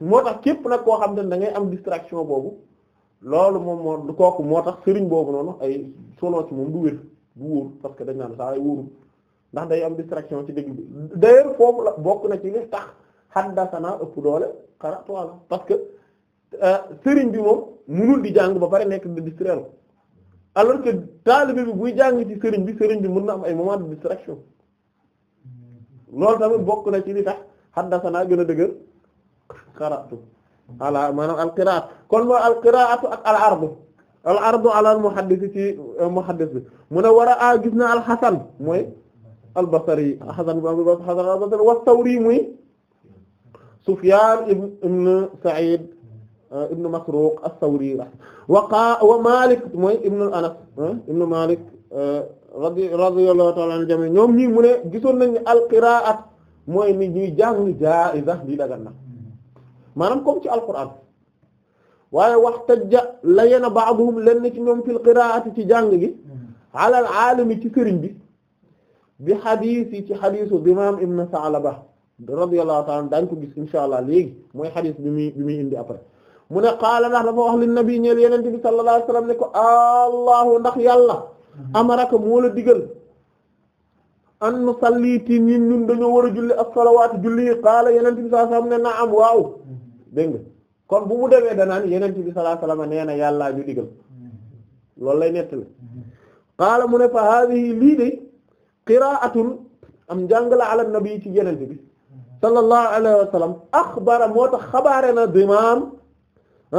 moo tax képp nag koo xam ne da ngay am distraction boobu loolu moom moo kooku moo tax sëriñ boobu noonu ay soloo ci moom du bu wóor parce que dañ naan saa yu ndax day am distraction ci déglu bi foofu la bokk na ci li tax haddasana ëpp doole xaratu walla parce que euh, sëriñ bi moom munul di jàng ba pare nekk di distraire alors jàng ci sëriñ bi sëriñ bi mën na am ay moment de distraction loolu tamit bokk na ci li tax haddasana gën a dëgër xaratu voilà maanaam kon mooy al qiraatu al ardu ala al muhaddis ci euh, muhaddis bi mu ne war a a ah, gis na al xasan mooy al basri xasan xasan al basri wa thawri muy sufyan ibn sa'id ibn masruq ath-thawri wa qa wa malik mooy ibn anas ibn malik euh, radiyallahu ta'ala an jami ñoom ñii mu ne gisoon nañu al qira'at mooy ni ñuy jàng jaa'iza di dagan na maanaam comme ci al qur'an waaye waxtajja la yena ba'dhum lenn ci ñoom fil qiraati ci jàng gi alal aalami ci sëriñ bi bi xadiis yi ci xadiisu dimaam ibn Sa'laba radiyallahu ta'ala daañ ko gis insha allah léegi mooy xadiis bi muy bi muy indi après mu ne qaala ndax dafa wax li nabi ñeel yenente bi sallallahu alayhi wasallam ne ko allahu ndax yàlla amaraka moo la digal an nusalli ti ñun dañoo war a julli as-salawaat julli qaala yenente bi sallallahu alayhi wasallam ne naam waaw dégg nga kon bu mu demee danaan yeneen bi sallallahu alayhi wasallam digal loolu lay nettali qaala mu ne fa haadihi lii de qiraatun am njàng la ala nabi ci yeneen bi sallallahu alayhi wasallam axbara moo tax xabaare na dimaam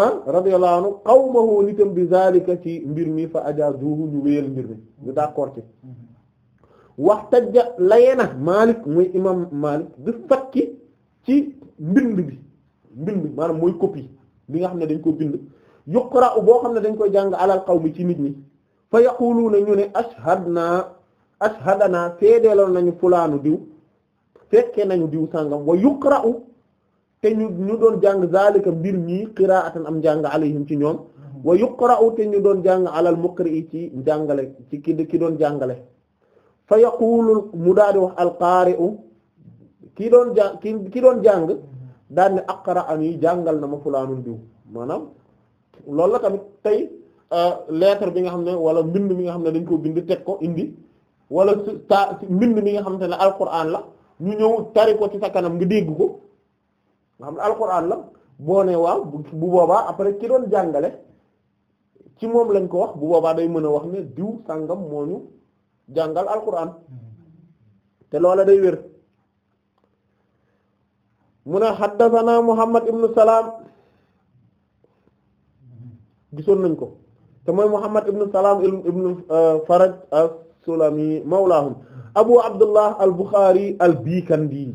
ah radiyallahu anhu qawmahu nitam bi zalika ci mbir mi fa ajaazuhu ñu wéyal mbir mi ñu d'accord ci muy imam Maalik bi fakki ci mbind bi mbind maanaam mooy copie bi nga xam ne dañ ko bind yuqra'u boo xam ne dañ ko jàng alal qawmi ci nit ñi fa yaquluuna ñu ne ashhadna ashhadanaa seedeeloon nañu fulaanu diw fekkee nañu diw sàngam wa yuqra'u te ñu ñu doon jàng zalika mbir ñii qira'atan am jàng alayhim ci ñoom wa yuqra'u te doon jàng alal muqri'i ci jàngale ci ki ki doon jàngale fa yaqulu mu wax alqari'u ki doon ki doon jàng daan ne aqara an yi jàngal na ma fulaanun diw maanaam loolu la tamit tey euh, lettre bi nga xam ne wala mbind mi nga xam ne dañ ko bind teg ko indi wala su mbind mi nga xam ne alquran la ñu ñëw tari ci sa kanam nga dégg ko nga xam ne alquran la boo ne waaw bu boobaa après ki doon jàngale ci moom lañ ko wax bu boobaa day mën a wax ne diw sàngam moo ñu jàngal alquran mm-hmm. te loola day wér mu ne xaddasanaa Muhammad ibnu Salaam gisoon nañ ko te mooy Muhammad ibnu Salaam ibnu euh, Faraj as-Sulami mawlaahum Abu Abdullah al-Bukhari al-Bikandi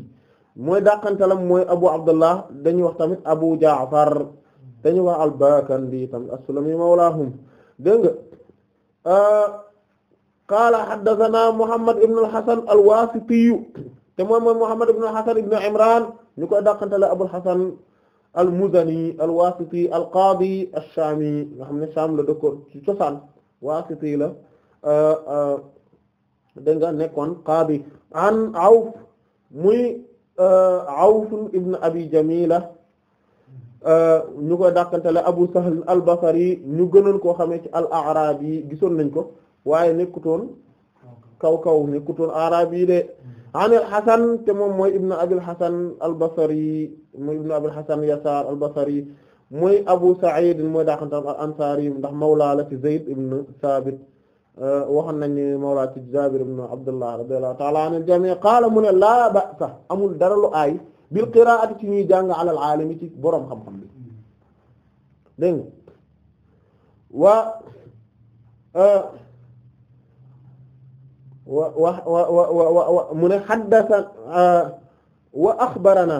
mooy dàqantalam mooy Abu Abdullah dañuy wax tamit Abu Jaafar dañuy wax al-Bakandi tamit as-Sulami mawlaahum dégg nga euh, qaala Muhammad ibnu al-Hasan al-Waasitiyu te moom mooy Muhammad ibn Hasan ibn Imran ñu koy dàqantale Abul Hasan al-Muzani al-Wasiti al-Qadi ash-Shami nga xam ne Sham la dëkkoon ci cosaan Wasiti la euh, euh, dégg nga nekkoon Qadi an Awf muy euh, Awf ibn Abi Jamila ñu koy dàqantale Abu Sahl al-Basri ñu gënoon koo xamee ci al-A'rabi gisoon nañ ko waaye nekkutoon kaw kaw nekkutoon Arabi de anil Hasan te moom mooy ibn Abil Hasan al-Basri mooy ibn Abil Hasan Yasaar al-Basri mooy Abu Sa'id mooy daa xam tam al-Ansari ndax mawla la ci Zayd ibn Sabit euh, waxoon nañu mawla ci Jabir ibn Abdullah radiyallahu ta'ala anil jami' qaala mu ne laa ba'sa amul dara lu aay bil qira'ati ci ñuy jàng alal aalami ci boroom xam-xam bi dégg nga waa euh, wa wa wa wa wa mu ne haddasa uh, wa axbarana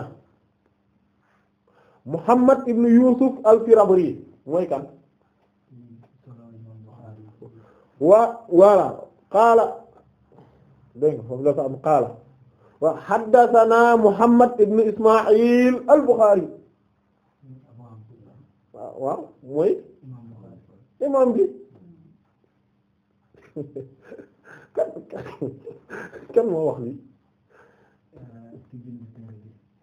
Muhammad ibn Yusuf al-Firabri mooy kan wa wala qaala dégg nga foofu dafa am qaala wa haddasana Muhammad ibn Isma'il al-Bukhari
waaw waaw mooy
imaam bi kenn moo wax lii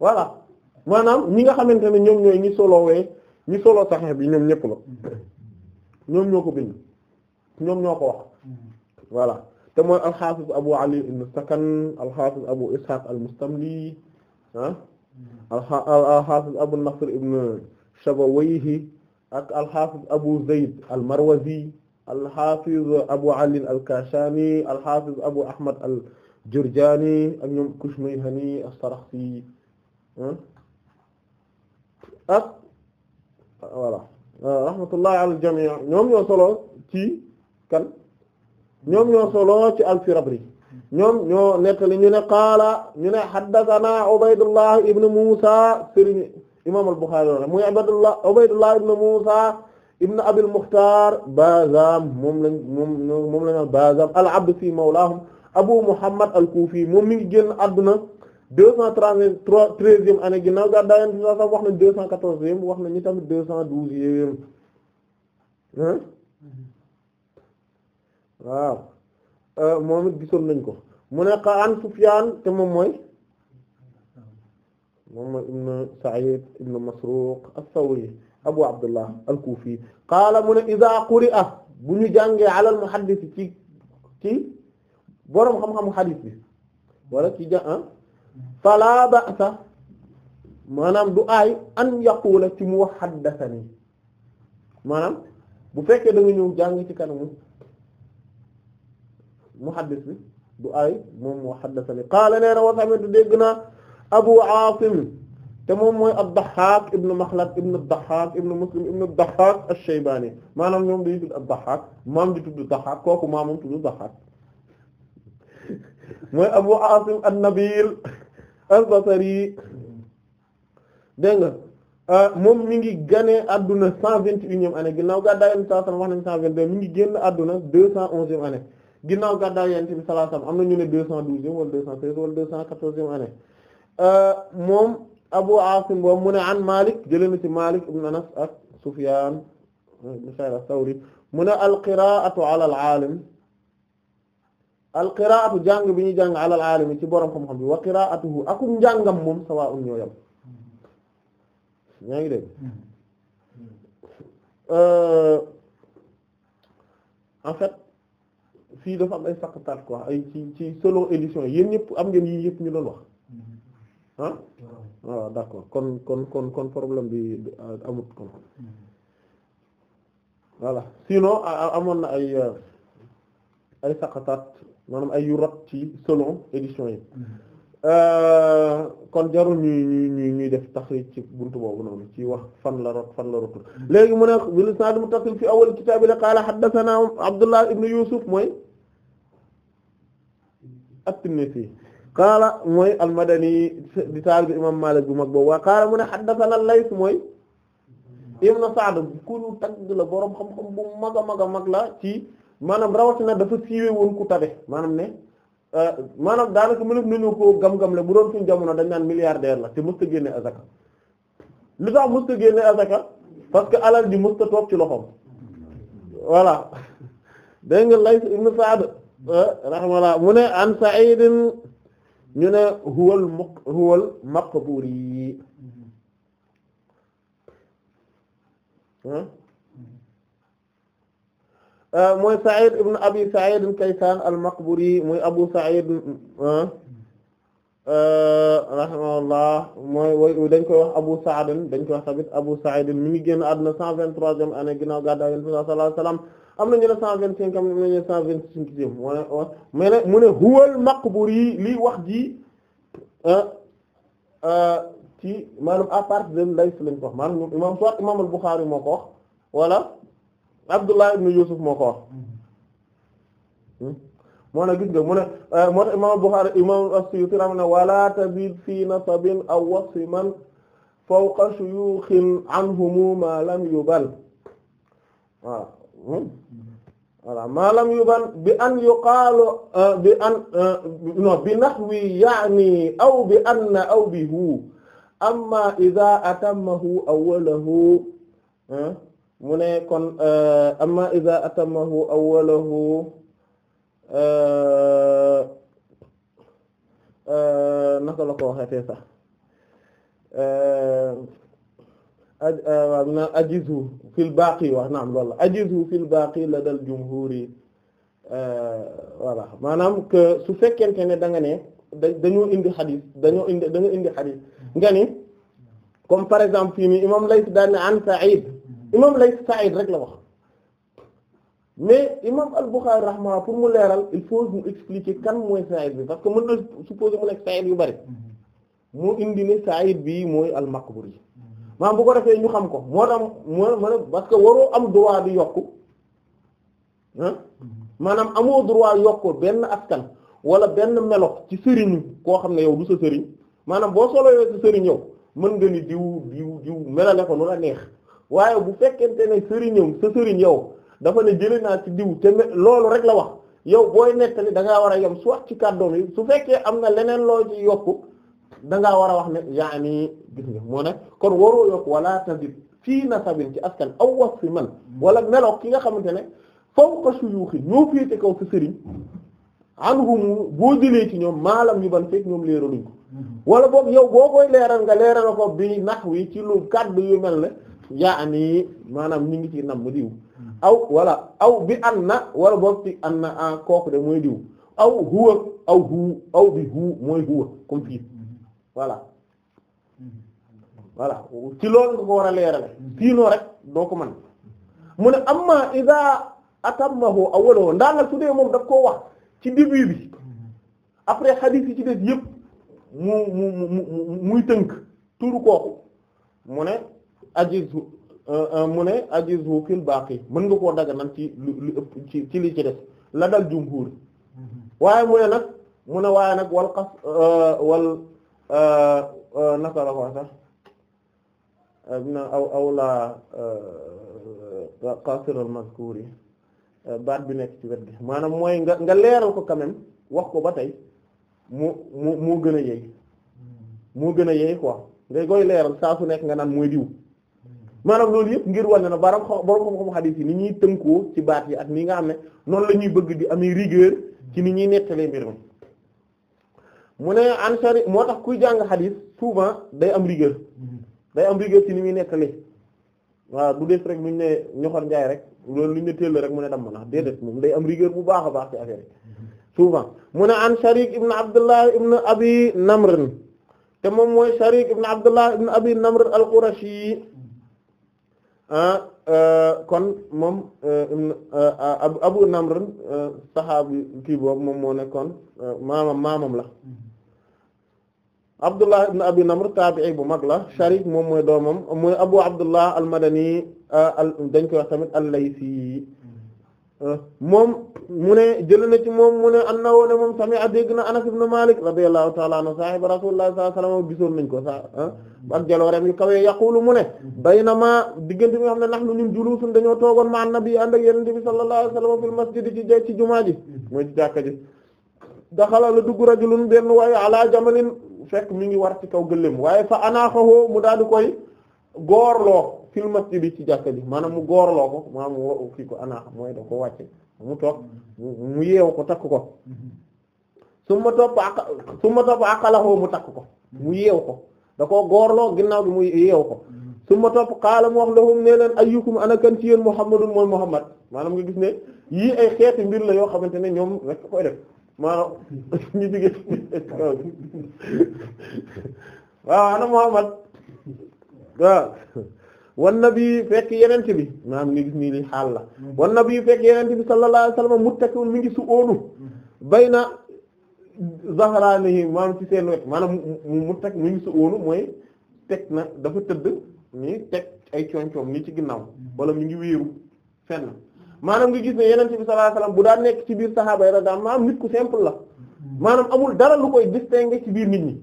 voilà maanaam ñi nga xamante ne ñoom ñooy ñi solowee ñi solo saxeex bi ñoom ñëpp la ñoom ñoo ko bind ñoom ñoo ko wax voilà te mooy alxaafiz abu ali ibn sakan alxaafiz abu ishaq alxaafiz ah, abu nasr ibn shabawayhi ak alxaafiz abu zayd almarwazi alxaafiz abu ali alkashani alxaafiz abu ahmad aljurjani ak ñoom kushmayhani as-saraxsi ak voilà rahmatullahi ala aljamii ñoom ñoo solo ci kan ñoom ñoo solo ci al-firabri ñoom ñoo nettali ñu ne qaala ñu ne haddathana ubaydullah ibn musa sëriñ imam al-bukhari muy ubaydullah ibn musa ibn abil mukhtar bazam moom lañ moom moom lañ bazam al absi mawlahum abu muhammad al kufi moom mi ngi génn àdduna deux cent trente treizième année gi gàddaay yonent bi sallallahu alayhi wasallam wax nañ deux cent quatorzième wax nañu tamit deux waaw euh, moom it gisoon nañ ko mu nekk an Sufyaan te moom mooy moom mooy ibn Sa'id ibn Masruq as-Sawri abu abdullah al-kufi qaala mu ne iza quri'a bu ñu jàngee alal muhaddis ci ci boroom xam-xamu xadis bi wala ci ja ah fala ba'sa maanaam du aay an yaqula ci mu wax xaddasani maanaam bu fekkee da nga ñëw jàng ci kanamu muhaddis bi du aay moom mu wax xaddasani qaala nee na wa sami'tu dégg naa abu aasim te moom mooy ad-Dahhaak ibn Makhlad ibn ad-Dahhaak ibn Muslim ibn ad-Dahhaak ash-Shaybani maanaam ñoom dañuy tudd ad-Dahhaak maam di tudd Dahhaak kooku maamam tudd Dahhaak mooy Abu Aasim an-Nabil al-Basri dégg nga euh, moom mi ngi gane adduna cent vingt et unième année ginnaaw gàddaay Yonent bi sallallahu nañ cent vingt ngi génn adduna deux cent onzième e année ginnaaw am na ñu ne deux cent douzième wala deux cent treizième wala euh, moom Abu Asim boobu mu ne an Malik jëlee na ci Malik ibn Anas ak Sufyan ibn Sa'id as-Sawri mu ne al-qira'atu ala al-alim al-qira'atu jàng bi ñuy jàng ala al-alim ci borom xam-xam bi wa qira'atuhu akum njàngam moom sawa'un ñoo yam ñaa ngi dégg hmm. euh, en fait fii dafa am ay saqatat quoi ay ci ci selon édition yéen ñëpp am ngeen yii yëpp ñu doon wax ah waaw d'accord kon kon kon kon problème bi euh, amut kon mm-hmm. voilà sinon amoon na ay euh, ay saqataat maanaam ay yu ci selon édition yi mm-hmm. euh, kon jarul ñuy ñuy ñuy ñuy def taxrij ci buntu boobu noonu ci wax fan la rot fan la rotul mm-hmm. léegi mu ne bil sanad muttasil fi awal kitaab yi la qaala haddathana Abdullah ibn Yusuf mooy at-Tinnisi qaala mooy almadani di taal bi imam Maalik bu mag boobu waa qaala mu ne haddathana Layth mooy ibn Sa'd ku ñu tagg la boroom xam-xam bu maga a mag la ci maanaam rawatina dafa siiwe woon ku tabe maanaam ne euh, maanaam daanaka mënaf nañu ko gam-gam le bu doon suñu jamono dañ naan milliardaire la te mësta génne azaka lu a mësta génne azaka parce que alal ji mësta toog ci loxoom voilà dégg nga Layth ibn Sa'd euh, rahimahullah mu ne an Sa'id ñu ne huwal maq huwal maqburi hmm? euh, mooy Sa'id ibn Abi Sa'id Kaysan al-Maqburi muy Abu Sa'id hmm? euh, rahimahullah mooy dañ koy wax Abu Sa'd dañ koy wax tamit Abu Sa'id mi ngi génn àdduna 123e année ginnaaw gàddaay Yonent bi sallallahu alayhi wasallam am na ñu ne cent vingt cinq am ne mu ne huwal maqbur yi lii wax ji ah, ah, ci maanaam à partir de lay lañ ko wax maanaam imam soit imam al-Bukhari moo ko wala Abdullah ibn Yusuf moo ko wax moo na gis nga mu ne ah, moo tax imam al-Bukhari imam as na wala tabid fi nasabin aw wasfin man fawqa shuyukhin anhumu ma lam yubal waaw Hmm. voilà maalam yu ban bi an yuqaalu euh, bi an euh, non bi nahwi yaani aw bi anna aw bi hu amma idha atamahu awwalahu hmm. mu ne kon euh, amma idha atamahu awwalahu naka la ko waxatee sax Euh, ajizu fil baaqi wax naam loolu la ajizu fil baaqi la dal jumhuri euh, voilà maanaam que su fekkente ne da nga ne dañoo indi xadis dañoo indi da nga indi xadis nga comme par exemple fii nii imam Layth dan ne an Sa'id imam Layth Sa'id rek wax mais imam al-Bukhari rahma pour mu leeral il faut mu expliquer kan mooy Sa'id bi parce que mën na supposer mu nekk Sa'id yu bari mm-hmm. mu indi ne Sa'id bi mooy al-Maqburi maanaam bu ko defee ñu xam ko moo tax moo ma parce que waroo am droit di yokku maanaam amoo droit yokku benn askan wala benn melo ci sëriñ koo xam ne yow du sa sëriñ maanaam boo solowee sa sëriñ yow mën nga ni diw diw diw melale ko nu la neex waaye bu fekkente ne sëriñam sa sëriñ yow dafa ne jële naa ci diw te loolu rek la wax yow booy nettali da war a yem wax ci kàddoom yi su fekkee am na leneen loo ci yokku da war a wax ne yaani gis nga moo ne kon waroo yokk wala tazid fii nasabin ci askan aw was fi man wala meloog ki nga xamante ne fawqa shuyuukhi ñoo féete kaw ci sëriñ anhum boo jëlee ci ñoom maalam yu ban fekk ñoom leeraluñ ko mm-hmm. wala boog yow boo koy leeral nga leeral ko bi nax wi ci lu kaddu yu mel ne yaani maanaam ñu ngi ci nam mu diw mm-hmm. aw wala aw bi an na wala boog ci an na kooku de mooy diw aw huwa aw hu aw bi hu mooy huwa voilà mm-hmm. voilà ci lool nga ko war a leerale mm-hmm. sinon rek doo ko mën mu ne amma iza atammahu awwalahu ndaa nga su moom daf koo wax ci début bi mm-hmm. après hadith ci des yëpp mu mu mu muy tënk turu kooku mu ne ajizu euh, euh, mu ne ajizu fil baaqi mën nga koo daga nan ci lu ëpp ci ci la dal jumhur waaye mu ne nag mu ne waaye nag wal qas euh, wal Euh, euh, naka la ko sax euh, aw awla qasir al mazkur yi baat bi nekk ci wet gi maanaam mooy nga nga leeral ko quand wax ko ba tey mu mu moo gën a yey moo gën a yey quoi ngay koy leeral saa su nekk nga naan mooy diw maanaam loolu yëpp ngir wane na baram borom xam-xam xadiis yi ni ñuy tënkoo ci baat yi ak ni nga xam ne noonu la ñuy bëgg di amee rigueur ci ni ñuy nettalee mbir mi mu ne an sari moo tax kuy jàng xadis souvent day am rigueur day am rigueur ci ni muy nettali waaw du def rek lu ñu ne ñoxor njaay rek loolu lu ñu ne teel rek mu ne damm na déedéet moom day am rigueur bu baax a baax ci affaire yi mu ne an sharik ibn abdullah ibn abi namr te moom mooy sharik ibn abdullah ibn abi namr al-qurashi ah, euh, kon moom euh, euh, abu namr saxaabi kii boobu moom moo nekkoon maamam maamam la Abdullah ibn Abi Namr taabi'i bu mag la Sharik moom mooy doomam mooy Abu Abdullah al-Madani euh, al dañ koy wax tamit al-Laysi euh, moom mu ne jël na ci moom mu ne annahu ne moom sami'a dégg na Anas ibn Malik radiyallahu ta'ala anhu sahibu Rasulullah sallallahu alayhi gisoon nañ ko sa ak jaloorem yu kawee yaqulu mu ne baynama diggante bi nga xam ne nahnu ñun julusun dañoo toogoon ma annabi ànd ak yonent bi sallallahu alayhi wasallam ci ci ji mooy ci jàkka ji daxala la dugg rajulun benn fekk mi ngi war ci kaw gëléem waaye fa anaaxawoo mu daal di koy goorloo fil masjid ci jàkka ji maanaam mu goorloo ko maanaam woo kii ko anaaxa mooy da ko wàcce mu toog mu yeew ko takk ko su ma topp aka ma topp aqalahoo mu takk ko mu yeew ko da koo goorloo ginnaaw bi mu yeew ko su ma topp xaala mu wax lahum ne leen ayyukum ana kan ci yéen muhammadun mooy muhammad maanaam nga gis ne yii ay xeeti mbir la yoo xamante ne ñoom rek koy def maanaam ñu jóge waaw ana Muhammad waaw wan nabi fekk yenente bi maanaam ngi gis nii li xaal la wan nabi fekk yenente bi sallallahu mu wasallam muttaki'un mi ngi su óolu bayna zahraanihi maanaam ci seen wet maanaam muttak mi ngi su óolu mooy teg na dafa tëdd nii teg ay cooncoom nii ci ginnaaw wala mi ngi wéeru fenn maanaam nga gis ne yeneen bi sallallahu alayhi wasallam bu daan nekk ci biir saxaaba yi radiyallahu anhum nit ku simple la maanaam amul dara lu koy distinguer ci biir nit ñi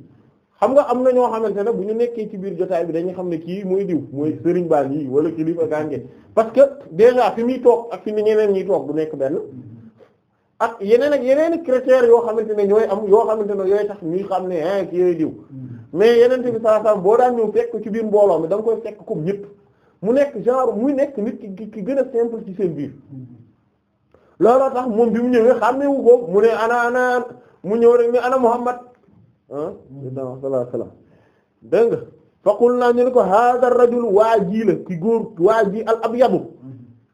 xam nga am na ñoo xamante ne bu ñu nekkee ci biir jotaay bi dañuy xam ne kii mooy diw mooy sëriñ baal yi wala kilifa gànge parce que déjà fi muy toog ak fi ni ñeneen ñiy toog du nekk benn ak yeneen ak yeneen critères yoo xamante ne ñooy am yoo xamante ne yooy tax ñuy xam ne ah kii yooyu mm. mais yeneen bi sallallahu alayhi boo daan ñëw fekk ci biir mbooloo mi da nga koy fekk comme mu nekk genre muy nekk nit ki ki gën a simple ci seen biir looloo tax moom bi mu ñëwee xàmmewu ko mu ne ana ana mu ñëw rek ni ana Muhammad
ah sallallahu
nga faqul naa ñu ne ko hada rajul waa ji la ki góor waa ji al abyadu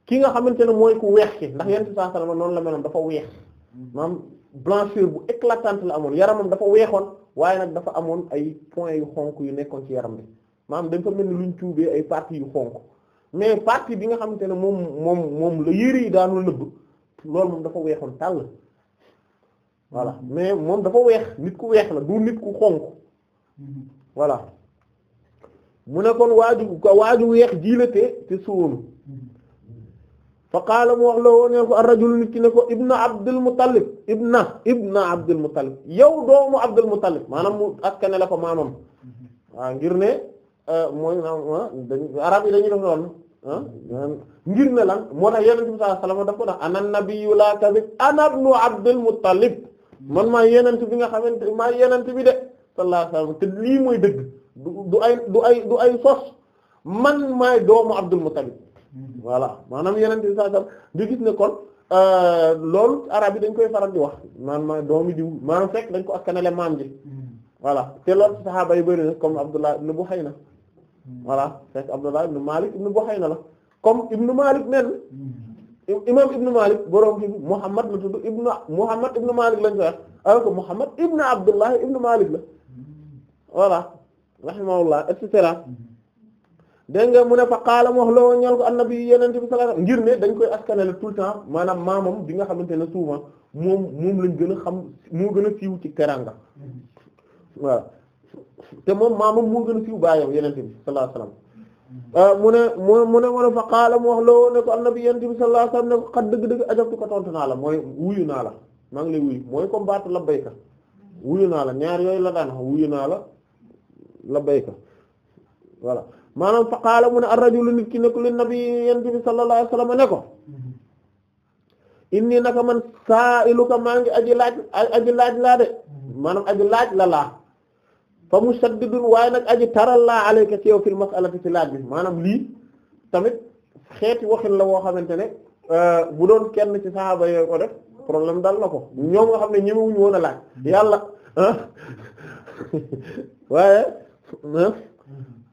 ki nga xamante ne mooy ku weex ki ndax yenn saa noonu la meloon dafa weex maanaam blancheur bu éclatante la amoon yaramam dafa weexoon waaye nag dafa amoon ay points yu xonq yu nekkoon ci yaram bi maanaam dañ fa mel ni luñ tuubee ay partie yu xonq mais partie bi nga xamante ne moom moom moom la yére yi daanul nëbb lool moom dafa weexoon tàll voilà mais moom dafa weex nit ku weex la du nit ku xonq voilà mu ne kon waa ju weex jiilate te suwoonu fa qaala mu wax la woo ne ko ar-rajul nit ki ne ko ibna abdul muttalib ibna ibna abdul muttalib yow doomu abdul muttalib maanaam mu askane la ko maamam waa ngir ne Euh, mooy maanaam ah, dañuy arab yi dañuy def loolu ah, ngir ne lan moo tax yonent bi sallallahu alayhi wasallam daf ko def ana nabiyyu laa kadhib ana ibnu Abdul Muttalib man maa yonent bi nga xamante ne maa yonent bi de sallallahu alayhi wasallam te lii mooy dëgg du du ay du ay ay sos man maay doomu Abdul Muttalib voilà maanaam yonent bi sallallahu alayhi gis ne kon euh, loolu arab yi dañ koy faral di wax man maay doomu diw maanaam fekk dañ ko askanale maam ji hmm. voilà te loolu saxaaba yu bari comme Abdullah ibn Buhayna voilà fekk Abdullah ibn Malik ibn na la comme ibn Malik nen imam ibn Malik borom fi Muhammad la tudd ibn Muhammad ibn Malik lañ koy wax alors que Muhammad ibn la voilà rahimahullah et cetera nga mu ne fa qaala mu wax la woon ñal ko annabi yeneen bi sallallahu alayhi wasallam ngir ne dañ koy askanale tout le temps maanaam maamam bi nga xamante ne souvent moom lañ gën a xam moo gën a siiw ci teranga voilà te moom maamam moo gën a siiw baayam yenente bi sallallahu alayhi wasallam ah, mu ne mu mu ne wala fa qaala mu wax loo ne ko annabi yenente bi sallallahu alayhi wasallam ne ko xat dëgg-dëgg ajabtu naa la mooy wuyu la maa ngi lay wuyu mooy comme baatu labbayka naa la ñaar yooyu la daan wax maanaam fa mu ne ar-rajulu ki nekk li nabi bi sallallahu alayhi wasallam ne ko inni naka man saa iluka maa ngi aji laaj laaj laa de maanaam aji laaj la laa fa mushaddidun waaye nag aji taral laa alayka ci yow fil mas'alati ci laaj bi maanaam lii tamit xeeti waxin la woo xamante ne euh, bu doon kenn ci saxaaba yooyu ko def problème daal na ko ñoom nga xam ne ñemewuñu woon a yàlla ah, waaye ah,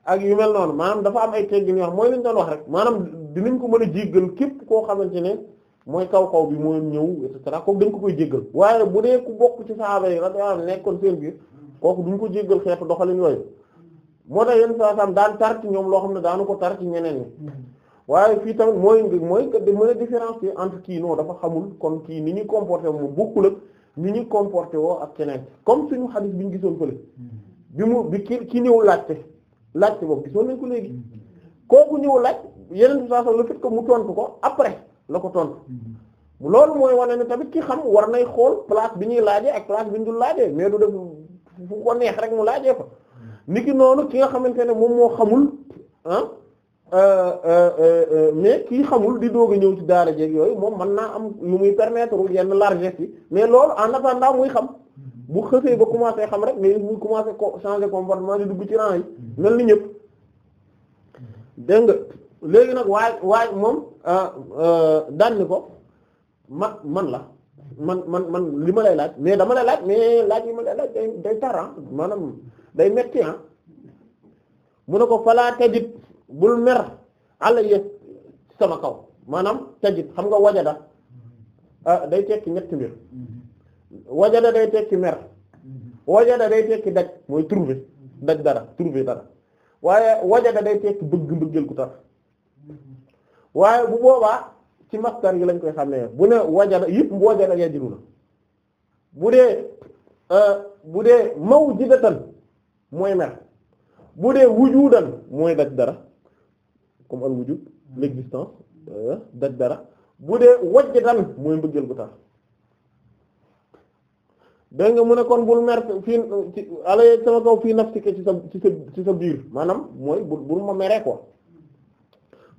ak yu mel noonu maanaam dafa am ay teggin yoo xam mooy li doon wax rek maanaam dinañ ko mën a jéggal képp koo xamante ne mooy kaw kaw bi moo ñëw et cetera ko dañ ko koy jéggal waaye bu dee ku bokk ci saxaaba yi radiyallahu anhum nekkoon seen biir kooku duñ ko jéggal xeetu doxalin yooyu moo tax yenn saa saam daan tar ci ñoom loo xam ne daanu ko tar ci ñeneen ñi mm-hmm. waaye fii tamit mooy mooy que mën a différencier entre kii non xamul kon kii ni ñuy comporté woo mu bokkul ak ni ñuy comporté woo ak keneen comme suñu xadis bi ñu gisoon fële
mm-hmm.
bi mu bi ki ki ñëw laajte laajte boobu gisoon nañ ko léegi mm-hmm. kooku ñëw laaj yeneen saa saam le fait que mu tontu ko après la ko tontu. loolu mooy wane ne tamit ki xam war nay xool place bi ñuy laajee ak place bi ñu dul laajee mais du def bu ko neex rek mu laajee ko niki noonu ki nga xamante ne moom moo xamul ah euh, euh, euh, mais kii xamul di doog ñëw ci daara jeeg yooyu moom mën naa am lu muy permettre yenn largesse yi mais loolu en attendant muy xam bu xësee ba commencé xam rek mais muy commencé ko changer comportement di dugg ci rang yi mel ni ñëpp dégg nga léegi nag waay waay moom daan ko ma man la man man man li ma lay laaj mais dama lay laaj mais laaj yi ma lay laaj day day tar ah maanaam day metti ah mu ne ko falaa tajit bul mer àlla yëg sama kaw maanaam tajit xam nga wajada ah, day tekki ñetti mbir wajada day tekki mer wajada day tekki daj mooy trouver daj dara trouver dara waaye wajada day tekki bëgg mbëggeel ku tar waaye bu boobaa ci masdar yi lañ koy xamee bu ne wajada yëpp wajada yajidu la bu dee euh, bu dee mawjidatan mooy mer bu dee wujudan mooy daj dara comme al wujud hmm. l'existence euh, daj dara bu dee wajdan mooy mbëggeel gu tar dégg nga mu ne kon bul mer fii ci alay sama kaw fii nafsika ci sa ci sa ci sa biir maanaam mooy bul bul ma meree quoi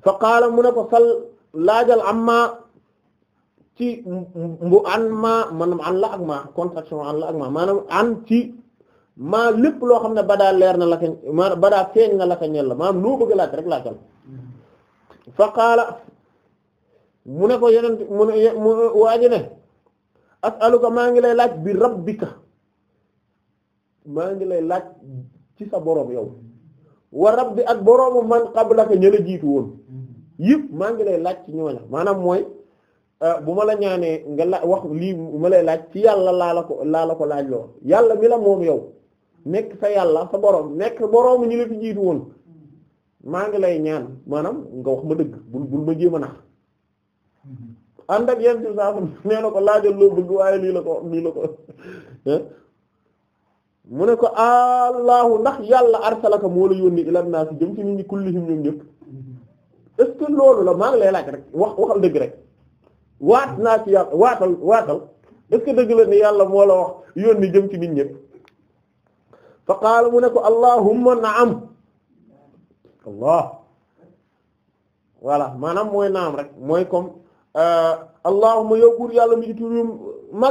fa qaala mu ne ko sal laajal amma ci mbu an ma maanaam an la ak ma contraction an la ak ma maanaam an ci ma lépp loo xam ne badaa leer na la ma badaa feeñ na la ka ñel la maanaam loo laaj rek laajal fa qaala mu ne ko yeneen mu ne mu waaji maa ngi lay laaj bi rabbika maa ngi lay laaj ci sa boroom yow wa rabbi ak boroomu man qablaka ñëla jiitu woon yëpp maa ngi lay laaj ci ñooña maanaam mooy euh, bu ma la ñaanee nga la wax lii ma lay laaj ci yàlla laa la ko laa ko laaj lool yàlla mi la moom yow nekk sa yàlla sa boroom nekk boroomu ñu la fi jiitu woon maa ngi lay ñaan maanaam nga wax ma dëgg bul bul ma jéem a nax ànd ak yenn ci saafara nee na ko laajal loo bëgg waaye lii la ko la ko mu ne ko allahu ndax yàlla arsalaka moo la yónni ilan naa si jëm ci nit ñi kullihim ñoom ñëpp est-ce loolu la maa ngi lay laaj rek wax waxal dëgg rek waat naa ci yàlla waatal waatal est ni yàlla moo la wax yónni jëm ci nit ñëpp fa qaala mu ne ko allahumma naam allah voilà maanaam mooy naam rek mooy comme euh, allahumma yow buur yàlla mi ci tur yu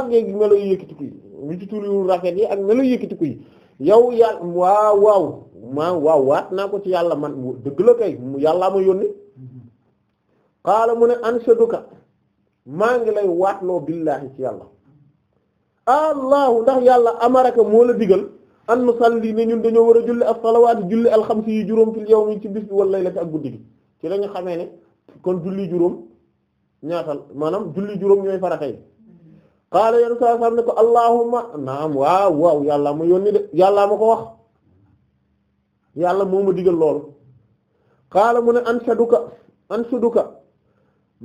gi melo yu yëkkatiku yi mi ci tur yu rafet ak melo yu yëkkatiku yi yow yàlla waaw waaw maa waaw waat naa ko ci yàlla man dëgg la kay yàllaa ma yónni qaala mu ne anshaduka maa ngi lay waatloo billaahi ci yàlla allahu ndax yàlla amaraka moo la digal an nusalli ne ñun dañoo war a julli as-salawaat julli alxamsi yi juróom fil yawmi ci bis bi wala laylati ak guddi gi ci la ñu xamee ne kon julli juróom ñaatal maanaam julli juróom ñooy farata yi qaala yéen saa saa ne ko allahumma naam waaw waaw yàlla ma yónni de yàlla ma ko wax yàlla moo ma digal loolu qaala mu ne anshaduka anshaduka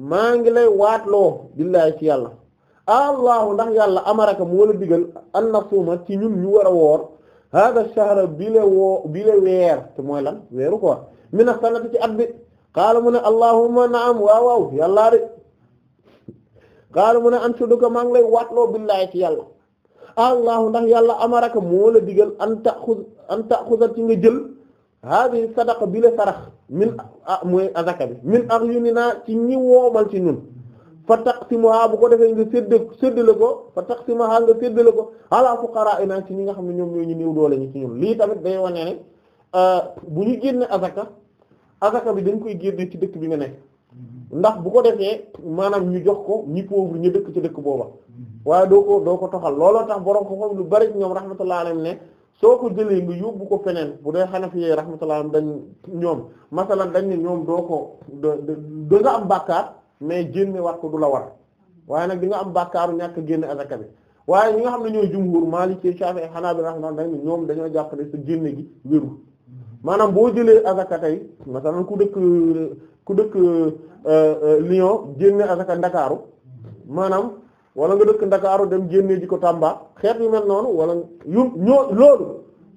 maa ngi lay waatloo billaahi ci yàlla allahu ndax yàlla amaraka moo la digal an nasuma ci ñun ñu war woor hada shahra bile weer te mooy lan weeru ko mina sanati ci at bi qaala mu ne allahumma naam waaw waaw yàllaa de qaala mu ne anshuduka maa ngi lay waatloo billaahi ci yàlla allahu ndax yàlla amaraka moo la digal an taxuz an taxuzat ci nga jël hadi sadaqa bi la sarax min ah mooy azaka bi min aryunina ci ñi woomal ci ñun fa taqsimuha bu ko defee nga sédd séddale ko fa taqsimuha nga séddale ko ala fuqara'ina ci ñi nga xam ne ñoom ñoo ñu néew doole ñu ci ñun lii tamit day wane ne ah, bu ñu génne azaka azaka bi dañ koy génne ci dëkk bi nga ne ndax bu ko defee maanaam ñu jox ko ñi pauvre ñu dëkk ci dëkk booba mm-hmm. waaye doo ko doo ko toxal looloo tax borom ko xam lu bari ñoom rahmatullahi alayhi ne soo ko jëlee nga yóbbu ko feneen bu dee Hanafi rahmatullah dañ ñoom masalan dañ ne ñoom doo ko da nga am bàkkaar mais génne wax ko du la war waaye nag di nga am bàkkaaru ñàkk génne azaka bi waaye ñi nga xam ne ñooy jumhur Maliki Shafi'i Hanabi rahmatullah dañ ne ñoom dañoo jàpp ne sa génne gi wérul maanaam boo jëlee azaka tey masalan ku dëkk ku dëkk euh, euh, lion génne azaka Ndakaaru maanaam wala nga dëkk Ndakaaru dem génnee di ko Tamba xeet yu mel noonu walla yu ñoo loolu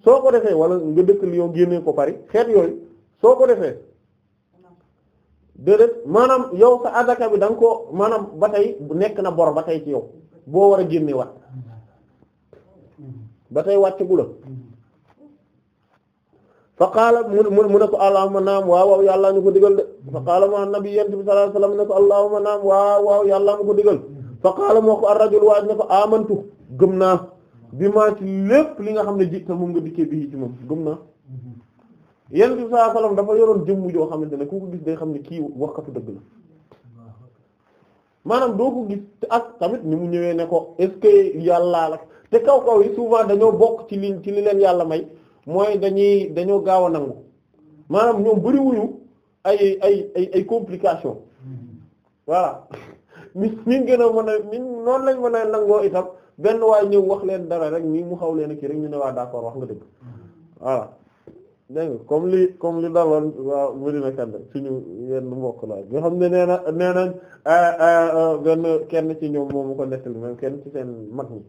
soo ko defee wala nga dëkk Lyon génnee ko Paris xeet yooyu soo ko defee déedéet maanaam yow sa azaka bi danga ko maanaam ba tey nekk na bor ba tey ci yow boo war a génnee wat ba tey wàcc gu fa qaala mu mu mu ne ko allahumma naam waaw waaw yàlla ñu ko digal de fa qaala ma nabi yent bi sallallahu alayhi wasallam ne ko allahumma ko digal fa qaala moo ko ar-rajul waaj ne ko amantu gëm naa bi maa ci lépp li nga xam ne ji na moom nga dikkee bii ci moom gëm naa yenn bi saa salaam dafa yoroon jëmm joo xamante ne ku ko gis day xam ne kii waxkatu dëgg la maanaam doo ko gis te ak tamit ni mu ñëwee ne ko est-ce la te kaw kaw yi souvent dañoo bokk ci li ci li leen yàlla may mooy dañuy dañoo gaaw a nangu maanaam ñoom bariwuñu ay ay ay complication mm-hmm. voilà ni ñu gën a mën a ni noonu lañ man a nangoo itam benn waay ñëw wax leen dara rek nii mu xaw leen a kii rek ñu ne waa d'accord wax nga dëgg voilà dégg nga comme li comme li daloon waa Medina Kande suñu yenn mbokk la nga xam ne nee na nee nañ ah, ah, ah, benn kenn ci ñoom moom ko nettali même kenn ci seen mag ñi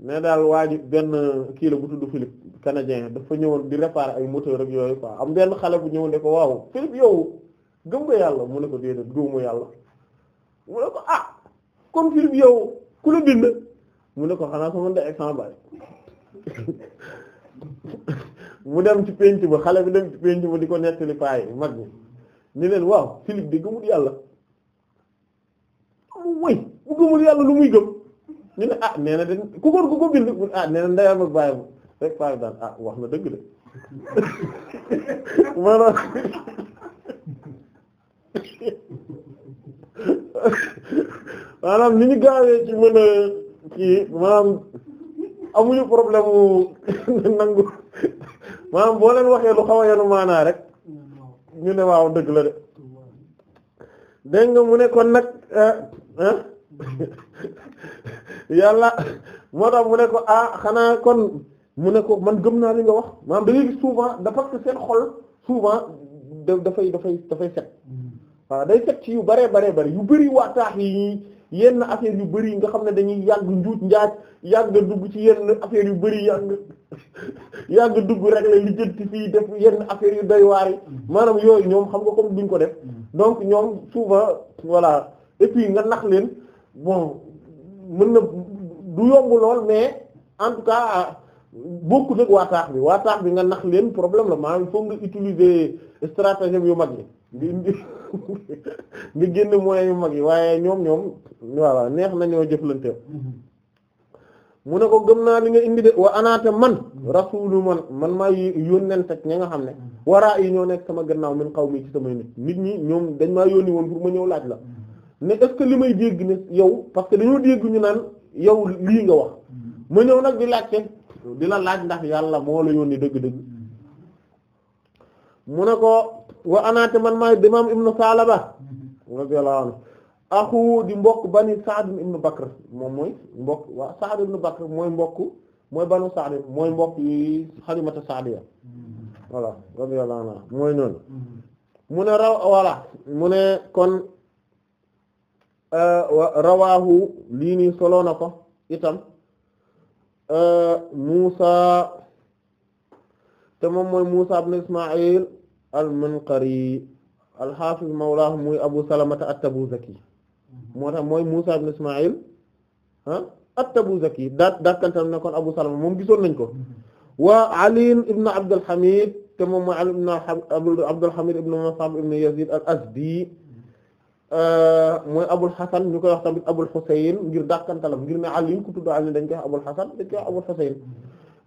mais daal waa ji benn kii la bu tudd Philippe canadien dafa ñëwoon di réparer ay moteur ak yooyu quoi am benn xale bu ñëwoon ne ko waaw Philippe yow gëm nga yàlla mu ne ko déedéet gëmu yàlla mu ne ko ah kon film yow ku la bind mu ne ko xanaa de mën da exen bay mu dem ci pénc ba xale bi dem ci pénc ba di ko nettali payi mag ñi ni leen waaw Philippe de gëmul yàlla way bu gëmul yàlla lu muy gëm ñu ne ah nee na de ku góor ku ko bind ah nee na ndeyam ak baayam rek payi daan ah wax na dëgg de
maanaam maanaam ni ñu gaawee ci mën a kii
maanaam amuñu problème nangu maanaam boo leen waxee lu xaw a maanaa rek ñu ne waaw dëgg la de dégg mu ne kon nag ah, ah, yàlla moo tax mu ne ko ah xanaa kon mu ne ko man gëm naa li nga wax maanaam da ngay gis souvent da parce seen xol souvent dafay dafay dafay waaw day teg ci yu baree baree bari yu bëri waataax yi yenn affaire yu bëri nga xam ne dañuy yàgg njuut njaaj yàgg dugg ci yenn affaire yu bëri yàgg yàgg dugg rek la lijjanti fii def yenn affaire yu doy waar yi maanaam yooyu ñoom xam nga comme duñ ko def donc ñoom souvent voilà et nga nax leen bon mën na du yomb lool mais en tout cas bokk bokkut ak waataax bi waataax bi nga nax leen problème la maanaam foog nga utiliser stratégie yu mag yi nga indi nga génn moyens yu mag yi waaye ñoom ñoom waaw neex nañoo jëflante mu ne ko gëm naa li nga indi de wa anaate man rasulu man man maa yónnent ak ñi nga xam ne waraa yi ñoo nekk sama gannaaw min xaw mi ci samay nit nit ñi ñoom dañ maa yónni woon pour ma ñëw laaj la ne est-ce li may dégg ne yow parce que dañoo dégg ñu naan yow lii nga wax ma ñëw nag di laajte di laaj ndax yàlla moo la yónni dëgg-dëgg mu ne ko wa anaate man maay dimaam ibnu Salaba radiyallahu anhu axu di mbokk bani Sa'd ibnu Bakr mooy mbokk waa Sa'd ibnu Bakr mooy mbokk mooy banu Sa'd mooy mbokk yi xalimata Sa'diya voilà radiyallahu anha mooy noonu mu ne mu ne kon euh, rawaahu solo na ko itam Euh, Muusa te moom mooy Muusa ibn Ismaïl al-Minqari al-Hafiz mawlaahu muy Abu Salamata at-Tabuzaki moo tax mooy Muusa ibn Ismaïl ah at-Tabuzaki daat daakantam nekkoon Abu Salama moom gisoon nañ ko waa Ali ibn Abdul Hamid te moom mooy Ali ibn Abdul Hamid ibn Mus'ab ibn Yazid al-Azdi Euh, mooy abul hasan ñu koy wax tamit abul husayn ngir dàkkantalam ngir ne ali ku tudd ali dañ koy abul hasan dañ koy wax abul husayn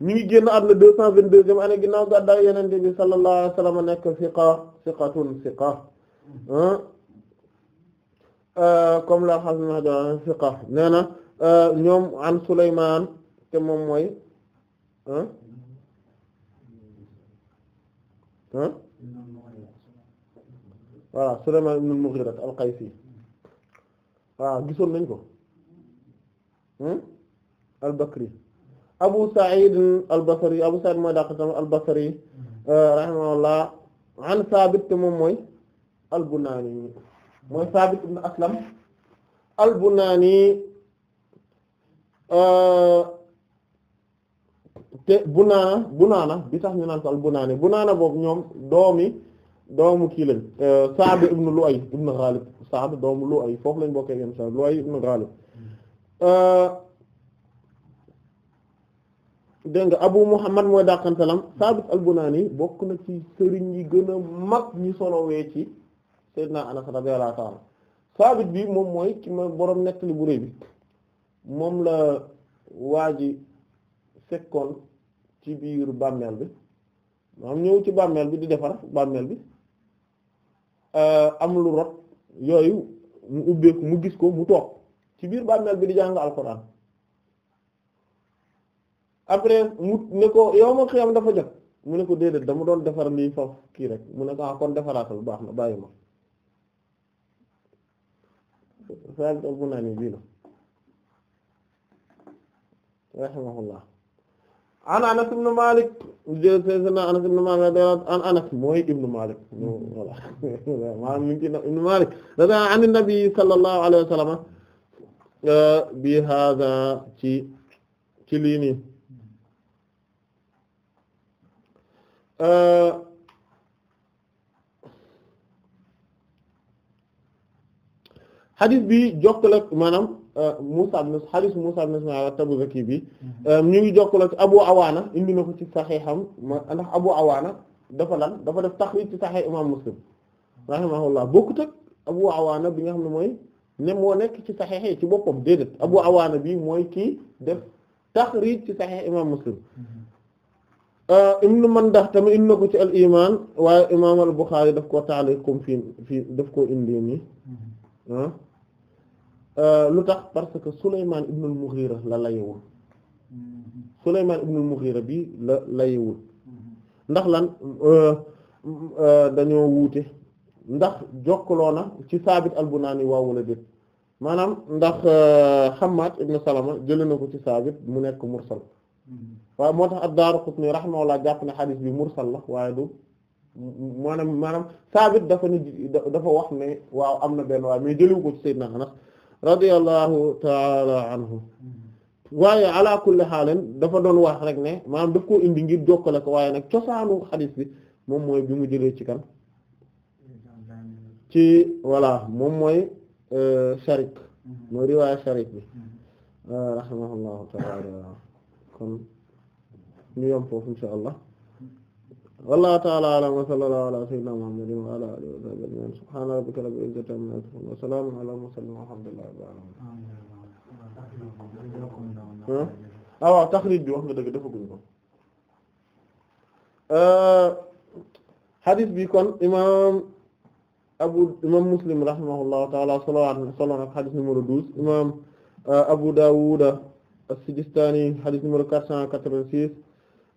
ñu ngi génn àdduna deux cent vingt-deuxième année ginnaaw gàddaay yenente bi sallallahu alayhi wasallam nekk siqa siqatun siqa euh, comme la xasnaja siqa nee na euh, ñoom an Sulaymaan te moom mooy voilà Sulaymaan ibn al-Mughira al-Qaysi waaw gisoon nañ ko hmm? al-Bakri Abu Sa'id al-Basri Abu Sa'id mooy daq tam al-Basri euh, rahimahullah an Saabit te moom mooy al-Bunaani mooy Saabit ibn Aslam al-Bunaani euh, te Bunaana Bunaana bi tax ñu naan ko al-Bunaani Bunaana boobu ñoom doomi doomu kii lañ euh, Sa'd ibn ay ibn Ghalib Sa'd doomu Lu'ay foofu lañ bokkee yéen Sa'd Lu'ay ibn Ghalib euh, dégg nga Abu Muhammad mooy dàqantalam Sabit al-Bunani bokk na ci sëriñ yi gën a mag ñi solowee ci Sayyidina Anas radiyallahu ta'ala Sabit bi moom mooy ki ma boroom nettali bu rëy bi moom la waa ji fekkoon ci biir bàmmeel bi maanaam ñëw ci bàmmeel bi di defar bàmmeel bi Euh, am lu rot yooyu mu ubbeeku mu gis ko mu toog ci biir bàmmeel bi di jàng alxuraan après mu ne ko yow ma xiyam dafa jot mu ne ko déedéet dama doon defar lii foofu kii rek mu ne ko ah kon defaraatal baax na bàyyi ma saabit al Bunaani bii la rahimahullah an anas ibn Malik sayyidina anas ibn Malik an anas mooy ibn Malik voilà maanaam mi ngi ci ibn Malik dana an nabi sallallahu alayhi wa sallam euh, bi hada ci ci lii nii euh, xadis bi jokkale ak maanaam euh, Musa ibn xadis Musa ibn Ismaïl at-Tabuzaki bi euh, ñu ngi jokkale ak Abu Awaana indi na ko ci saxiixam ndax Abu Awaana dafa lan dafa def taxriij ci saxiix imaam Muslim rahimahullah bokkut ak Abu Awaana bi nga xam ne mooy ne moo nekk ci saxiix ci boppam déedéet Abu Awaana bi mooy kii def taxriij ci saxiix imaam Muslim euh, Ibn Mandah tamit indi na ko ci al imaan waaye imaam al Buxaari daf koo taalikum fii fii daf koo indi nii Euh, lu tax parce que Souleymane ibn al-Mughira la layewul
mm-hmm.
Souleymane ibn al-Mughira bi la layewul
mm-hmm.
ndax lan euh, euh, dañoo wuute ndax jokkaloo na ci Saabit al-Bunaani waaw wala déet maanaam ndax Hammaad ibn Salama jëlee na ko ci Saabit mu nekk mursal mm-hmm. waaye moo tax ad-Daaraqutni rahimahullah jàpp ne xadiis bi mursal la waaye du maanaam maanaam saabit dafa ñu dafa wax ne waaw am na benn waaye mais jëliwu ko ci sayyidina Anas radiyallahu taala anhu waaye ala kulli xaalen dafa doon wax rek ne maanaam daf ko indi ngir jokkale ko waaye nag cosaanu xadis bi moom mooy bi mu jëlee ci kan ci voilà moom mooy euh, sharik mooy riwaaya sharik bi rahimahullahu taala kon ñu yom foofu insha allah wallahu ta'ala a'lam wa sallallahu ala sayyidina muhammadin wa ala alihi wa sahbihi ajma'in subhana rabbika rabbil izzati amma yasifun wa salamun ala mursalin walhamdulillahi rabbil alamin ah waaw taxrij bi wax nga dëgg dafa guñ ko euh, hadith bi kon imam abu imam muslim rahimahullahu ta'ala salawat solonak hadith numéro 12 imam euh, abu dawuda as-sijistani hadith numéro 486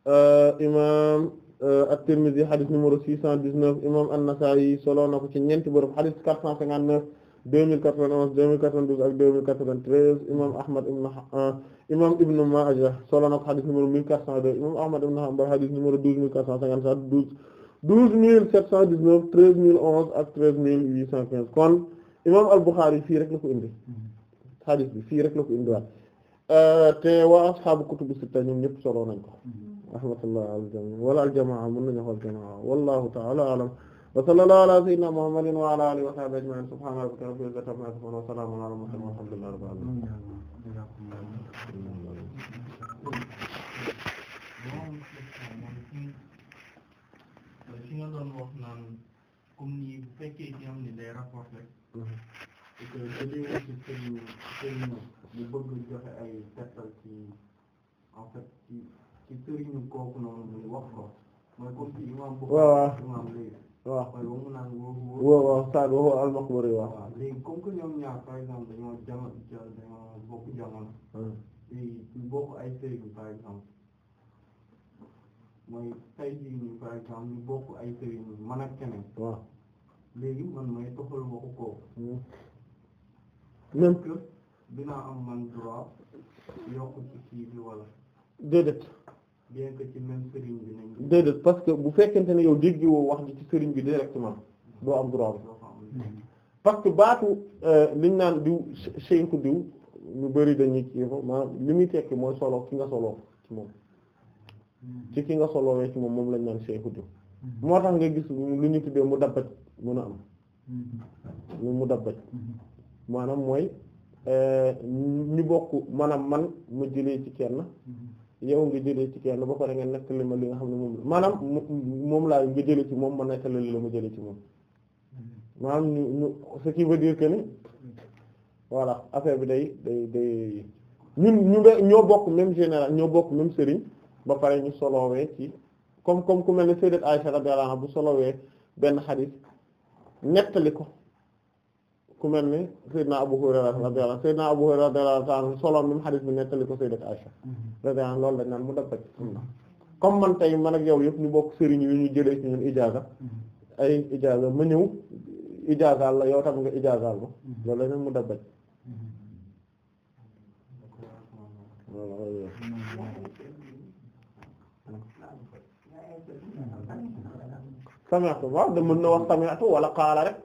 euh, imam Euh, at-Tirmidhi xadis numéro 619 imam an-Nasa'i solo na ko ci ñeenti bërëb xadis 459 2091 2092 ak 2093 imam Ahmad ibn euh, imam Ibn Maaja solo na ko xadis numéro 1402 imam Ahmad ibn Hanbal xadis numéro 12457 12 12719 13011 ak kon imam al-Bukhari fii rek la ko indi xadis bi fii rek la ko indiwaat euh, te waa ashaabu kutubu sitta ñoom ñëpp solo nañ ko mm-hmm. rahmatullah al jami wala al jamaa mën nañu xool jamaa wallahu ta'ala a'lam wa sallallahu ala sayyidina muhammadin wa ala alihi wa sahbihi ajma'in subhana rabbika rabbil izzati amma yasifun wa salamun ala mursalin walhamdulillahi rabbil
alamin
fi nga doon wax naan comme ni bu fekkee ci am ni day rapport rek et que dañuy wax ci sëriñ sëriñ bu bëgg joxe ay tegtal ci en fait ci ci sëriñu kooku noonu wax ko mooy comme ci imam bu waaw waaw mu naan waaw waaw
Saad waxu al-Maqbari waaw léegi
comme que ñoom ñaar par dañoo jamono dañoo bokk jamono hmm. léegi ñu bokk ay sëriñ par exemple mooy tay jii nii par exemple ñu bokk ay sëriñ man ak keneen waaw léegi man may toxal waxu kooku hmm. même que dinaa am man droit yokk ci kii bi wala déedéet bien que ci même sëriñ
que bu fekkente ne yow déggi woo wax ji ci sëriñ bi directement doo am droit bi parce que baatu euh, liñ naan diw cheikhu diw ñu bari dañuy kii ko maanaam li muy tekki mooy solo ki nga soloo
ci moom mm-hmm.
ci ki nga solowee ci moom moom lañ naan cheikhu diw mm-hmm. moo tax nga gis lu ñu tuddee mu dabbaj mun a am mm-hmm. mu dabbaj maanaam mooy euh, ñu bokk maanaam man ma jëlee ci kenn yow nga jëlee ci kenn ba pare nga nettali ma li nga xam ne moom la maanaam moom laa nga jëlee ci moom ma nettali li la ma jëlee ci moom maanaam ñu ñu ce qui veut dire que ni voilà affaire bi day day ñun ñu nga ñoo bokk même général ñoo bokk même sëriñ ba pare ñu solowee ci comme comme ku mel ne sayyidat Aisha radiyallahu anha bu solowee benn xadis nettali ko ku mel ni Seydina Abu Hurayra radiyallahu anhu Seydina Abu Hurayra radiyallahu anhu solo min hadith bi nettali ko Sayyidat Aisha mm-hmm. radiyallahu anha loolu dañ naan mu dabbaj sunna comme man tey man ak yow yëpp ñu bokk sëriñ yi ñu jëlee ci ñun ijaaza
mm-hmm.
ay ijaaza ma ñëw ijaazaal la yow tam nga ijaazaal ma mm-hmm.
loolu dañ naan mu dabbaj
sami'tu waaw da mën na wax sami'tu wala qaala rek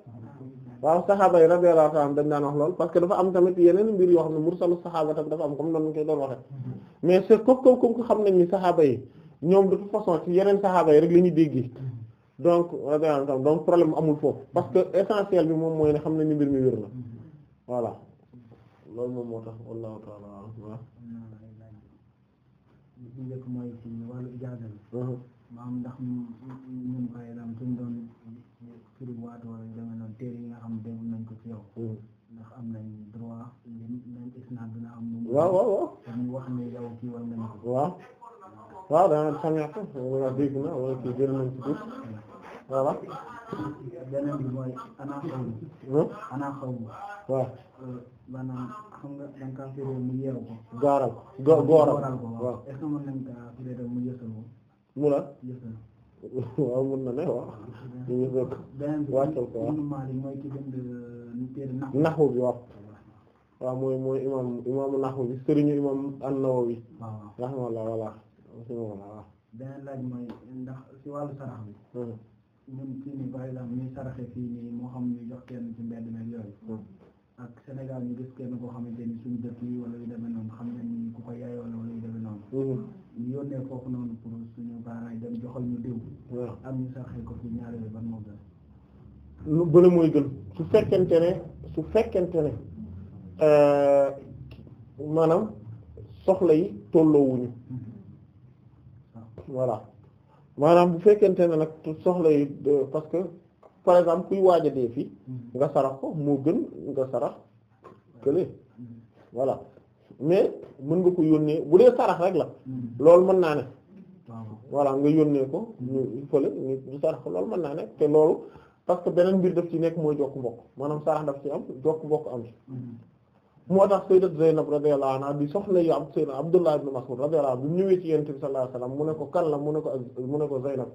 waaw saxaaba yi radiyallahu anhum dañ daan wax lool parce que dafa am tamit yeneen mbir yoo xam ne mursalu saxaaba tam dafa am comme noonu koy doon waxe mm-hmm. mais c'est comme comme comme xam nañ ni saxaaba yi ñoom de façon ci yeneen saxaaba yi rek la ñuy déggee mm-hmm. donc radiyallahu anhum donc problème amul foofu parce que essentiel bi moom mooy ne xam ne ñu mbir mi wér na mm-hmm. voilà loolu moom moo tax wallahu ta'ala waaw.
firil waat wala yu demee yi nga xam dégg nañ ko ci yow. Hmm. ndax am nañ droit lim naa isnaad dina am. waaw waaw
waaw wax ne yow kii war nañ ko. waaw waaw dana sami'tu wala dégg na wala kii jël nañ ci biir
voilà. beneen bi mooy hmm? waaw. Euh, maanaam xam nga da nga mu yeew mu
mu la waaw mën
na ne waaw ñu sokk wàccal ko waaw
euh, naxu
bi waaw waaw mooy mooy imam imaamu naxu bi sëriñu imam an-Nawawi
rahimahullah wala waaw
beneen laaj mooy ndax ci wàllu sarax bi hmm. ñun fii nii par exemple moo xam ñu jox kenn ci mbedd meeg yooyu hmm. ak Sénégal ñu gis kenn koo xamante ni suñu dëkk yi wala yu xam nañ ni ku ko yaay wala wala yu demee noonu. Mm-hmm. ñu yónnee foofu noonu pour suñu parents yi dem joxal ñu diw. waaw am ñu saxee ko fi ñaari ban moo gën.
lu mooy gën su fekkente ne su fekkente ne euh, maanaam soxla yi tolloowuñu
mm-hmm.
voilà maanaam bu fekkente ne nag soxla yi parce par exemple kuy waaj a dee fii mm-hmm. nga sarax ko moo gën nga sarax kële mm-hmm. voilà mais mun nga ko yónnee bu dee sarax rek la mm-hmm. loolu mën naa ne voilà nga yónnee ko ñu fële ñu sarax ko loolu mën naa ne te loolu parce que beneen mbir daf ci nekk mooy jokk mbokk maanaam sarax daf ci am jokk mbokk am ci moo tax sayyidat Zaynab radiyallahu anha bi soxna yu am sayyidna Abdullah ibn Mas'ud radiyallahu anhu bi mu ñëwee ci yonent bi sallallahu alayhi mu ne ko kan la mu ne ko mu ne ko Zaynab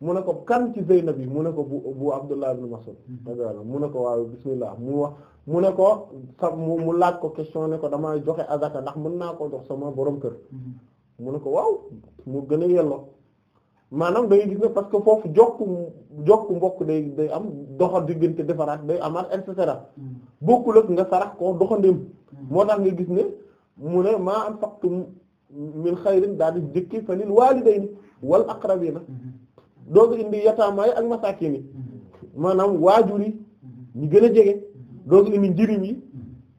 mu ne ko kan ci Zeynab yi mu ne ko bu bu Abdullah ibn Mas'ud radiyallahu hmm. mu ne ko waaw bismillah mu wax mu ne ko sa mu laaj ko question ne ko damay joxe azaka ndax mën naa koo jox sama boroom kër hmm. mu ne ko waaw mu gën a yelloo maanaam day gis ne parce que foofu jokku jokku mbokk day day am doxa diggante defaraat day amaat et cetera hmm. bokkul ak nga sarax ko doxandéem moo tax nga gis ne mu ne maa anfaqtum min xayrin daal di jëkki fa lil waalidayni wal aqrabiina doog a indi yataamaay ak masaakin yi maanaam waajur yi ñu gën a jege doog a indi njëriñ yi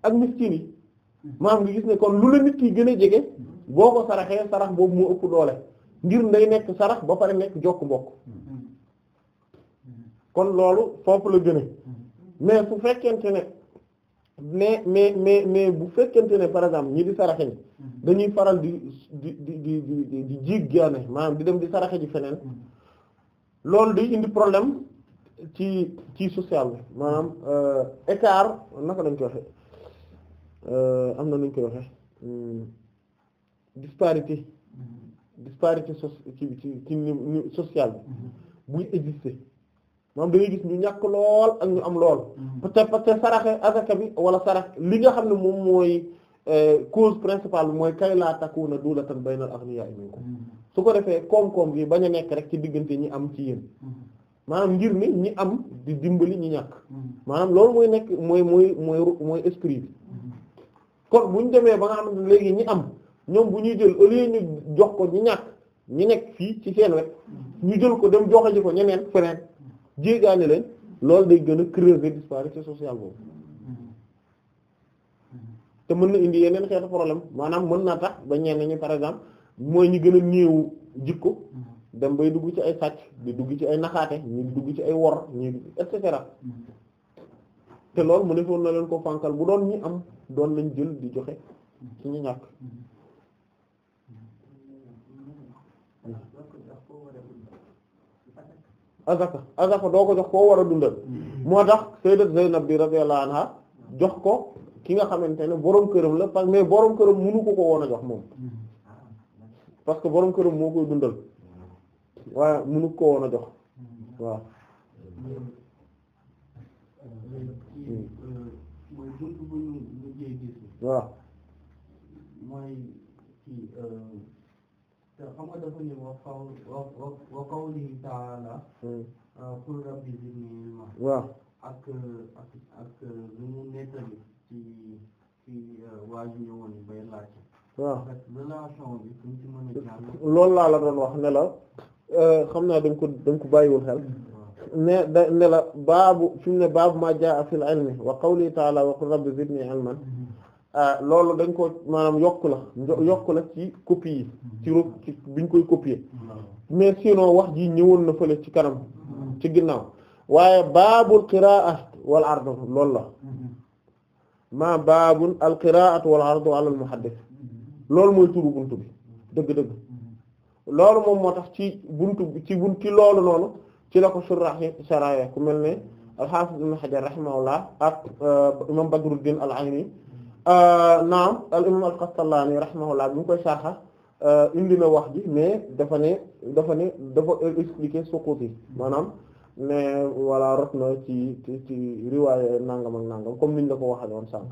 ak miskin yi maanaam ngi gis ne kon lu la nit ki gën a jege boo ko saraxee sarax boobu moo ëpp doole ngir day nekk sarax ba pare nekk jokk mbokk kon loolu foofu la gën a mais su fekkente ne mais mais mais mais bu fekkente ne par exemple ñi di saraxe ni dañuy faral di di di di di di jig gaane maanaam di dem di saraxe ji feneen loolu di indi problème ci ci social bi maanaam euh, écart naka lañ koy waxee euh, am na nuñ koy waxee hmm. disparité disparité so ci ci ci social bi mm-hmm. buy exister maanaam da ngay gis ñu ñàkk lool ak ñu am lool mm-hmm. peut-être parce que saraxe azaka bi wala sarax li nga xam ne moom mooy euh, cause principale bi mooy kay laa takku na duulatan baynal aghniya'i minkum mm-hmm. su ko defee koom-koom gi bañ a nekk rek ci diggante ñi am ci yéen mm-hmm. maanaam ngir ni ñi am di dimbali ñi ñàkk mm-hmm. maanaam loolu mooy nekk mooy mooy mooy mooy bi mm-hmm. kon bu ñu demee ba nga xam ne léegi ñi am ñoom bu ñuy jël au lieu ñu jox ko ñi ñàkk ñi nekk fii ci seen wet ñu jël ko dem joxe ko ñeneen feneen jéegaane leen loolu day gën a crever disparité sociale boobu te mën na indi yeneen xeetu problème maanaam mën naa tax ba ñenn ñi par exemple. mooy ñi gën a néew jikko mm-hmm. dem bay dugg ci ay sàcc di dugg ci ay naxaate ñi dugg ci ay wor ñi et cetera mm-hmm. te loolu mu defoon na leen ko fànkal bu doon ñi am doon lañ jël di joxe ci ñu ñàkk mm-hmm. azaka azaka doo ko jox koo war a dundal moo tax sayyidat Zaynab bi radiyallahu anha jox ko ki nga xamante ne borom këram la parce que mais borom këram mënu ko ko woon a jox moom parce que borom këram moo koy dundal waaye mënu ko woon a jox
waaw
waaw mooy ci euh, te xam wa kaw wa wa qawlihi ta'ala hmm. euh, qul rabbi zidni waaw
loolu laa la doon wax ne la euh, xam naa da nga ko da ko bàyyiwul xel ne da baabu fi ne baabu ma jaa fil ilmi wa qawli taala wa qul rabbi zidni ilman mm-hmm. ah, dañ ko maanaam yokk la ci copie yi biñ koy copier mais sinon wax ji ñëwoon na fële ci kanam
mm-hmm.
ci ginnaaw waaye baabul qiraa'at wal ardu loolu la mm-hmm. ma baabul al qiraa'at wal ardu ala al loolu mooy turu buntu bi dëgg-dëgg loolu moom moo tax ci buntu ci buntu ci loolu noonu ci la ko surah yi saraye ku mel ne al-Hafiz ibn Hajar rahimahullah ak euh, imam Badruddin al-Ayni euh, naam al-imam al-Qastallani rahimahullah bi mu koy sarxa euh, indi na wax bi mais dafa ne dafa ne dafa expliquer suqut yi maanaam ne wala rot na ci ci riwaaye nangam ak nangam comme niñ la ko waxee woon sànq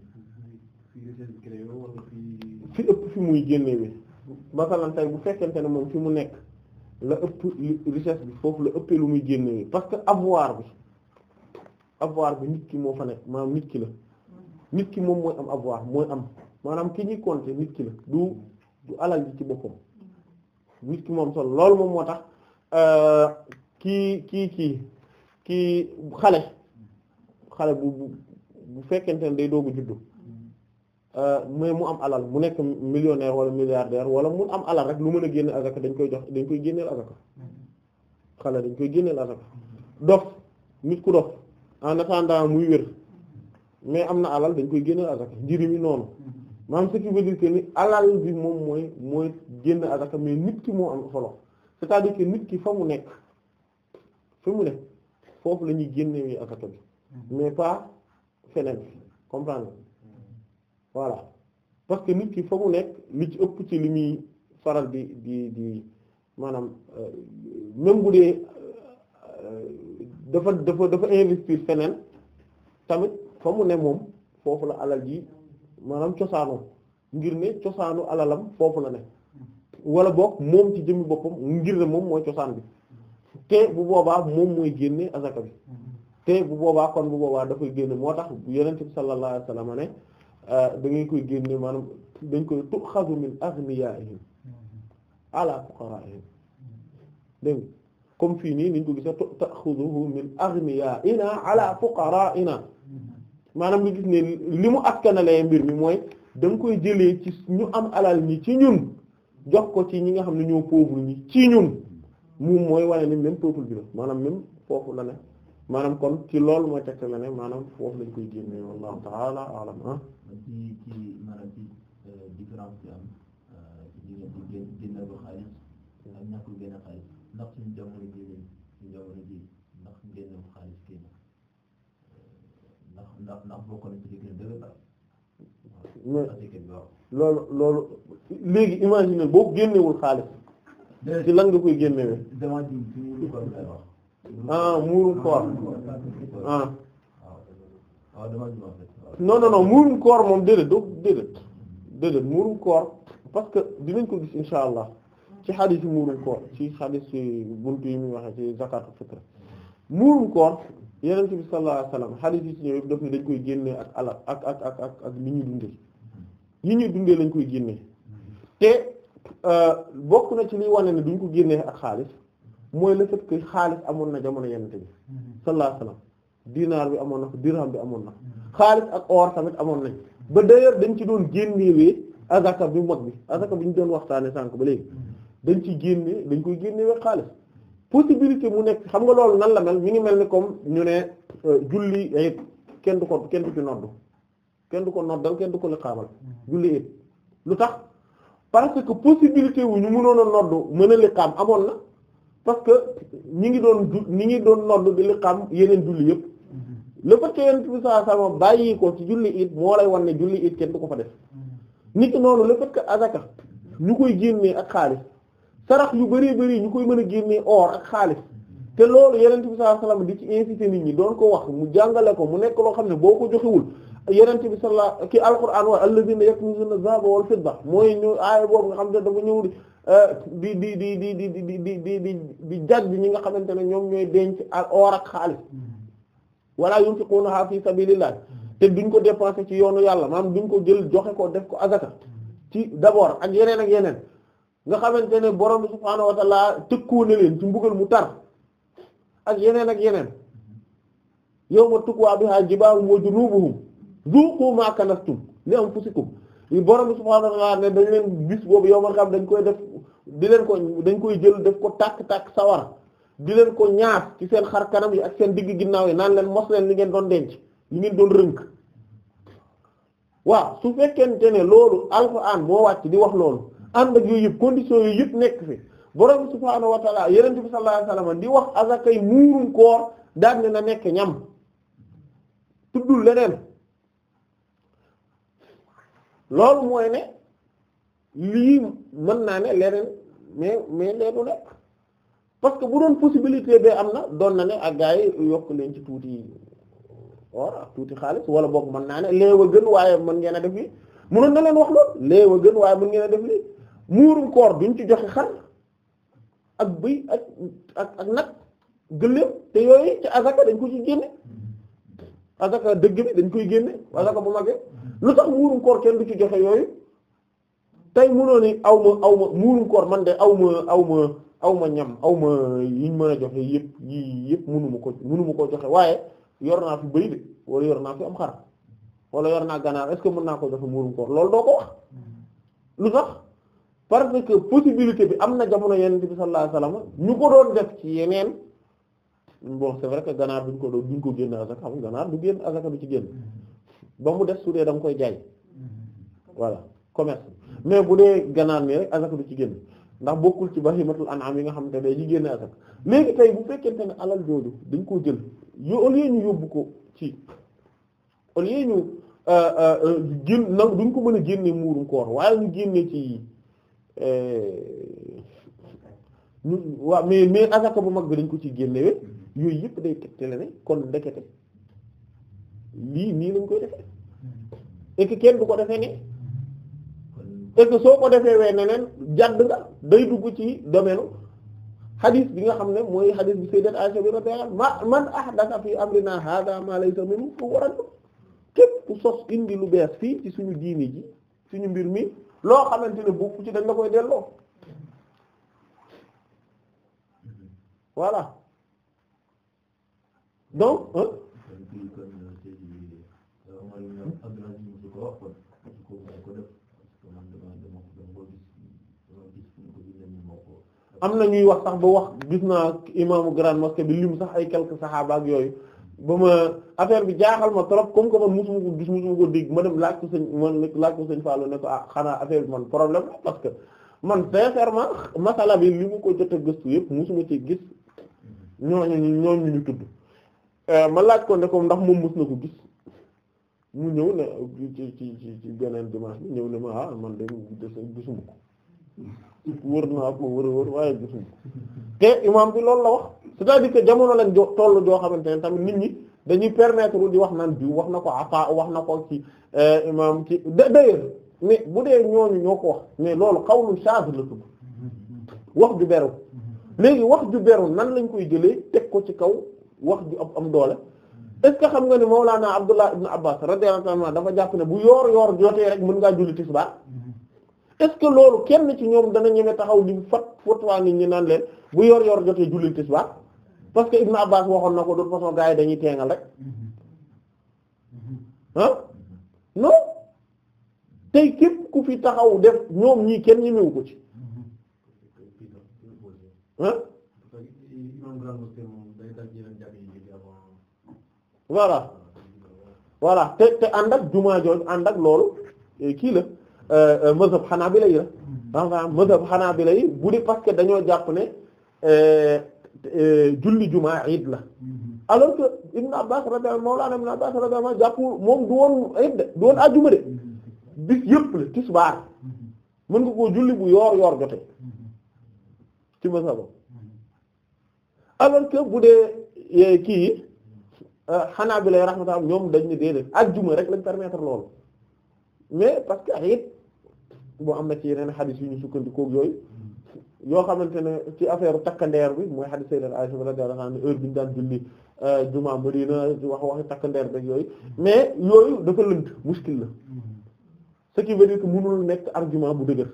fi ëpp fi muy génne bi masalan tey bu fekkente ne moom fi mu nekk la ëpp richesse bi foofu la ëppee lu muy génne bi parce que avoir bi avoir bi nit ki moo fa nekk maanaam nit ki la nit ki moom mooy am avoir mooy am maanaam ki ñuy compter nit ki la du du alal ji ci boppam nit ki moom sol loolu moom moo tax euh, kii kii kii kii xale xale bu bu fekkente ne day doogu juddu Euh, mais mu am alal mu nekk millionnaire wala milliardaire wala mu am alal rek lu mën a génne azaka dañ koy jox dañ koy génneel azaka dañ koy génneel azaka dof nit ku dof en attendant muy wér mais am na alal dañ koy génneel azaka njëriñ yi noonu maanaam ce qui veut dire que bi moom mooy mooy génn azaka nit ki moo am solo cest nit ki fa mu nekk fa mu nekk foofu la ñuy génnee azaka bi mais pas feneen comprendre voilà parce que nit ki fa mu nekk li ci ëpp ci li muy faral di di di maanaam euh, même bu dee euh, dafa dafa dafa investir feneen tamit fa mu ne moom foofu la alal ji maanaam cosaanu ngir ne cosaanu alalam foofu la ne wala boog moom ci jëmmi boppam ngir ne moom mooy cosaan bi te bu boobaa moom mooy génne azaka bi te bu boobaa kon bu boobaa dafay génne moo tax yeneen bi sallallahu alayhi wasallam ne Euh, da ngay koy génne maanaam dañ koy tuxazu min aghniyaihim ala fuqaraihim fii nii niñ ko gisa taxuduhu min aghniyaina ala fuqaraina maanaam nga gis ne li mu askanalee mbir mi mooy da koy jëlee ci ñu am alal ñi ci ñun jox ko ci ñi nga xam ne ñoo pauvre ñi ci ñun moom mooy wane ni même peuple bi la maanaam même foofu la ne maanaam kon ci loolu mooy tegte la ne maanaam foofu lañ koy génne wallahu ta'ala a'lam ah. ci
ci
maanaam euh, euh, ci différence am ci diggante génn génne bu xaalis ak ñàkkul génne xaalis ndax suñu jamono ji nii suñu jamono ji ndax génne bu xaalis génn euh, ndax ndax ndax bokk na ci li gën a dëgër daal.
mais loolu loolu léegi imagine boo génnewul xaalis. ci lan nga koy génnewee. ah muurum koor
ah. ah.
Ah, ah,
non non non muurum koor moom déedéet doo déedéet déedéet muurum koor parce que dinañ ko gis insha allah ci xadiis muurum koor ci xadiis ci buntu yi muy waxe ci zakaatul fitr muurum koor yeneen bi sallallahu xadiis yi ci ñëw yëpp daf ne dañ koy génnee ak alal ak ak ak ak ak li ñuy dundee li ñuy dundee lañ koy génnee te euh, bokk na ci liy wane ne duñ ko génnee ak xaalis mooy le fait xaalis amoon na jamono yenente bi sallallahu dinaar bi amoon na ko dirham bi amoon na xaalis ak or tamit amoon nañ ba d'ailleurs dañ ci doon génnewee azaka bi mag bi azaka bi ñu doon waxtaane sànk ba léegi dañ ci génne dañ koy génnewee xaalis possibilité mu nekk xam nga loolu nan la mel mu ngi mel ni comme ñu ne euh, julli ayib kenn du ko kenn du ci noddu kenn du ko noddal kenn du ko liqaamal julli ayib lu tax parce que possibilité wu ñu mënoon a noddu mën a liqaam amoon na parce que ñi ngi doon ñi ngi doon noddu di liqaam yeneen julli yëpp le fait que yonent bi sallallahu alayhi wasallam bàyyi ko ci julli it moo lay wan ne julli it kenn du ko fa def nit noonu le fait que azaka ñu koy génnee ak xaalis sarax yu bari bëri ñu koy mën a génnee oor ak xaalis te loolu yonent bi sallallahu la wasallam di ci inciter nit ñi doon ko wax mu jàngale ko mu nekk loo xam ne boo ko joxewul yonent bi sallallahu ki alquran wa allazina yaknizuna dhahaba wal fidda mooy ñu aaya boobu nga xam ne dafa ñëw di di di di di di di di di di jàgg ñi nga xamante ne ñoom ñooy denc or ak wala yunfiqunaha fi sabilillah te duñ ko dépenser ci yoonu yàlla maanaam duñ ko jël joxe ko def ko azaka ci d'abord ak yeneen ak yeneen nga xamante ne borom subhaanahu wa ta'ala tëkkoo na leen ci mbugal mu tar ak yeneen ak yeneen yawma tukwaa bihaa jibaahum wa junuubuhum zuuquu maa kanaztum li anfusikum borom subhaanahu wa ta'ala ne dañ leen bis boobu yow ma xam dañ koy def di leen ko dañ koy jël def ko tàkk-tàkk sawara di leen ko ñaar ci seen xar kanam yi ak seen digg ginnaaw yi naan leen mos leen li ngeen doon denc li ngeen doon rënk waaw su fekkente ne loolu alxuraan moo wàcc di wax loolu ànd ak yooyu yëpp condition yooyu yëpp nekk fi borom subhaanahu wa taala yeneen bi sallallahu alayhi di wax azakay muurum koor daan ne na nekk ñam tuddu leneen loolu mooy ne lii mën naa ne leneen mais mais lee nekk parce que bu doon possibilité bee am na doon na ne ak ah, gars yi yokk leen ci tuuti or ak tuuti xaalis wala boog mën naa ne léew a gën waaye mën ngeen a def lii mënoon na leen wax lool léew gën waaye mën ngeen a koor duñ ci joxe xar ak bëy ak ak nag gëléem te yooyu ci azaka dañ ko ci génne azaka dëgg bi dañ koy génne azaka bu magge lu tax muurum koor kenn du ci joxe yooyu tey munoo ni aw ma aw ma muunum koor man de aw ma aw ma aw ma ñam aw ma yiñ mën a joxe yëpp yii yëpp munuma ko munuma ko joxe waaye yor naa fi bëy de wala yor naa fi am xar wala yor naa ganaar est-ce que mën naa ko joxe muunum koor loolu doo ko wax lu tax parce que possibilité bi am na jamono yenente bi sallallahu alayhi wasallam ñu ko doon def ci yeneen bon c'est vrai que ganaar duñ ko doon duñ ko génn azaka xam ganaar du génn azaka du ci génn mm-hmm. ba mu def su dee da koy jaay mm-hmm. voilà commerce mais bu dee ganaar mee rek azaka du ci génn ndax bokkul ci bahimatul an'am yi nga xam te day ci génne azaka léegi tey bu fekkente ne alal jooju dañ koo jël yo au lieu ñu yóbbu ko ci au lieu ñu euh, euh, génn nag duñ ko mën a génne muurum koor waaye ñu génne ci euh, ñu waa mais mais azaka bu mag bi dañ ko ci génnewee yooyu yëpp day tegtale ne kon ndekete lii nii lañ koy defee et que kenn du ko defee ne et que soo ko defee wee neneen jàdd nga day dugg ci domaine xadis bi nga xam ne mooy xadis bi sayyidat Aisha bi radiyallahu anha ma man ahdatha fi amrina hadha ma laysa minhu fa war képp sos indi lu bees fii ci suñu diini ji suñu mbir mi loo xamante ne bokku ci dañ la koy delloo
voilà
donc
am na ñuy wax sax ba wax gis naa imaamu Grande Mosquée bi lim sax ay quelques saxaaba ak yooyu ba ma affaire bi jaaxal ma trop comme que man mosuma ko gis mosuma ko dégg ma laaj ko sëñ man laaj ko sëñ Fallou ne ko ah xanaa affaire bi man problème la que man sincèrement masala bi li mu ko jot a gëstu yëpp ci gis ñooñu ñoom ñu ñu euh, ma laaj ko ne ndax moom mos na ko gis mu ñëw ne ci ci ci beneen dimanche bi ñëw ne ma ah man de gisuma ko. wër na ak ma wër wër waaye gisuñ te imaam bi loolu la wax c'est-à-dire que jamono lañ jo joo xamante ne tamit nit ñi dañuy permettre di wax naan diw wax na ko afa wax na ko ci euh, imaam ki d'ailleurs mais bu dee ñooñu ñoo ko wax mais loolu xawlu charge la tudd wax ju beru léegi wax ju beru nan lañ koy jëlee teg ko ci kaw wax ju am doole est ce que xam nga ne Mawlana Abdullah ibn Abbas radiyallahu anhu dafa jàpp ne bu yoor yoor jotee rek mën ngaa julli tisbaar est-ce que loolu kenn ci ñoom dana ñeme taxaw di fat fatwaa nit ñi naan leen bu yor yor jotee julli tisbaar parce que Ibn Abbas waxoon na ko de toute façon gars yi dañuy teengal rek ah tey képp ku fi taxaw def ñoom ñii kenn ñemewu ko ci ah voilà voilà te te ànd ak jumaa jooju ànd ak loolu eh, kii la xanaa euh, euh, Hanabila yi la mm-hmm. mazhab Hanabila yi bu di parce dañoo jàpp ne euh, julli jumaa iid la
mm-hmm.
alors que Ibn Abbas radiyallahu mawlana jàpp moom du woon iid de du woon àjjuma de mm-hmm. bis yëpp la tisbaar mën nga koo julli bu yoor yoor jote ci mazhabam alors que bu dee kii Hanabila rahmatullah ñoom dañ ne déedéet àjjuma rek lañ permettre loolu mais parce que it boo am na ci yeneen xadis yu ñu sukkandikoo ak yooyu yoo xamante ne ci affaire takkandeer bi mooy xadis sayyidat Aisha radiyallahu anha heure bi ñu daan julli euh, juma Madina wax waxi takkandeer bi yooyu mais yooyu dafa lënt muskil la ce qui veut dire que mënul nekk bu dëgër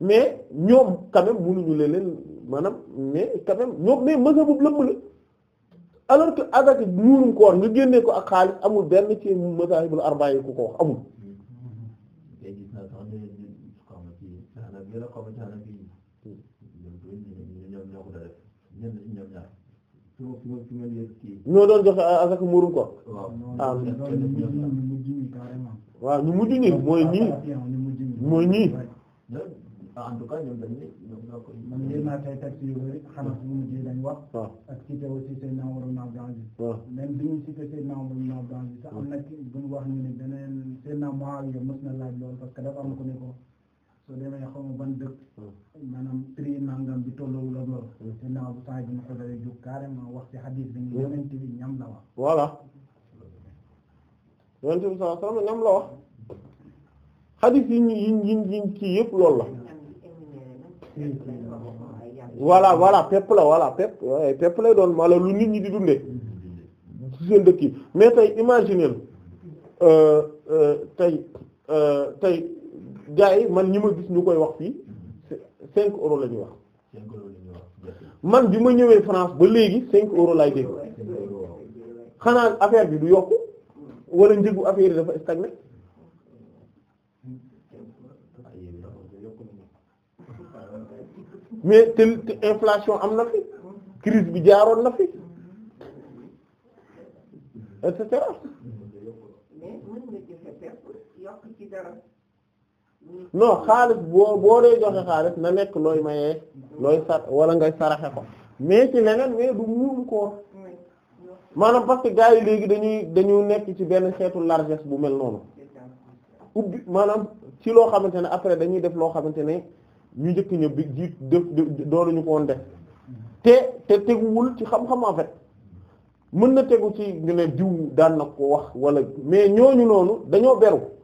mais ñoom quand même leen maanaam mais quand même ñoom mais mësa bu lëmm la génnee ko ak xaalis amul benn ci masaahibul arba'a yi ku ko wax amul
gën a xaw a caana fii ko a ñenn ci ñoom ñaar
ñoo doon joxe asaka muurum ko ah
waaw ñu mujj nii mooy ñii mooy ñii yu bëri xanaa su ma ak cité aussi seen naawul naaf dans bi. waaw même bi ñu cité seen naawul naaf dans bi. te am ku ne ko. soo demee xaw ma ban dëkk hmm. maanaam nangam bi tolluwul ak loolu hmm. te naa bu saay bi ñu xodale jóg carrément wax ci xadiis bi ñu hmm. yonent bi ñam la wax
voilà yonent bi saa sama ñam la wax xadiis yi ñu yiñ yiñ yiñ ci yëpp loolu la voilà voilà pepp la voilà pepp pepp lay doon wala lu nit ñi di dundee ci seen dëkk mais tey imaginer euh, euh, tey euh, tey gars man ñi ma gis ñu koy wax fii cinq euros la ñuy
wax
man bi ma ñëwee France ba léegi cinq euros laay dégg xanaa affaire bi du yokk wala njëgu affaire yi dafa stagné mais te inflation am na crise bi jaaroon na fi non xaalis boo boo dee joxe xaalis na nekk looy mayee looy sar wala ngay saraxe ko mais ci leneen mais du muunu ko maanaam parce que yi léegi dañuy dañu nekk ci benn xeetu largesse bu mel noonu ubbi maanaam ci loo xamante ne après dañuy def loo xamante ne ñu njëkk ñu bi jiit def doonuñu ko woon def te te teguwul ci xam-xam en fait mën na tegu ci ñu ne diw daan na ko wax wala mais ñooñu noonu dañoo beru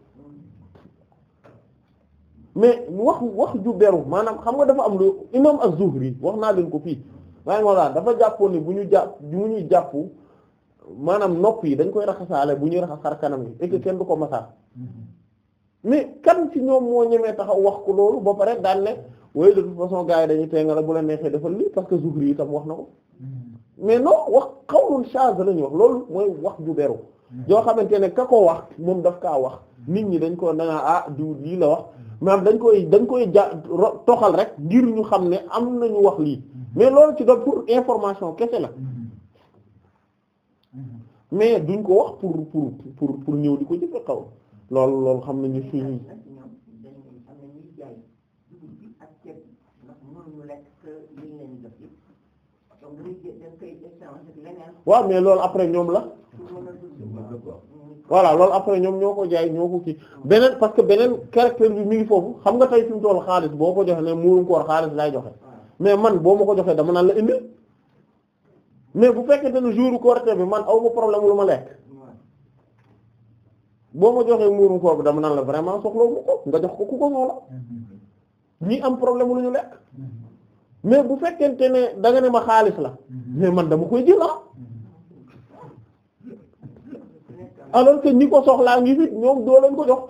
mais wax wax ju beru maanaam xam nga dafa am lu imam az yi wax naa leen ko fii rahimahullah dafa jàppoon ni bu ñu jàpp bu ñuy jàpp maanaam nopp yi dañ koy raxasaale bu ñuy raxas xar kanam gi et kenn du ko masaa mais kan ci ñoom moo ñemee taxaw wax ko loolu ba pare daan ne waaye de toute façon gars yi dañuy teengal bu la neexee defal lii parce que Zuhri yi tam wax na ko mais non wax xaw shaz la ñu wax loolu mooy wax ju beru hmm. yoo xamante ne ka ko wax moom daf kaa wax nit ñi dañ koo dangaa ah diw lii la wax maanaam dañ koy dañ koy ja toxal rek ngir ñu xam ne am nañu wax lii mais loolu ci doon pour information kese la mais duñ ko wax pour pour pour pour ñëw di ko jëfe xaw loolu loolu xam nañu suñu waaw mais loolu après ñoom la voilà loolu après ñoom ñoo ko jaay ñoo ko kii beneen parce que beneen caractère bi mi ngi foofu xam nga tey fi mu toll xaalis boo ko joxe ne muurum koor xaalis laay mais man boo ma ko joxee dama naan la bu fekkente ne jour koor te bi man aw ma problème lu ma lekk boo ma joxee muurum koor bi dama naan la vraiment soxla mu ko nga jox ko ku ko soxla ñi am problème lu ñu lekk mm-hmm. mais bu fekkente ne da nga ne ma xaalis la mm-hmm. mais man dama koy jël ah mm-hmm. alors que ñi ko soxlaa ngi fi ñoom doo leen ko jox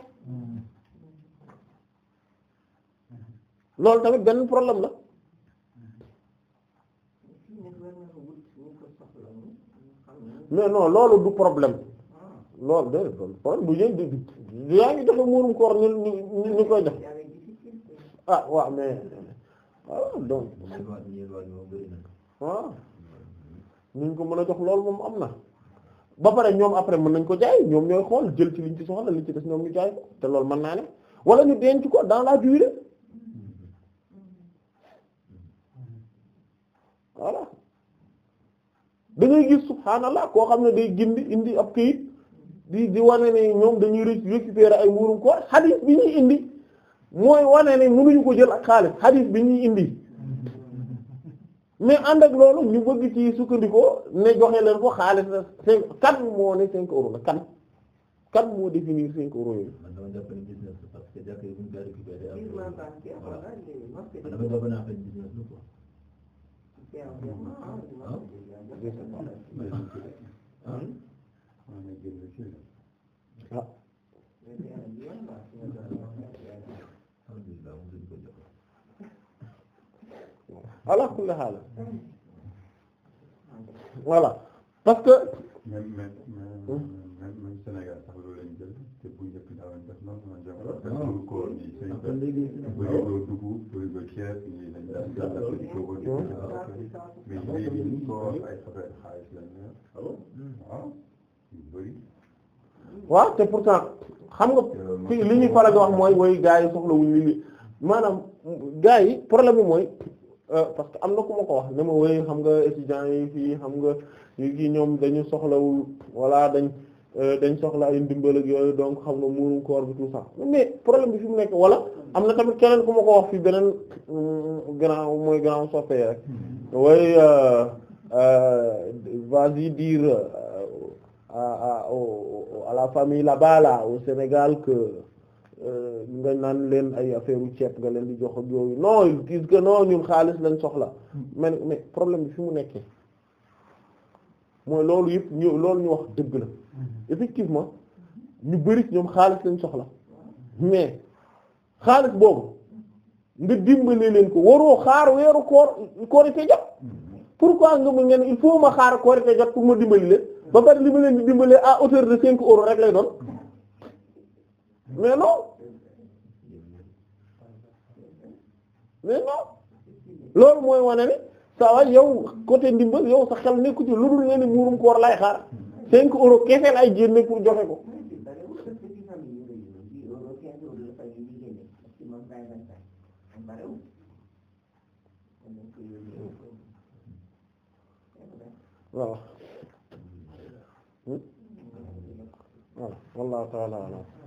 loolu tamit benn problème la mais non loolu du problème lool de problème du jënd du yaa ngi joxe muurum koor ñu ñu ñu koy jox ah waaw
mais donc
ah ko mën a jox lool moom am na. ba pare ñoom après mën nañ ko jaay ñoom ñooy xool jël ci liñ ci soxla liñ ci des ñoom ñu jaay ko te loolu mën naa ne wala ñu denc ko dans la durée voilà da ngay gis subhaanallah koo xam ne day gind indi ab kayit di di wane ne ñoom dañuy récupérer ay mburum ko xadiis bi ñuy indi mooy wane ne mënuñu ko jël ak xaalis xadiis bi ñuy indi mais ànd ak loolu ñu bëgg ci sukkandikoo ne joxe leen ko xaalis la cinq kan moo ne cinq euros la kan kan moo définir cinq euros yi. man ala kulli haal voilà parce que.
même même même hmm? Sénégal sax loolu lañ jël te bu njëkk daaw def na ma jàpp ko ni sëñ bi bu dee dugub bu dee ceeb nii lañ daan jàllale di ko di hmm? mais ah, léegi ñu ko ay affaire xaalis lañ ne
hmm. waaw ñu bëri.
waaw te pourtant xam nga li ñuy faral di wax mooy mooy gaa yi soxlawuñu li maanaam gaa yi problème bi mooy. Euh, parce que am na ku ma ko wax ne ma wéy xam nga étudiants yi fii xam nga yi ñoom dañu soxlawul walla dañ euh, dañ soxla ay ndimbal yooyu donc xam nga muurum koor bi tout ça mais problème bi fi mu nekk wala am na tamit keneen ku ma ko wax fii beneen mm, grand mooy grand soppe rek mm-hmm. way euh, vas-y dire à la famille là au Sénégal que Euh, nga naan leen ay affaire u ceeb nga leen di jox ak yooyu non gis nga non ñun xaalis lañ soxla mais problème bi fi mu nekkee mooy loolu yëpp ñu loolu ñu wax dëgg la mm-hmm. effectivement ñu bari ñoom xaalis lañ soxla mais xaalis boobu nga dimbale leen ko waroo xaar weeru koor korite jot mm-hmm. pourquoi nga mu ngeen il faut ma xaar korite jot pour ma dimbali leen ba pare li ma leen di dimbalee à hauteur de cinq euros rek lay doon mais non mais non loolu mooy wane ne saa yow côté ndimbal yow sa xel nekku ci lu dul ne ni muurum koor lay xaar cinq euros kese lay génne pour joxe ko
waaw hmm? voilà wallahu